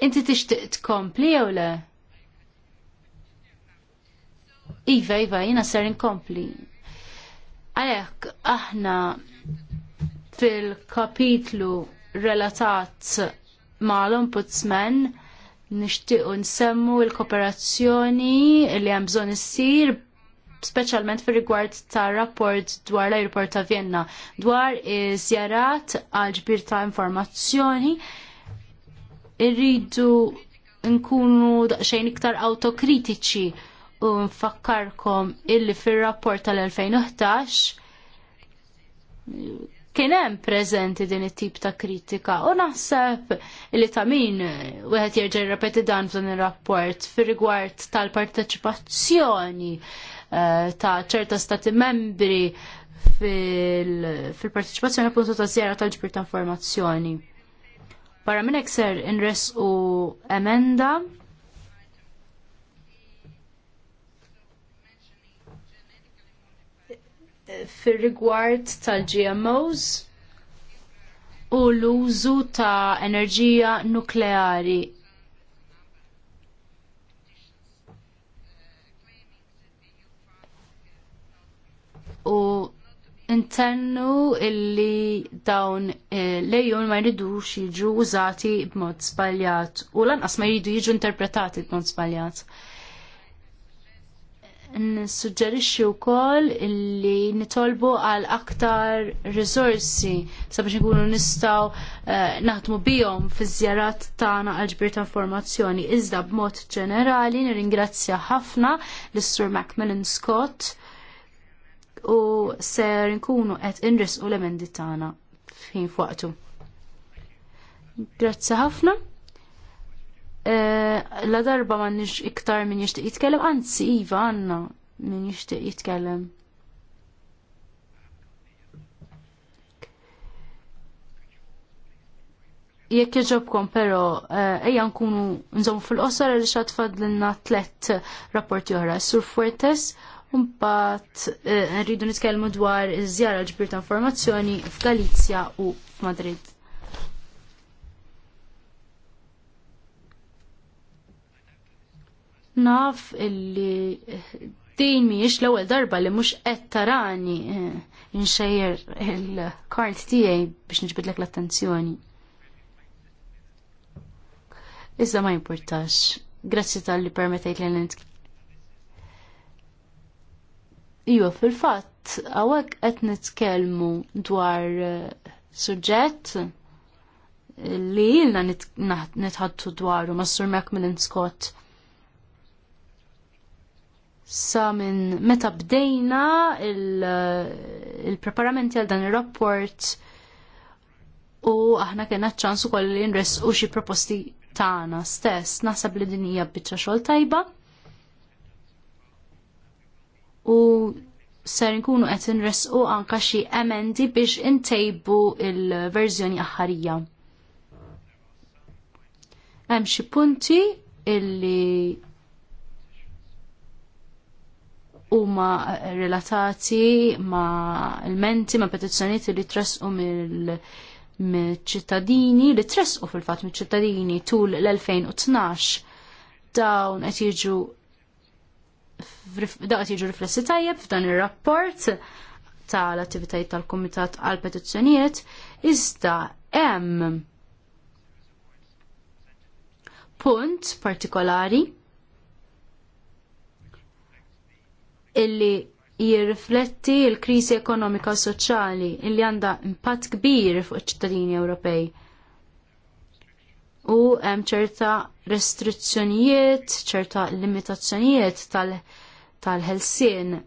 Inti tixtieq tkompli jew le? Iva, iva, jina ser inkompli. Għalek, aħna fil-kapitlu relatat ma l-ombudsman nishtiqu nsemmu il-kooperazzjoni li hemm bżonn issir speċjalment fir rigward ta' rapport dwar l-aeroport ta' Vienna dwar iż-żjarat għal ġbir ta' informazzjoni irridu nkunu xejn iktar autokritiċi u nfakkarkom illi fir-rapport tal-2011 kien hemm preżenti din it-tip ta' kritika u naħseb li ta' min wieħed jerġa' jirrepeti dan f'dan ir-rapport fir-rigward tal-parteċipazzjoni eh, ta' ċerta stati membri fil-parteċipazzjoni appunto ta' zjara tal-ġbir ta' informazzjoni. Para minn ekser inres u emenda fir rigward tal-GMOs u l-użu ta' enerġija nukleari. U intennu illi dawn eh, lejun ma jridux jiġu użati b'mod żbaljat u lanqas ma jridu jiġu interpretati b'mod żbaljat. Nissuġġerixxi wkoll illi nitolbu għal aktar risorsi sabiex nkunu nistgħu uh, naħdmu bihom fiż-żjarat tagħna għal ġbir ta' informazzjoni. Iżda b'mod ġenerali nirringrazzja ħafna l sur Macmillan Scott u ser nkunu qed inrisqu l-emendi tagħna fin fuqtu. Grazzi ħafna. Eh, la darba ma nix iktar min jishtiq jitkellem, anzi Iva għanna min jishtiq jitkellem. Jekk jġobkom, pero eh, ejja nkunu nżom fil-qosor li xat fadlinna tlet rapporti oħra. Sur Fuertes, mbagħad nridu eh, nitkellmu dwar iż-żjara ġbir ta' informazzjoni f'Galizja u f'Madrid. Naf illi eh, din miex l-ewwel darba li mhux qed tarani eh, nxejjer il-kart tiegħi biex niġbidlek l-attenzjoni. Iżda ma jimpurtax. Grazzi tal-li permetajt li nint. Iwa fil-fatt, għawek qed nitkellmu dwar eh, suġġett li jilna nitħattu dwaru ma' Sur Macmillan Scott sa minn meta bdejna il-preparamenti il għal dan ir-rapport u aħna kena ċans kolli li nres u xi proposti tagħna stess. Naħseb li din hija biċċa xogħol tajba. U ser nkunu qed nresqu anka xi emendi biex intejbu il-verżjoni aħħarija. Hemm xi punti illi huma relatati ma' il-menti ma' petizzjoniet li tresqu mill-ċittadini li tresqu fil-fatt mill-ċittadini tul l-2012 dawn qed jiġu da qed jiġu riflessi tajjeb f'dan ir-rapport tal-attivitajiet tal-Kumitat għal petizzjonijiet iżda hemm punt partikolari illi jirrifletti l-krisi ekonomika u soċjali illi għandha impatt kbir fuq iċ-ċittadini Ewropej. U hemm ċerta restrizzjonijiet, ċerta limitazzjonijiet tal-ħelsien tal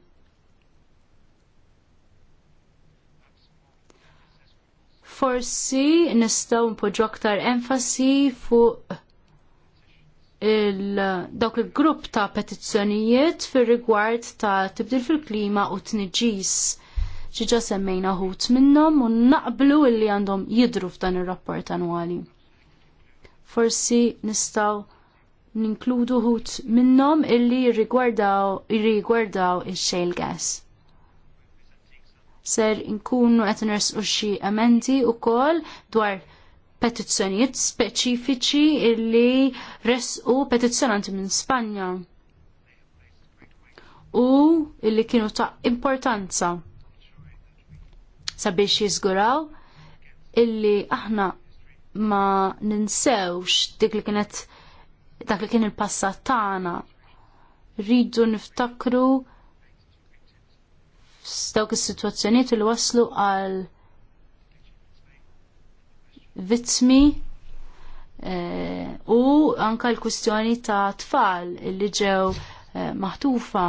forsi nistgħu npoġġu aktar enfasi fuq dawk il-grupp ta' petizzjonijiet fir rigward ta' tibdil fil-klima u tniġis ġiġa semmejna ħut minnom u naqblu illi għandhom jidru f'dan ir-rapport annwali. Forsi nistaw ninkludu ħut minnom illi rigwardaw il-shale gas ser inkunu qed nersqu xi emendi wkoll dwar petizzjonijiet speċifiċi illi resqu petizzjonanti minn Spanja u illi kienu ta' importanza sabiex jizguraw illi aħna ma ninsewx dik li kienet dak li kien il-passat tagħna rridu niftakru f'dawk is-sitwazzjonijiet li waslu għal vittmi eh, u anka l-kustjoni ta' tfal illi ġew eh, maħtufa.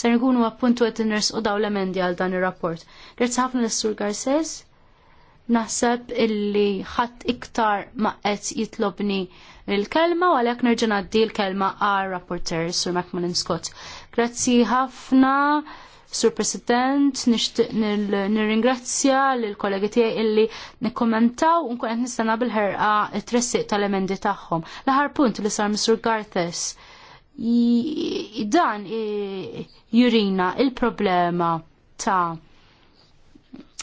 Ser nkunu appuntu għed ners u daw l-emendi għal dan il-rapport. Grazzi ħafna l-Sur Garces, naħseb illi ħadd iktar ma qed jitlobni il-kelma u għalhekk nerġa' ngħaddi l-kelma għal rapporter Sur Macmillan Scott. Grazzi ħafna. Sur President, nixtieq nirringrazzja lill kollegi tiegħi illi nikkommentaw u nkun qed nistana bil-ħerqa it-tressiq tal-emendi tagħhom. L-aħħar punt li sar Mr. Garthes dan jurina il-problema ta'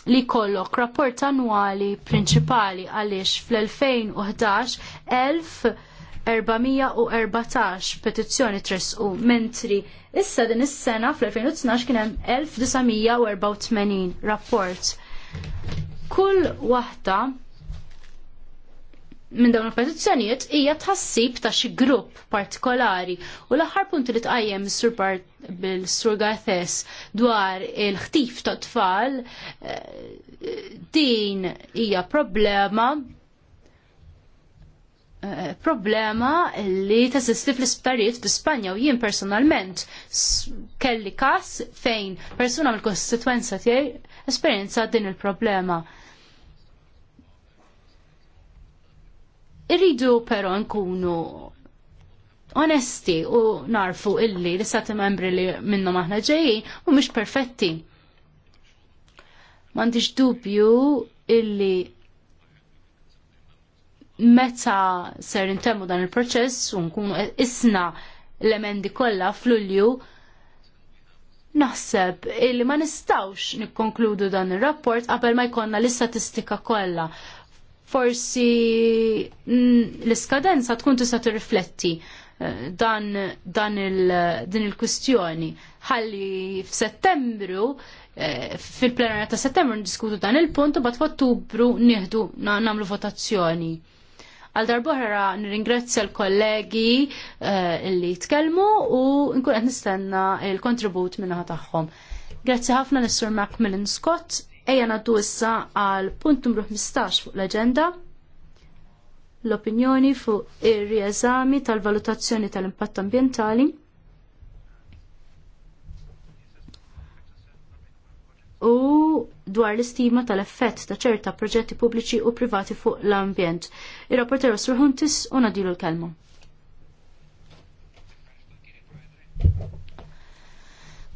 li kollok rapport annwali prinċipali għaliex fl-2011 elf 414 petizzjoni tresqu, mentri issa din is-sena fl-2012 kien hemm 1984 rapport. Kull waħda minn dawn il-petizzjonijiet hija tħassib ta' xi grupp partikolari u l-aħħar punt li tqajjem sur bil-sur Garthes dwar il-ħtif ta' tfal eh, din hija problema Eh, problema li tasisti fl-isptarijiet fl-Spanja u jien personalment kelli kas fejn persuna mill konstituenza tiegħi esperjenza din il-problema. Irridu però nkunu onesti u narfu illi li sati membri li minnhom aħna ġejjin mhumiex perfetti. M'għandix dubju illi meta ser intemmu dan il-proċess u nkunu isna l-emendi kollha f'Lulju, naħseb illi ma nistawx nikkonkludu dan ir-rapport qabel ma jkollna l-istatistika kollha. Forsi l-iskadenza tkun tista' tirrifletti eh, dan, dan il, din il-kustjoni. Ħalli f'Settembru eh, fil-plenarja ta' settembru ndiskutu dan il-punt u bat f'Ottubru nieħdu nagħmlu votazzjoni. Għal darbohra nir-ingrazzja l-kollegi eh, li tkellmu u nkun qed nistenna l-kontribut minna tagħhom. Grazzi ħafna Nessur Macmillan Scott. Ejja naddu issa għal punt numru 15 fuq l-aġenda l-opinjoni fuq ir-rieżami tal-valutazzjoni tal-impatt ambjentali. u dwar l-istima tal-effett ta' ċerta proġetti pubbliċi u privati fuq l-ambjent. Ir-rapporter Sur Huntis u nadilu l kelmu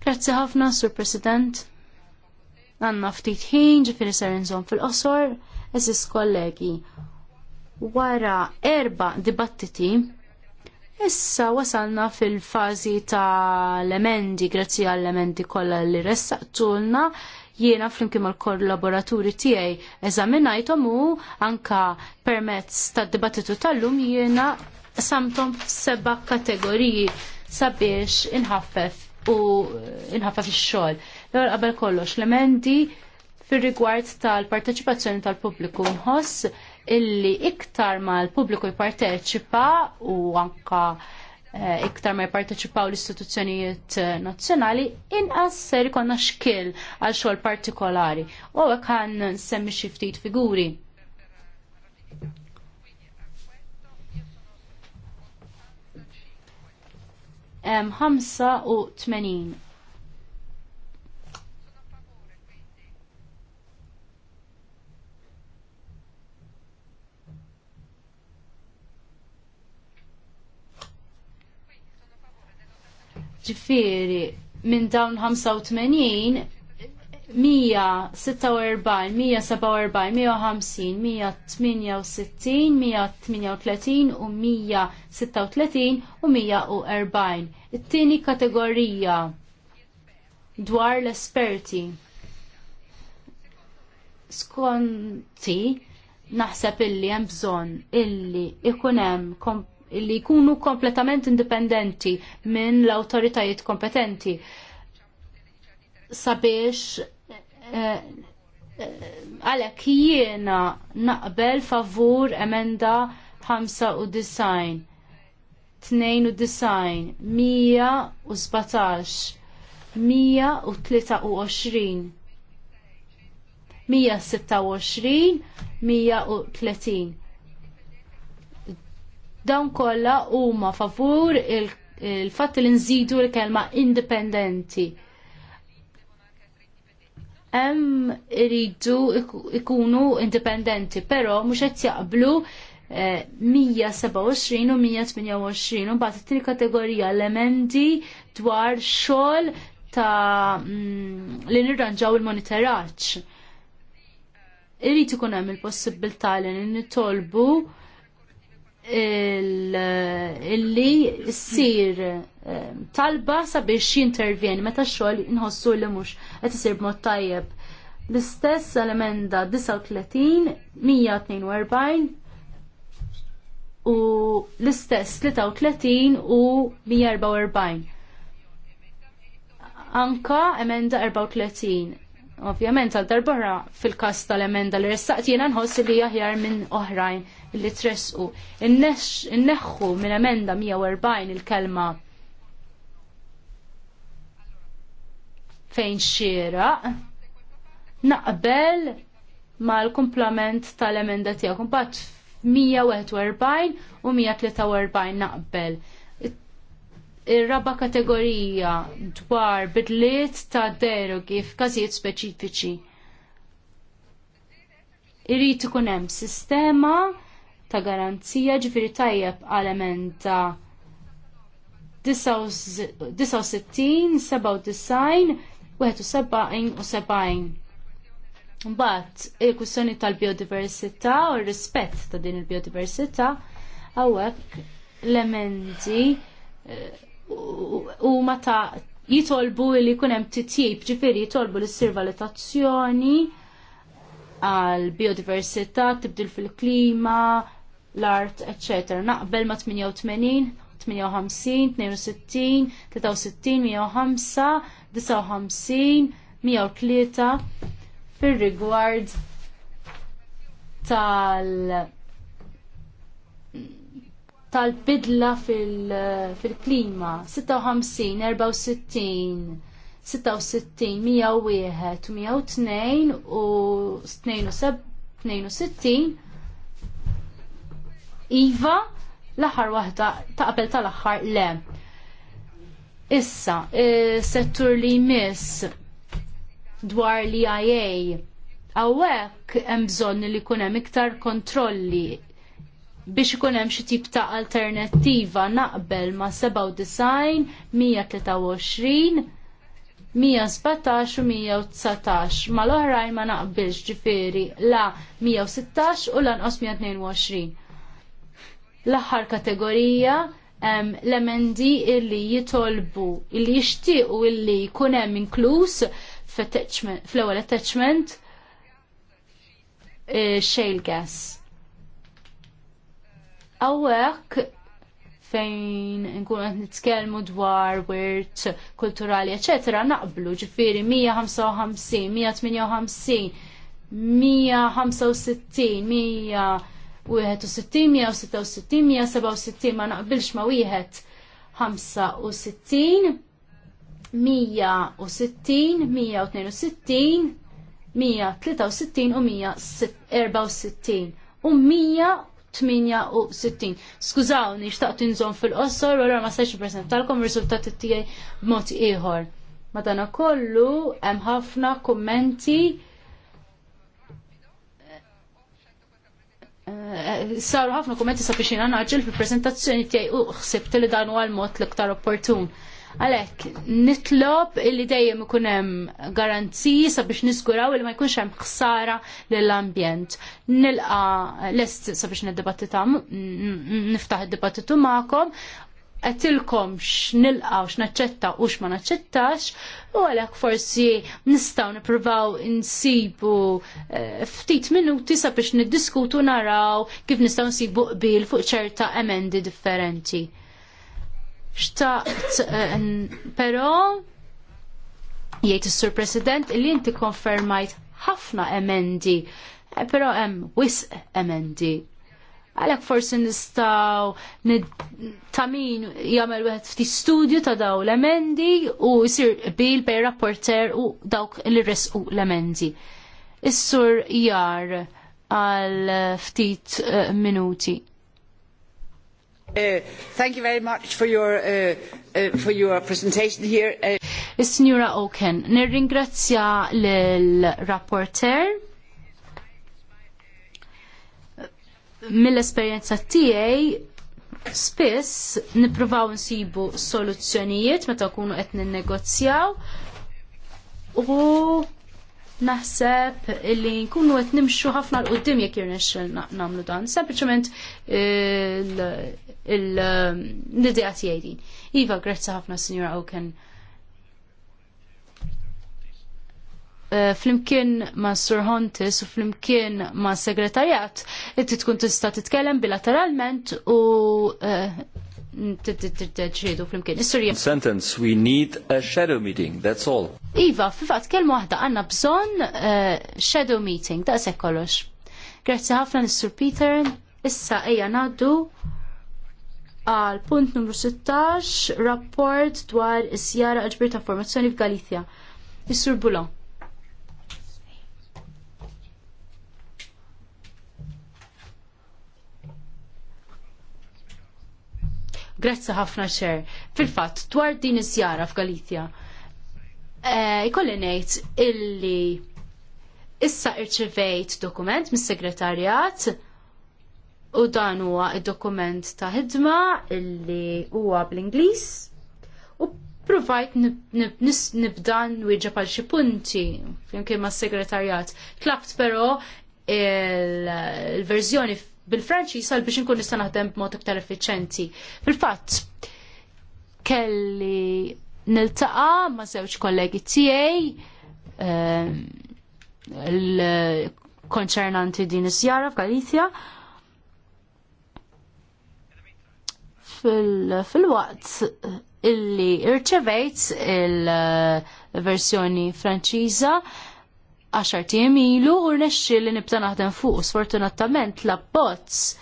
Grazzi ħafna, Sur President. Għanna ftit ħin ġifiri ser nżom fil-qosor, eżis kollegi. Wara erba dibattiti, issa wasalna fil-fazi ta' l-emendi, grazzi għall-emendi kollha li ressaqtulna, jiena flimkien mal-kollaboraturi tiegħi eżaminajthom u anka permezz tad-dibattitu tal-lum jiena samtom seba' kategoriji sabiex inħaffef u eh, inħaffef ix-xogħol. L-ewwel qabel kollox l-emendi fir-rigward tal-parteċipazzjoni tal-pubbliku nħoss illi iktar mal pubbliku jparteċipa u anka Eh, iktar ma jparteċipaw l-istituzzjonijiet eh, nazzjonali, inqas ser ikonna xkil għal xogħol partikolari. U għek għan nsemmi xi ftit figuri. Um, 85 Ġifieri minn dawn 85 168 u 136 u 140. It-tieni kategorija dwar l-esperti. Skonti naħseb illi hemm bżonn illi ikun hemm li jkunu kompletament indipendenti minn l-autoritajiet kompetenti sabiex eh, eh, għalek jiena naqbel favur emenda 95 u 117 123 126 130 Dawn kollha huma favur il-fatt il li nżidu l-kelma indipendenti. Hemm iridu ikunu indipendenti, però mhux qed jaqblu 127 eh, u 128 mbagħad it-tieni kategorija l-emendi dwar xogħol ta' mm, li nirranġaw il-monitoraġġ. Irid ikun hemm il-possibilità li nitolbu illi ssir eh, talba sabiex jintervjeni meta x-xogħol inħossu li mhux qed isir b'mod tajjeb. L-istess l-emenda 39, 142 u l-istess 33 u 144. Anka emenda 34 Ovvjament, għal darbarra fil-kas tal-emenda li restaqt jiena nħoss li jahjar minn oħrajn li tresqu. Inneħħu minn emenda 140 il-kelma fejn xieraq naqbel mal-komplement tal-emenda tiegħek. Mbagħad 141 u 143 naqbel ir-raba kategorija dwar bidliet ta' derogi f'każijiet speċifiċi. Irrid ikun hemm sistema ta' garanzija ġifieri tajjeb għal emenda 69, u 70. Mbagħad il-kwistjoni tal-biodiversità u r-rispett ta' din il-biodiversità hawnhekk l-emendi eh, u ta' jitolbu li kunem titjib ġifiri jitolbu l-sirvalutazzjoni għal biodiversità, tibdil fil-klima, l-art, etc. Naqbel ma 88, 58, 62, 63, 105, 59, 103 fil-rigward tal- tal-bidla fil-klima fil 56, 64, 66, 101, 102 u 62 Iva l-aħħar waħda ta' qabel tal-aħħar le. Issa, e, settur li jmiss dwar li IA għawek hemm bżonn li jkun hemm iktar kontrolli biex ikun hemm xi tip ta' alternattiva naqbel ma' 97, 123, 117 u 119 ma l-oħrajn ma naqbilx ġifieri la 116 u lanqos 122. L-aħħar kategorija um, l-emendi illi jitolbu illi u illi jkun hemm inkluż fl-ewwel attachment uh, shale gas Awek fejn nkunu qed nitkellmu dwar wirt kulturali, eċetera, naqblu ġifieri 155, 158, 165, 166, ma naqbilx ma wieħed 65, 160, 162, 163 u 164 u 100 68. Skużawni, xtaqt inżom fil-qossor, u ma stajx prezentalkom il-rizultati tijaj b'mod ieħor. Madana kollu, hemm ħafna kommenti eh, Saru ħafna kommenti sa biex naġġel fil-prezentazzjoni tiegħi u xsebt li dan huwa l-mod l-iktar opportun. Għalhekk nitlob illi dejjem ikun hemm garanziji sabiex niskuraw li ma jkunx hemm ħsara lill-ambjent. Nilqa lest sabiex niddibattita niftaħ id-dibattitu magħkom għatilkom x'nilqaw x'naċċetta u x'ma naċċettax u għalhekk forsi nistgħu nippruvaw insibu eh, ftit minuti sabiex niddiskutu naraw kif nistgħu nsibu qbil fuq ċerta emendi differenti xtaqt eh, però jgħid is-Sur President li inti konfermajt ħafna emendi, eh, però hemm wisq emendi għalek forsi nistaw tamin jgħamil wieħed ftit studju ta' daw l-emendi u jisir bil bej rapporter u dawk li resqu l-emendi. Is-sur jar għal ftit eh, minuti. Uh, thank you very much for your, uh, uh, for your presentation here. Uh... Oken, nirringrazzja l-rapporter mill-esperjenza tiegħi spiss nippruvaw nsibu soluzzjonijiet meta kunu qed ninnegozjaw u naħseb li nkunu qed nimxu ħafna l-qudiem jekk jirnexxel nagħmlu dan. Sempliċement eh, il idea tiegħi. Iva, grazzi ħafna Signora Oken. Eh, flimkien ma' Sur Hontis u flimkien ma' segretarjat, inti tkun tista' titkellem bilateralment u eh, t flimkien. is flimkien. Sentence, we need a shadow meeting, that's all. Iva, fifat kelmu waħda għandna bżonn eh, shadow meeting, da' kollox. Grazzi ħafna Sir Peter, issa ejja ngħaddu għal punt numru 16, rapport dwar is-sjara għall-ġbir ta' formazzjoni f'Galizja. Is-Sur Bulon. Grazzi ħafna xer. Fil-fatt, dwar din iż-żjara f'Galizja. Eh, ikolli ngħid illi issa irċivejt dokument mis-segretarjat U dan huwa id-dokument ta' ħidma illi huwa bl-Ingliż u provajt nibda nwieġeb għal xi punti flimkien mas-segretarjat. Tlabt però il-verżjoni bil franċi sal biex inkun nista' naħdem b'mod iktar effiċenti. Fil-fatt kelli niltaqa' ma' żewġ kollegi tiegħi ehm, l konċernanti din is-sjara f'Galizja fil-waqt illi irċevejt il-versjoni franċiża għaxar tiem ilu u rnexxi li nibta naħdem fuq. Sfortunatament la bots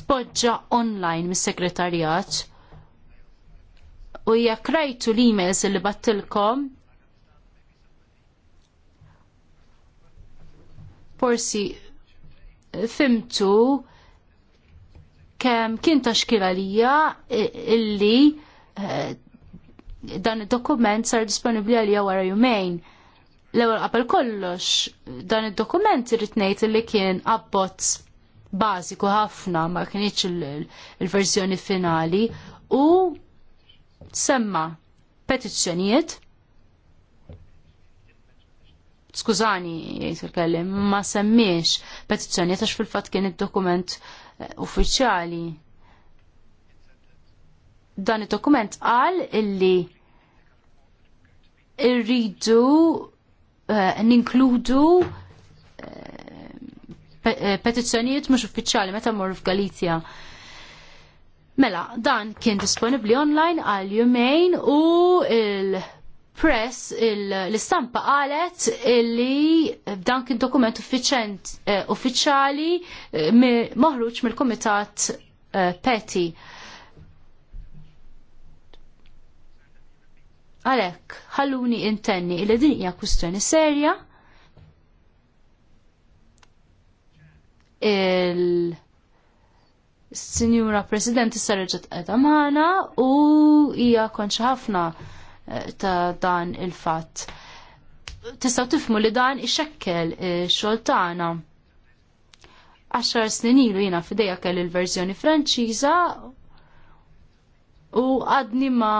tpoġġa online mis-sekretarjat u jekk rajtu l-emails li battilkom forsi fimtu kem kien ta' xkilalija illi eh, dan il-dokument sar disponibli għalija wara jumejn. L-ewwel qabel kollox, dan id-dokument irid ngħid kien abbozz bażiku ħafna ma kienx il-verżjoni finali u semma petizzjonijiet Skużani, jgħid il-kellim, ma semmiex petizzjonijiet għax fil-fatt kien id-dokument uh, uffiċjali. Dan id-dokument qal illi irridu eh, ninkludu eh, eh, petizzjonijiet mhux uffiċjali meta mmorru f'Galizja. Mela, dan kien disponibbli online għal jumejn u il- press l-istampa qalet li dan kien dokument uffiċent eh, uffiċjali eh, moħruġ mill-Kumitat eh, Peti. Għalek, ħalluni intenni li din hija kwistjoni serja il Sinjura President issa reġgħet qiegħda u hija konċi ħafna ta' dan il-fatt. Tistaw tifmu li dan ixekkel e, xogħol tagħna. Għaxar snin ilu jiena f'idejja kell il-verżjoni Franċiża u għadni ma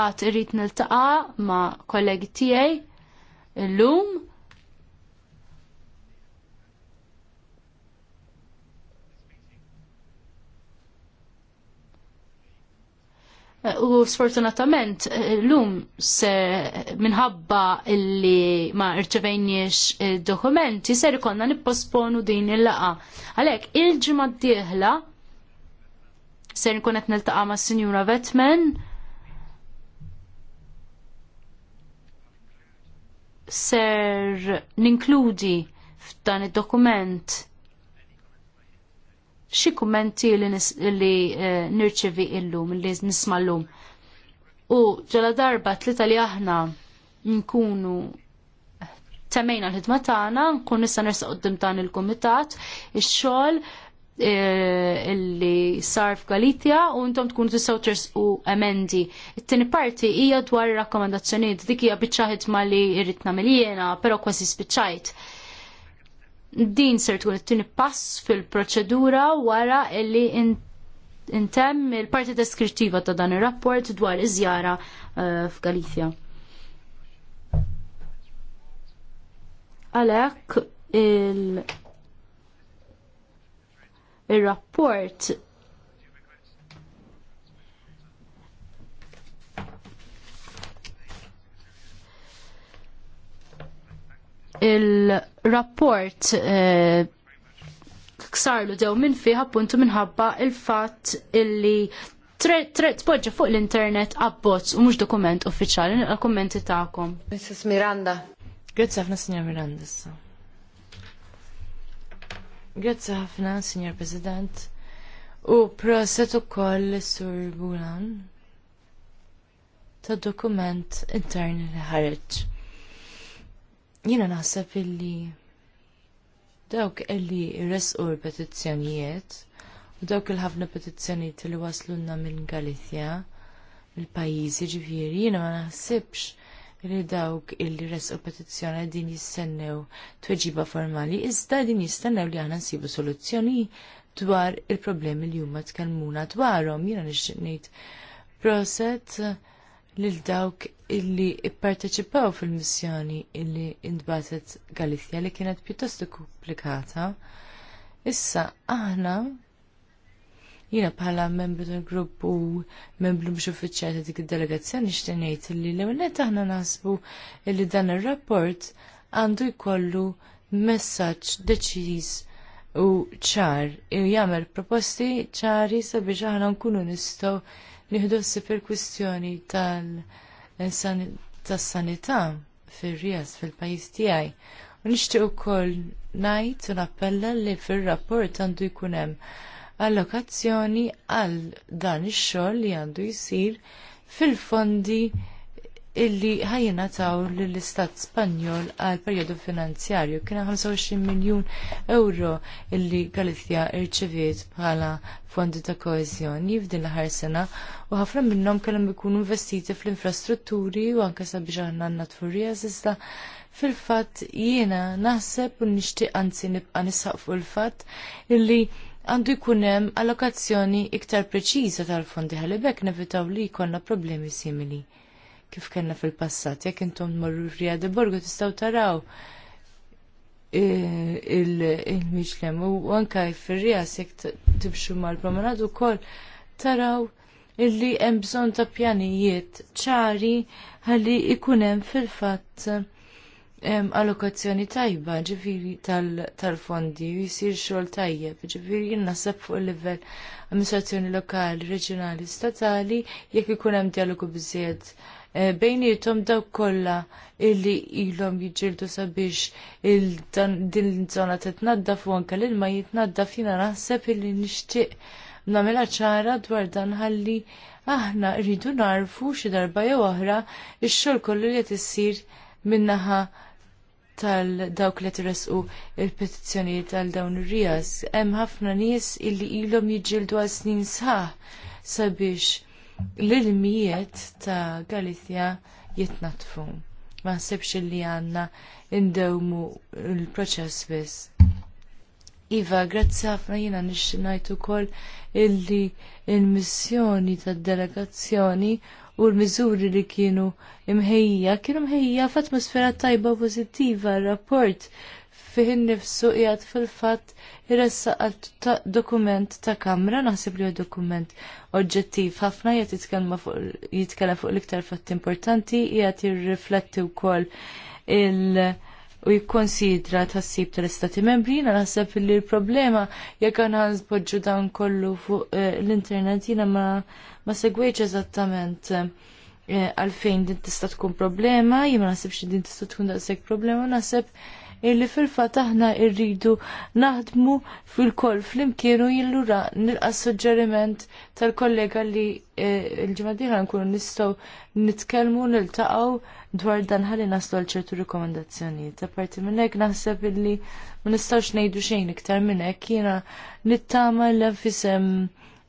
għat irrit niltaqa ma kollegi tiegħi illum u sfortunatament eh, l-lum se minħabba illi ma irċevejniex eh, dokumenti ser ikonna nipposponu din il-laqa. Għalek, il-ġimma d-dieħla ser nkun qed taqa ma' Sinjura Vetman ser ninkludi f'dan id-dokument xi kummenti li, li uh, nirċevi illum, li nisma' llum. U ġala darba tlita li aħna nkunu temmejna l-ħidma tagħna, nkun nista' nersaq qudiem dan il-kumitat, ix-xogħol eh, illi sar f'Galizja u intom tkun tistgħu tersqu emendi. It-tieni parti hija dwar ir-rakkomandazzjonijiet dik hija biċċa ħidma li rrid nagħmel jiena, però kważi spiċċajt din ser tkun it-tieni pass fil-proċedura wara illi intemm il-parti deskrittiva ta' dan ir-rapport dwar iż-żjara eh, f'Galizja. Għalhekk il-rapport il-rapport eh, ksarlu dew minn fih appuntu minħabba il-fatt illi poġġa fuq l-internet abbozz u mhux dokument uffiċali l kummenti tagħkom. Mrs. Miranda. Grazie ħafna signor Miranda Grazie ħafna Sinjor President. U proset ukoll sur Bulan ta' dokument intern li ħareġ. Jiena naħseb illi dawk illi resqu l-petizzjonijiet u dawk il-ħafna petizzjonijiet li waslunna minn Galizja il-pajjiżi ġifieri jiena ma naħsibx li dawk illi resqu petizzjoni din jistennew tweġiba formali iżda din jistennew li aħna nsibu soluzzjoni dwar il-problemi li huma tkellmuna dwarhom jiena nixtieq ngħid proset lil dawk illi ipparteċipaw fil-missjoni illi intbatet Galizja li kienet pjuttost komplikata. Issa aħna jina bħala membru tal-grupp u membru mhux uffiċjali dik id-delegazzjoni nixtieq ngħid li l-ewwel aħna naħsbu li dan ir-rapport għandu jkollu messaġġ deċiż u ċar u jagħmel proposti ċari sabiex aħna nkunu nistgħu Nihdu ssib il-kwistjoni tas-sanità fir-Rias fil-pajjiż tiegħi. U nixtieq ukoll ngħid u nappella li fir-rapport għandu jkun hemm allokazzjoni għal dan ix-xogħol li għandu jsir fil-fondi illi ħajjina taw l-istat Spanjol għal perjodu finanzjarju kiena 25 miljun euro illi Galizja irċeviet bħala fondi ta' koezjoni f'din l-ħar sena u ħafna minnhom kellhom ikunu investiti fl-infrastrutturi u anke sabiex aħna tfurrija iżda fil-fatt jiena naħseb u nixtieq anzi nibqa' nisaq fuq il-fatt illi għandu jkun hemm allokazzjoni iktar preċiża tal-fondi ħalibek nevitaw li jkollna problemi simili kif kellna fil-passat. Jekk intom marru Rjade Borgo tistgħu taraw e, il-Miċlem u anka fir-Rjas jekk tibxu mal u wkoll taraw illi hemm bżonn ta' pjanijiet ċari ħalli ikun hemm fil-fatt allokazzjoni tajba ġifiri tal-fondi u jisir xogħol tajjeb, ġifiri jinnaħseb fuq il-livell amministrazzjoni lokali, reġjonali, statali, jekk ikun hemm dialogu biżjed Eh, bejnietom daw kollha illi ilhom jġildu sabiex din zona żona tnadda u anke l-ilma jitnadda fina naħseb illi nixtieq nagħmilha ċara dwar dan ħalli aħna rridu narfu xi darba jew oħra x-xogħol kollu li qed issir min-naħa tal-dawk li tresqu il-petizzjonijiet għal dawn ir rias Hemm ħafna nies illi ilhom jiġġieldu għal snin sħaħ sabiex l-ilmijiet ta' Galizja jitnatfu. Ma nsibx li għandna indewmu l proċess biss. Iva, grazzi ħafna jina nixnajtu kol illi il-missjoni tad delegazzjoni u l-mizuri li kienu imħejja, kienu imħejja f'atmosfera tajba pozittiva, rapport fih innifsu qiegħed fil-fatt iressaq dokument ta' kamra naħseb li dokument oġġettiv ħafna qiegħed jitkellem fuq l-iktar fatt importanti qiegħed jirrifletti wkoll il- u jikkonsidra tassib tal-Istati Membri, jina naħseb li l-problema jekk għana nżbodġu dan kollu fuq eh, l-internet jina ma, ma eżattament eh, għalfejn din tista' tkun problema, jina ma li din tista' tkun daqshekk problema, naħseb illi fil-fat aħna irridu naħdmu fil-koll fl-imkienu jillura nilqas suġġeriment tal-kollega li eh, il ġimadina nkunu nistaw nitkelmu nil-taqaw dwar dan ħalli naslu ċertu Ta' parti minnek naħseb illi ma nistawx nejdu xejn iktar minnek jiena nittama l anfisem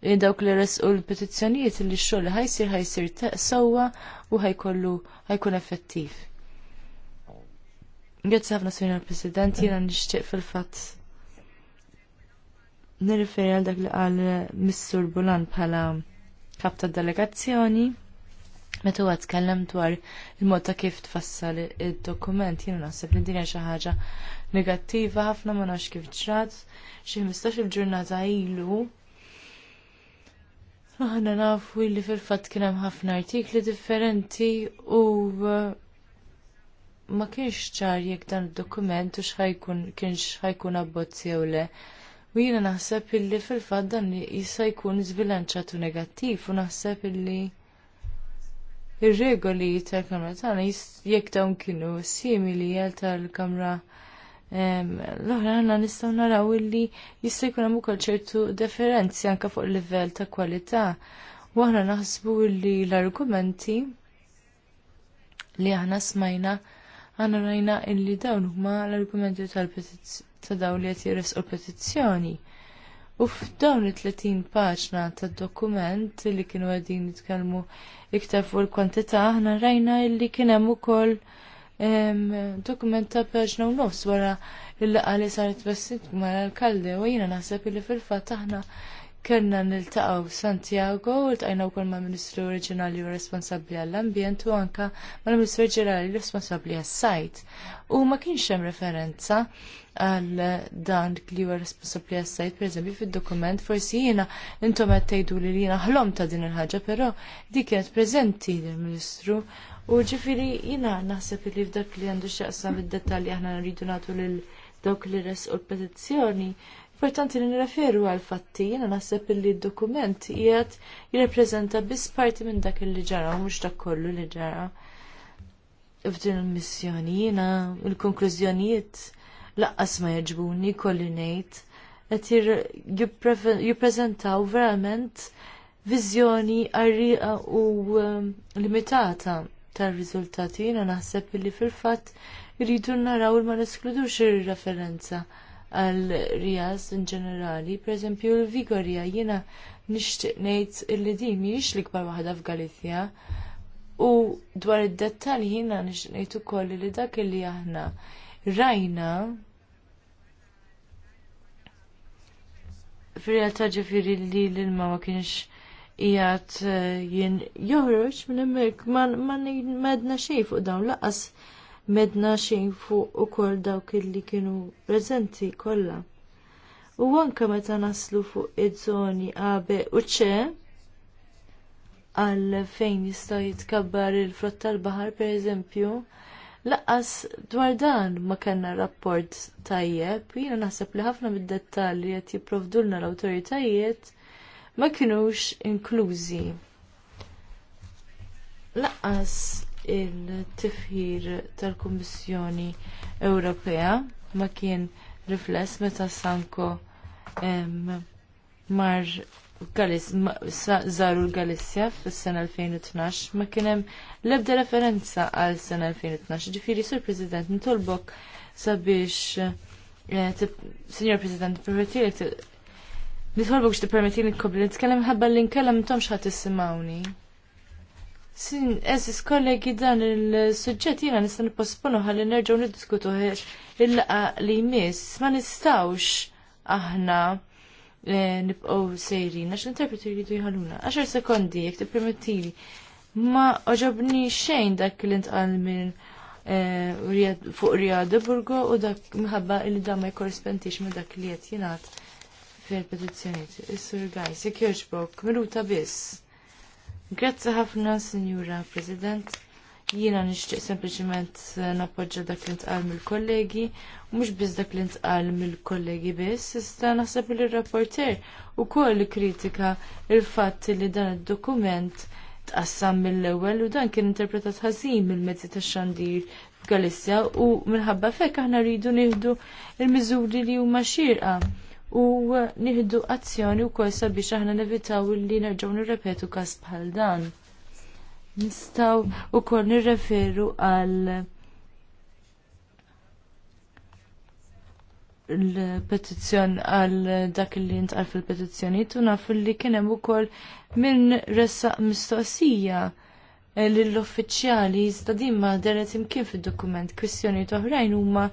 eh, dawk li resqu l-petizzjonijiet li x-xogħol ħajsir ħajsir sowa u ħajkollu ħajkun effettiv. Grazzi ħafna Sinjor President, jiena nixtieq fil-fatt nirriferi għal dak li qal Missur Bulan bħala kap ta' delegazzjoni. Meta huwa tkellem dwar il-mod ta' kif tfassal id-dokument, jiena naħseb li dinja xi ħaġa negattiva ħafna ma nafx kif ġrat, xi 15-il ġurnata ilu Aħna nafu li fil-fatt kien hemm ħafna artikli differenti u ma kienx ċar jekk dan id-dokument u xħajkun kienx xħajkun abbozzi jew le. U jina naħseb illi fil-fatt dan jista' jkun żbilanċat u negattiv u naħseb illi ir-regoli tal-kamra tagħna jekk dawn kienu simili għal tal-kamra l-oħra għanna nistgħu naraw illi jista' jkun hemm ukoll ċertu differenzi anke fuq livell ta' kwalità. U aħna naħsbu illi l-argumenti li aħna smajna għanna rajna illi dawn huma l-argumenti ta' dawn li qed u petizzjoni. U f'dawn it-30 paġna tad-dokument li kienu għedin nitkellmu iktar fuq il-kwantità aħna rajna illi kien hemm ukoll dokument ta' paġna u nofs wara l laqgħa li saret bessitkum mal kalde u jiena naħseb illi fil-fatt aħna kellna niltaqgħu Santiago u ltqajna wkoll mal Ministru Reġjonali u responsabbli għall-ambjent u anke mal-Ministru Reġjonali responsabbli għas-sajt. U ma kienx hemm referenza għal dan li huwa responsabbli għas-sajt pereżempju fid-dokument forsi jiena intom qed tgħidu li jiena ħlom ta' din il-ħaġa, però dik kienet preżenti lill-Ministru u ġifieri jiena naħseb li f'dak li għandu x'jaqsam id-dettalji aħna nridu nagħtu lil dawk li resqu l-petizzjoni Importanti li nirreferu għal fatti, jiena naħseb li d-dokument qiegħed jirrappreżenta biss parti minn dak li ġara, u mhux dak kollu li ġara. F'din il-missjoni jiena il-konklużjonijiet laqqas ma jaġbuni kolli ngħid qed jippreżentaw verament viżjoni għarriqa u ehm, limitata tar-riżultati. jiena naħseb li fil-fatt iridu naraw il ma neskludux ir-referenza għal rijas in ġenerali, pereżempju l-vigorja jiena nixtieq ngħid illi din mhijiex l-ikbar waħda f'Galizja. U dwar id-dettalji jiena nixtieq ngħid ukoll li dak illi aħna rajna fir-realtà ġifieri li l-ilma ma kienx eh, jien joħroċ minn emmek, ma ngħidna xej fuq dawn laqas medna xejn fuq ukoll dawk illi kienu preżenti kollha. U anke meta naslu fuq iż-żoni A, B u C għal fejn jista' jitkabbar il-frott tal-baħar pereżempju, lanqas dwar dan ma kellna rapport tajjeb, jiena naħseb li ħafna mid-dettalji qed jipprovdulna l-awtoritajiet ma kinux inklużi. Lanqas il-tifħir tal-Kummissjoni Ewropea ma kien rifless meta Sanko mar zaru l-Galizja fis-sena 2012 ma kien hemm l-ebda referenza għal sena 2012. Ġifieri sur President nitolbok sabiex eh, Signor President, permettili nitolbok x'tippermettili nkompli nitkellem ħabba l-inkellem intom x'ħadd issimgħuni. Sin, eżis kollegi dan il-sujġet jina nista nipposponu ħalli nerġaw niddiskutu il laqgħa li jmiss. Ma nistawx aħna eh, nibqgħu sejrin, għax l-interpretu jridu jħalluna. Għaxar sekondi, jek t-permettili. Ma oġobni xejn dak li ntqal minn eh, fuq Riyad Burgo u dak minħabba li dan ma jkorrespondix ma dak li qed jingħad fil-petizzjonijiet. Is-Sur Gaj, Secure miruta minuta biss. Grazzi ħafna, Signora President. Jiena nixtieq sempliċement nappoġġa dak li ntqal mill-kollegi, u mhux biss dak li ntqal mill-kollegi biss, iżda naħseb li r-rapporter ukoll kritika il-fatt li dan id-dokument tqassam mill-ewwel u dan kien interpretat ħażin mill-mezzi tax-xandir f'Galissja u minħabba fekk aħna rridu nieħdu l miżuri li huma xierqa u nihdu azzjoni wkoll sabiex aħna nevitaw li nerġgħu nirrepetu każ bħal dan. Nistgħu wkoll nirreferu għal l-petizzjon għal dak li ntqal fil petizjoni tu nafu li kien hemm ukoll minn ressaq mistoqsija l uffiċjali iżda din deret imkien fil dokument toħrajn oħrajn huma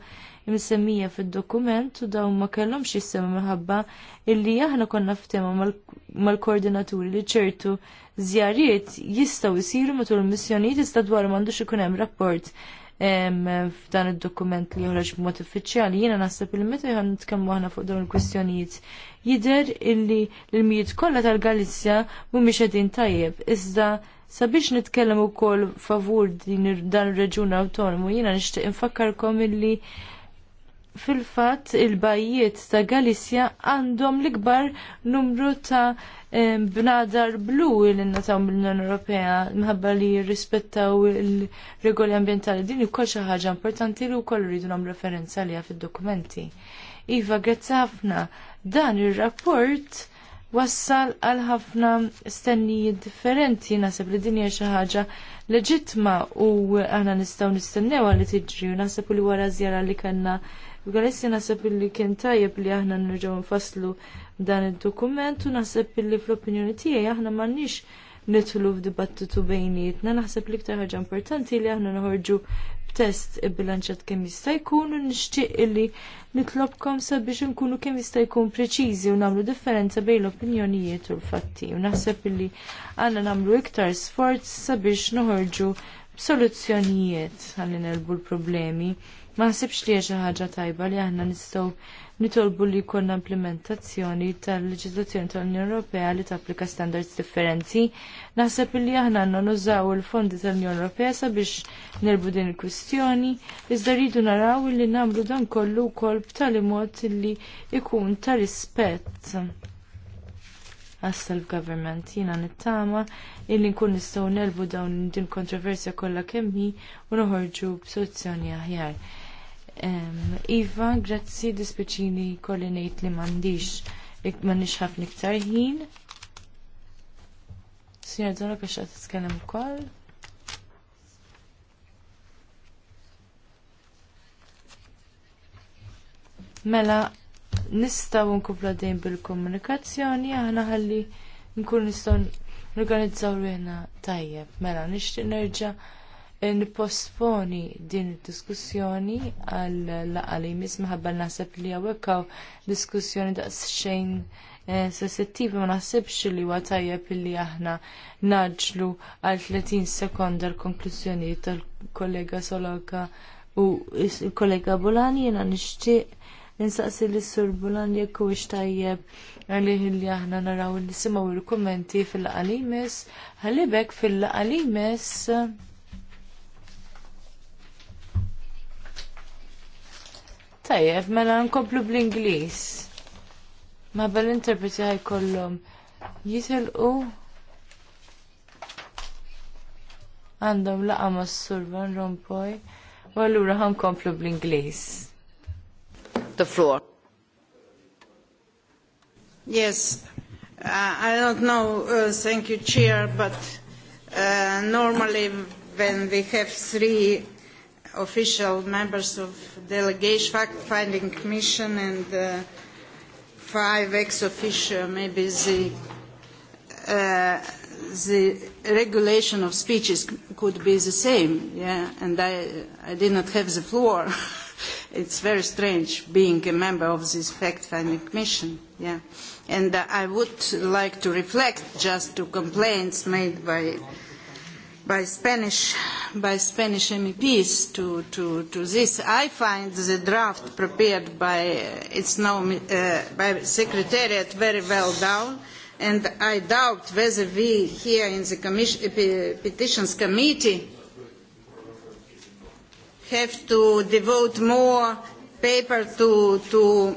msemmija fid-dokument u dawn ma kellhomx jissema minħabba illi aħna konna ftema mal-koordinaturi li ċertu żjarijiet jistgħu jsiru matul missjonijiet iżda dwar m'għandux ikun hemm rapport f'dan id-dokument li joħroġ b'mod uffiċjali jiena naħseb il meta jħan nitkellmu aħna fuq dawn il-kwistjonijiet. Jidher illi l-mijiet kollha tal-Galizja mhumiex qegħdin tajjeb, iżda sabiex nitkellem ukoll favur din dan ir reġjun awtonomu jiena nixtieq infakkarkom illi fil-fatt il bajiet ta' Galizja għandhom l-ikbar numru ta' bnadar blu li nataw mill-Unjoni Ewropea minħabba li jirrispettaw il-regoli ambjentali Din ukoll xi ħaġa importanti li wkoll rridu nagħmlu referenza għaliha fid-dokumenti. Iva, grazzi ħafna. Dan ir-rapport wassal għal ħafna stennijiet differenti naħseb li din hija xi ħaġa leġitma u aħna nistgħu nistennew li tiġri u naħseb li wara żjara li kellna Għalessi nasab illi kien tajjeb li aħna nirġaw nfasslu dan il-dokument u naħseb illi fl-opinjoni tiegħi aħna m'għandniex nidħlu f'dibattitu bejnietna. Naħseb li ktar ħagġa importanti li aħna noħorġu b'test ibbilanċat kemm jista' jkun u nixtieq illi nitlobkom sabiex nkunu kemm jista' jkun preċiżi u nagħmlu differenza bejn l-opinjonijiet u l-fatti. U naħseb illi għanna nagħmlu iktar sforz sabiex noħorġu b'soluzzjonijiet għallin il l-problemi. Ma nsibx li xi ħaġa tajba li aħna nistgħu nitolbu li jkollna implementazzjoni tal-leġiżlazzjoni tal-Unjoni Ewropea li tapplika standards differenti. Naħseb li aħna għandna nużaw il-fondi tal-Unjoni Ewropea sabiex nerbu din il-kwistjoni, iżda rridu naraw li nagħmlu dan kollu wkoll b'tali mod li jkun ta' rispett għas self-government. Jiena nittama illi nkun nistgħu nelbu dawn din kontroversja kollha kemm hi u noħorġu b'soluzzjoni aħjar. Iva, grazzi dispiċini kolli ngħid li m'għandix m'għandix ħafna iktar ħin. Sinjor Zola biex t titkellem ukoll. Mela, nistgħu nkubla dejn bil-komunikazzjoni, aħna ħalli nkun nistgħu organizzaw tajjeb. Mela, nixtieq nerġa' nipposponi din id-diskussjoni għal laqali mis minħabba naħseb li hawnhekk hawn diskussjoni daqsxejn eh, sensittivi ma naħsibx li huwa tajjeb li aħna naġlu għal 30 sekonda l-konklużjonijiet tal-kollega Soloka u l kollega Bulani jiena nixtieq Ninsaqsi li sur Bulani jekk huwiex tajjeb għalih li aħna naraw nisimgħu il-kummenti fil-qalimis ħallibek fil-qalimis Tajjeb, mela nkomplu bl-Ingliż. Ma bel-interpreti Jisil u? għandhom laqa mas-sur Van Rompuy u allura komplu bl-Ingliż. The floor. Yes, uh, I don't know, uh, thank you, Chair, but uh, normally when we have three official members of delegation fact-finding Commission and uh, five ex officio, maybe the, uh, the regulation of speeches could be the same, yeah, and I, I did not have the floor. It's very strange being a member of this fact-finding commission. yeah. And uh, I would like to reflect just to complaints made by by Spanish, by Spanish MEPs to, to, to this. I find the draft prepared by its now, uh, by Secretariat very well down, and I doubt whether we here in the commission, uh, Petitions Committee have to devote more paper to, to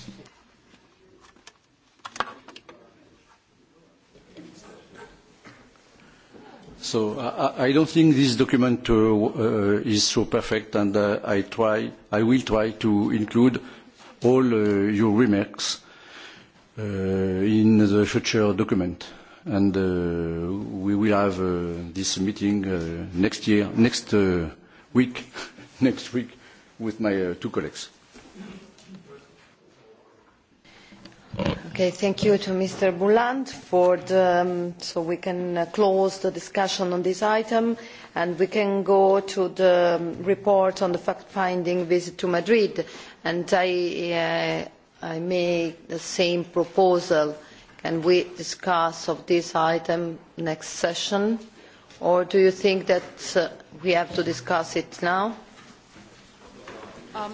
So I, I don't think this document uh, uh, is so perfect, and uh, I, try, I will try to include all uh, your remarks uh, in the future document. And uh, we will have uh, this meeting uh, next year, next uh, week, next week with my uh, two colleagues. Okay, thank you to Mr. Bouland for the, um, so we can uh, close the discussion on this item and we can go to the um, report on the fact-finding visit to Madrid and I, uh, I make the same proposal. Can we discuss of this item next session or do you think that uh, we have to discuss it now? Um.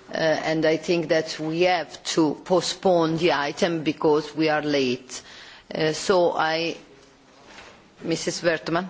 Uh, and I think that we have to postpone the item because we are late. Uh, so I, Mrs. Wertmann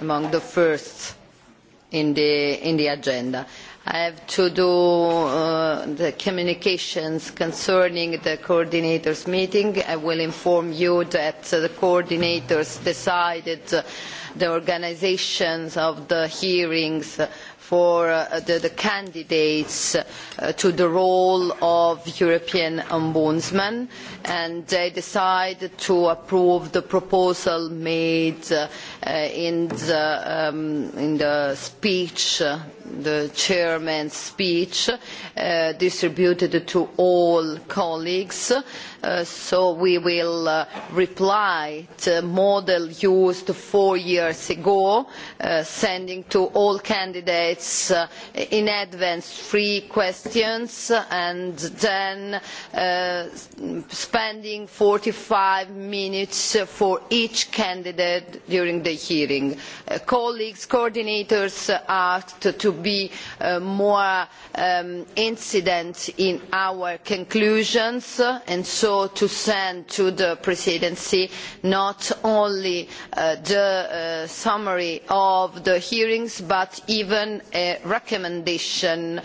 among the first in the, in the agenda. I have to do uh, the communications concerning the coordinators meeting. I will inform you that uh, the coordinators decided uh, the organizations of the hearings for uh, the, the candidates uh, to the role of European Ombudsman and they decided to approve the proposal made uh, Uh, in the, um, in the speech, uh, the chairman's speech, uh, distributed to all colleagues. Uh, so we will uh, reply to model used four years ago, uh, sending to all candidates uh, in advance three questions and then uh, spending 45 minutes for each candidate during the hearing. Uh, colleagues, coordinators uh, asked to be uh, more um, incident in our conclusions and so to send to the presidency not only the summary of the hearings but even a recommendation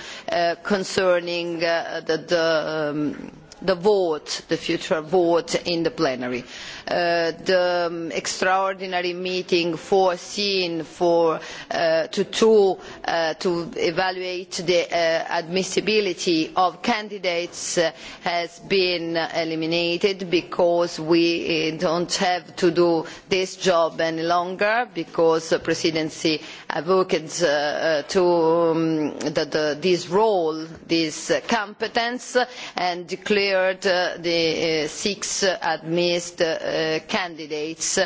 concerning the, the um, the vote, the future vote in the plenary. Uh, the um, extraordinary meeting foreseen for uh, to, to, uh, to evaluate the uh, admissibility of candidates uh, has been eliminated because we uh, don't have to do this job any longer because the presidency advocates uh, uh, to um, the, the, this role, this competence and declared declared uh, the uh, six admitted uh, candidates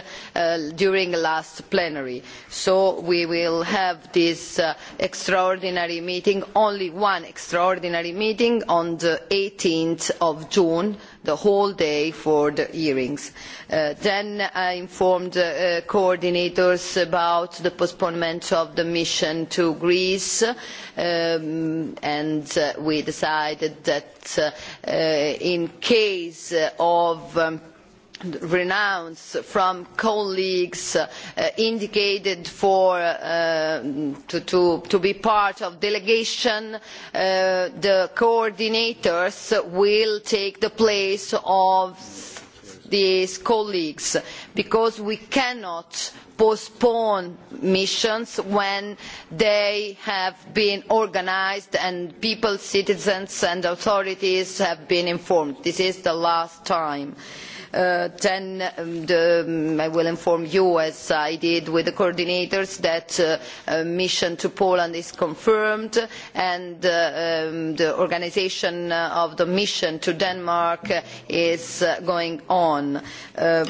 during the last plenary. So we will have this extraordinary meeting, only one extraordinary meeting on the 18th of June the whole day for the hearings. Uh, then I informed uh, coordinators about the postponement of the mission to Greece um, and uh, we decided that uh, uh, in case of um, renounce from colleagues uh, indicated for, uh, to, to, to, be part of delegation, uh, the coordinators will take the place of these colleagues because we cannot postpone missions when they have been organised and people, citizens and authorities have been informed. This is the last time. Uh, uh, um, then um, I will inform you, as I did with the coordinators, that uh, uh mission to Poland is confirmed and uh, um, the organisation uh, of the mission to Denmark is uh, going on. Uh,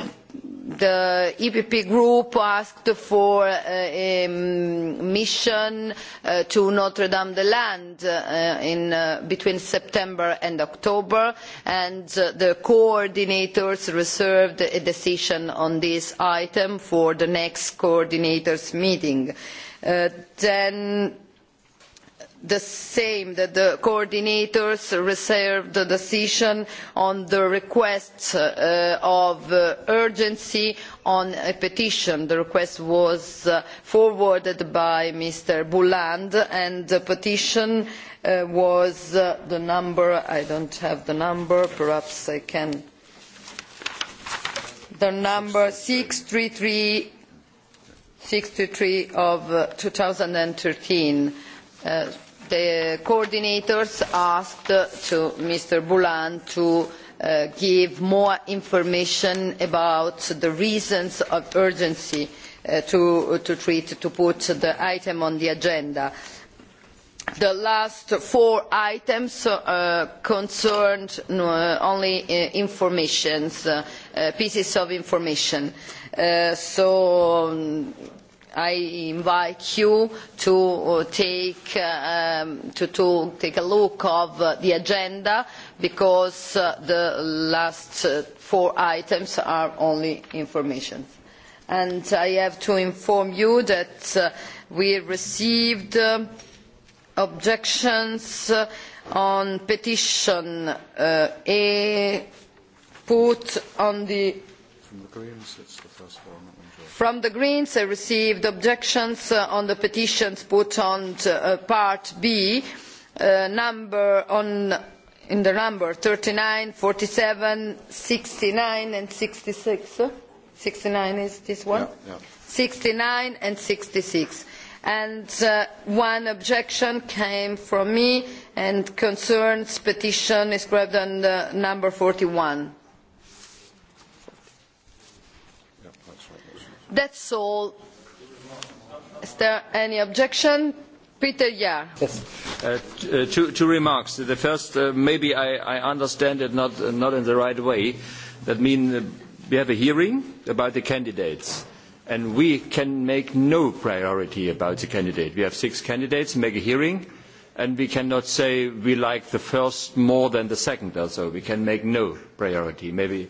the EPP group asked for uh, a mission uh, to Notre Dame de Land uh, in, uh, between September and October, and uh, the coordinators reserved a decision on this item for the next coordinators meeting. Uh, then the same that the coordinators reserve the decision on the request uh, of uh, urgency on a petition. The request was uh, forwarded by Mr. Bouland and the petition uh, was uh, the number, I don't have the number, perhaps I can, the number six three three three of uh, 2013. thirteen. Uh, the coordinators asked to Mr. Boulan to uh, give more information about the reasons of urgency uh, to, to treat, to put the item on the agenda. The last four items uh, concerned uh, only uh, information, uh, uh, pieces of information. Uh, so um, I invite you to uh, take, uh, um, to, to take a look of uh, the agenda because the last four items are only information. And I have to inform you that we received objections on petition uh, A put on the. From the Koreans, it's the first one from the greens i received objections uh, on the petitions put on uh, part b uh, number on in the number thirty nine, forty seven, sixty nine and sixty six. Sixty nine is this one? Yeah, yeah. Sixty nine and sixty six. And uh, one objection came from me and concerns petition described on the number forty one. That's all. Is there any objection? Peter, yeah. Yes. Uh, uh, two, two remarks. The first, uh, maybe I, I understand it not, uh, not in the right way. That means uh, we have a hearing about the candidates, and we can make no priority about the candidate. We have six candidates, make a hearing, and we cannot say we like the first more than the second or so. We can make no priority. Maybe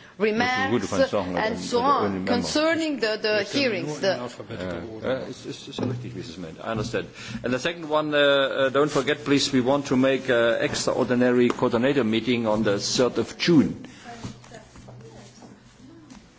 remarks and so on concerning the, the hearings. The uh, uh, it's, it's selective, Mrs. Maid. I understand. And the second one, uh, uh, don't forget, please, we want to make an extraordinary coordinator meeting on the 3rd of June.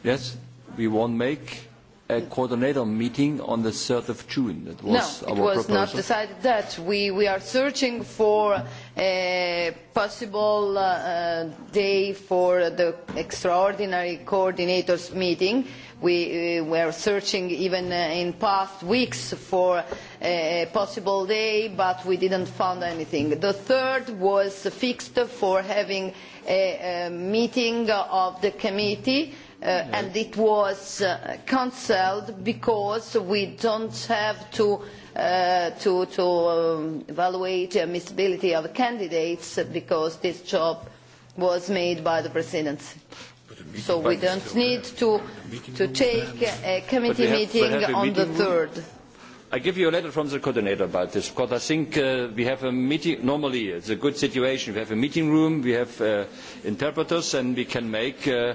Yes, we won't make a coordinator meeting on the 3rd of June. That was no, our it was proposal. not decided that. We, we are searching for a possible uh, uh, day for the extraordinary coordinators meeting. We uh, were searching even uh, in past weeks for a possible day, but we didn't find anything. The third was fixed for having a, a meeting of the committee uh, and it was uh, cancelled because we don't have to uh, uh, to, to um, evaluate the uh, admissibility of candidates because this job was made by the presidency. So we don't need to, to take a committee meeting on meeting the third. rd I give you a letter from the coordinator about this because I think uh, we have a meeting. Normally, it's a good situation. We have a meeting room, we have uh, interpreters, and we can make uh,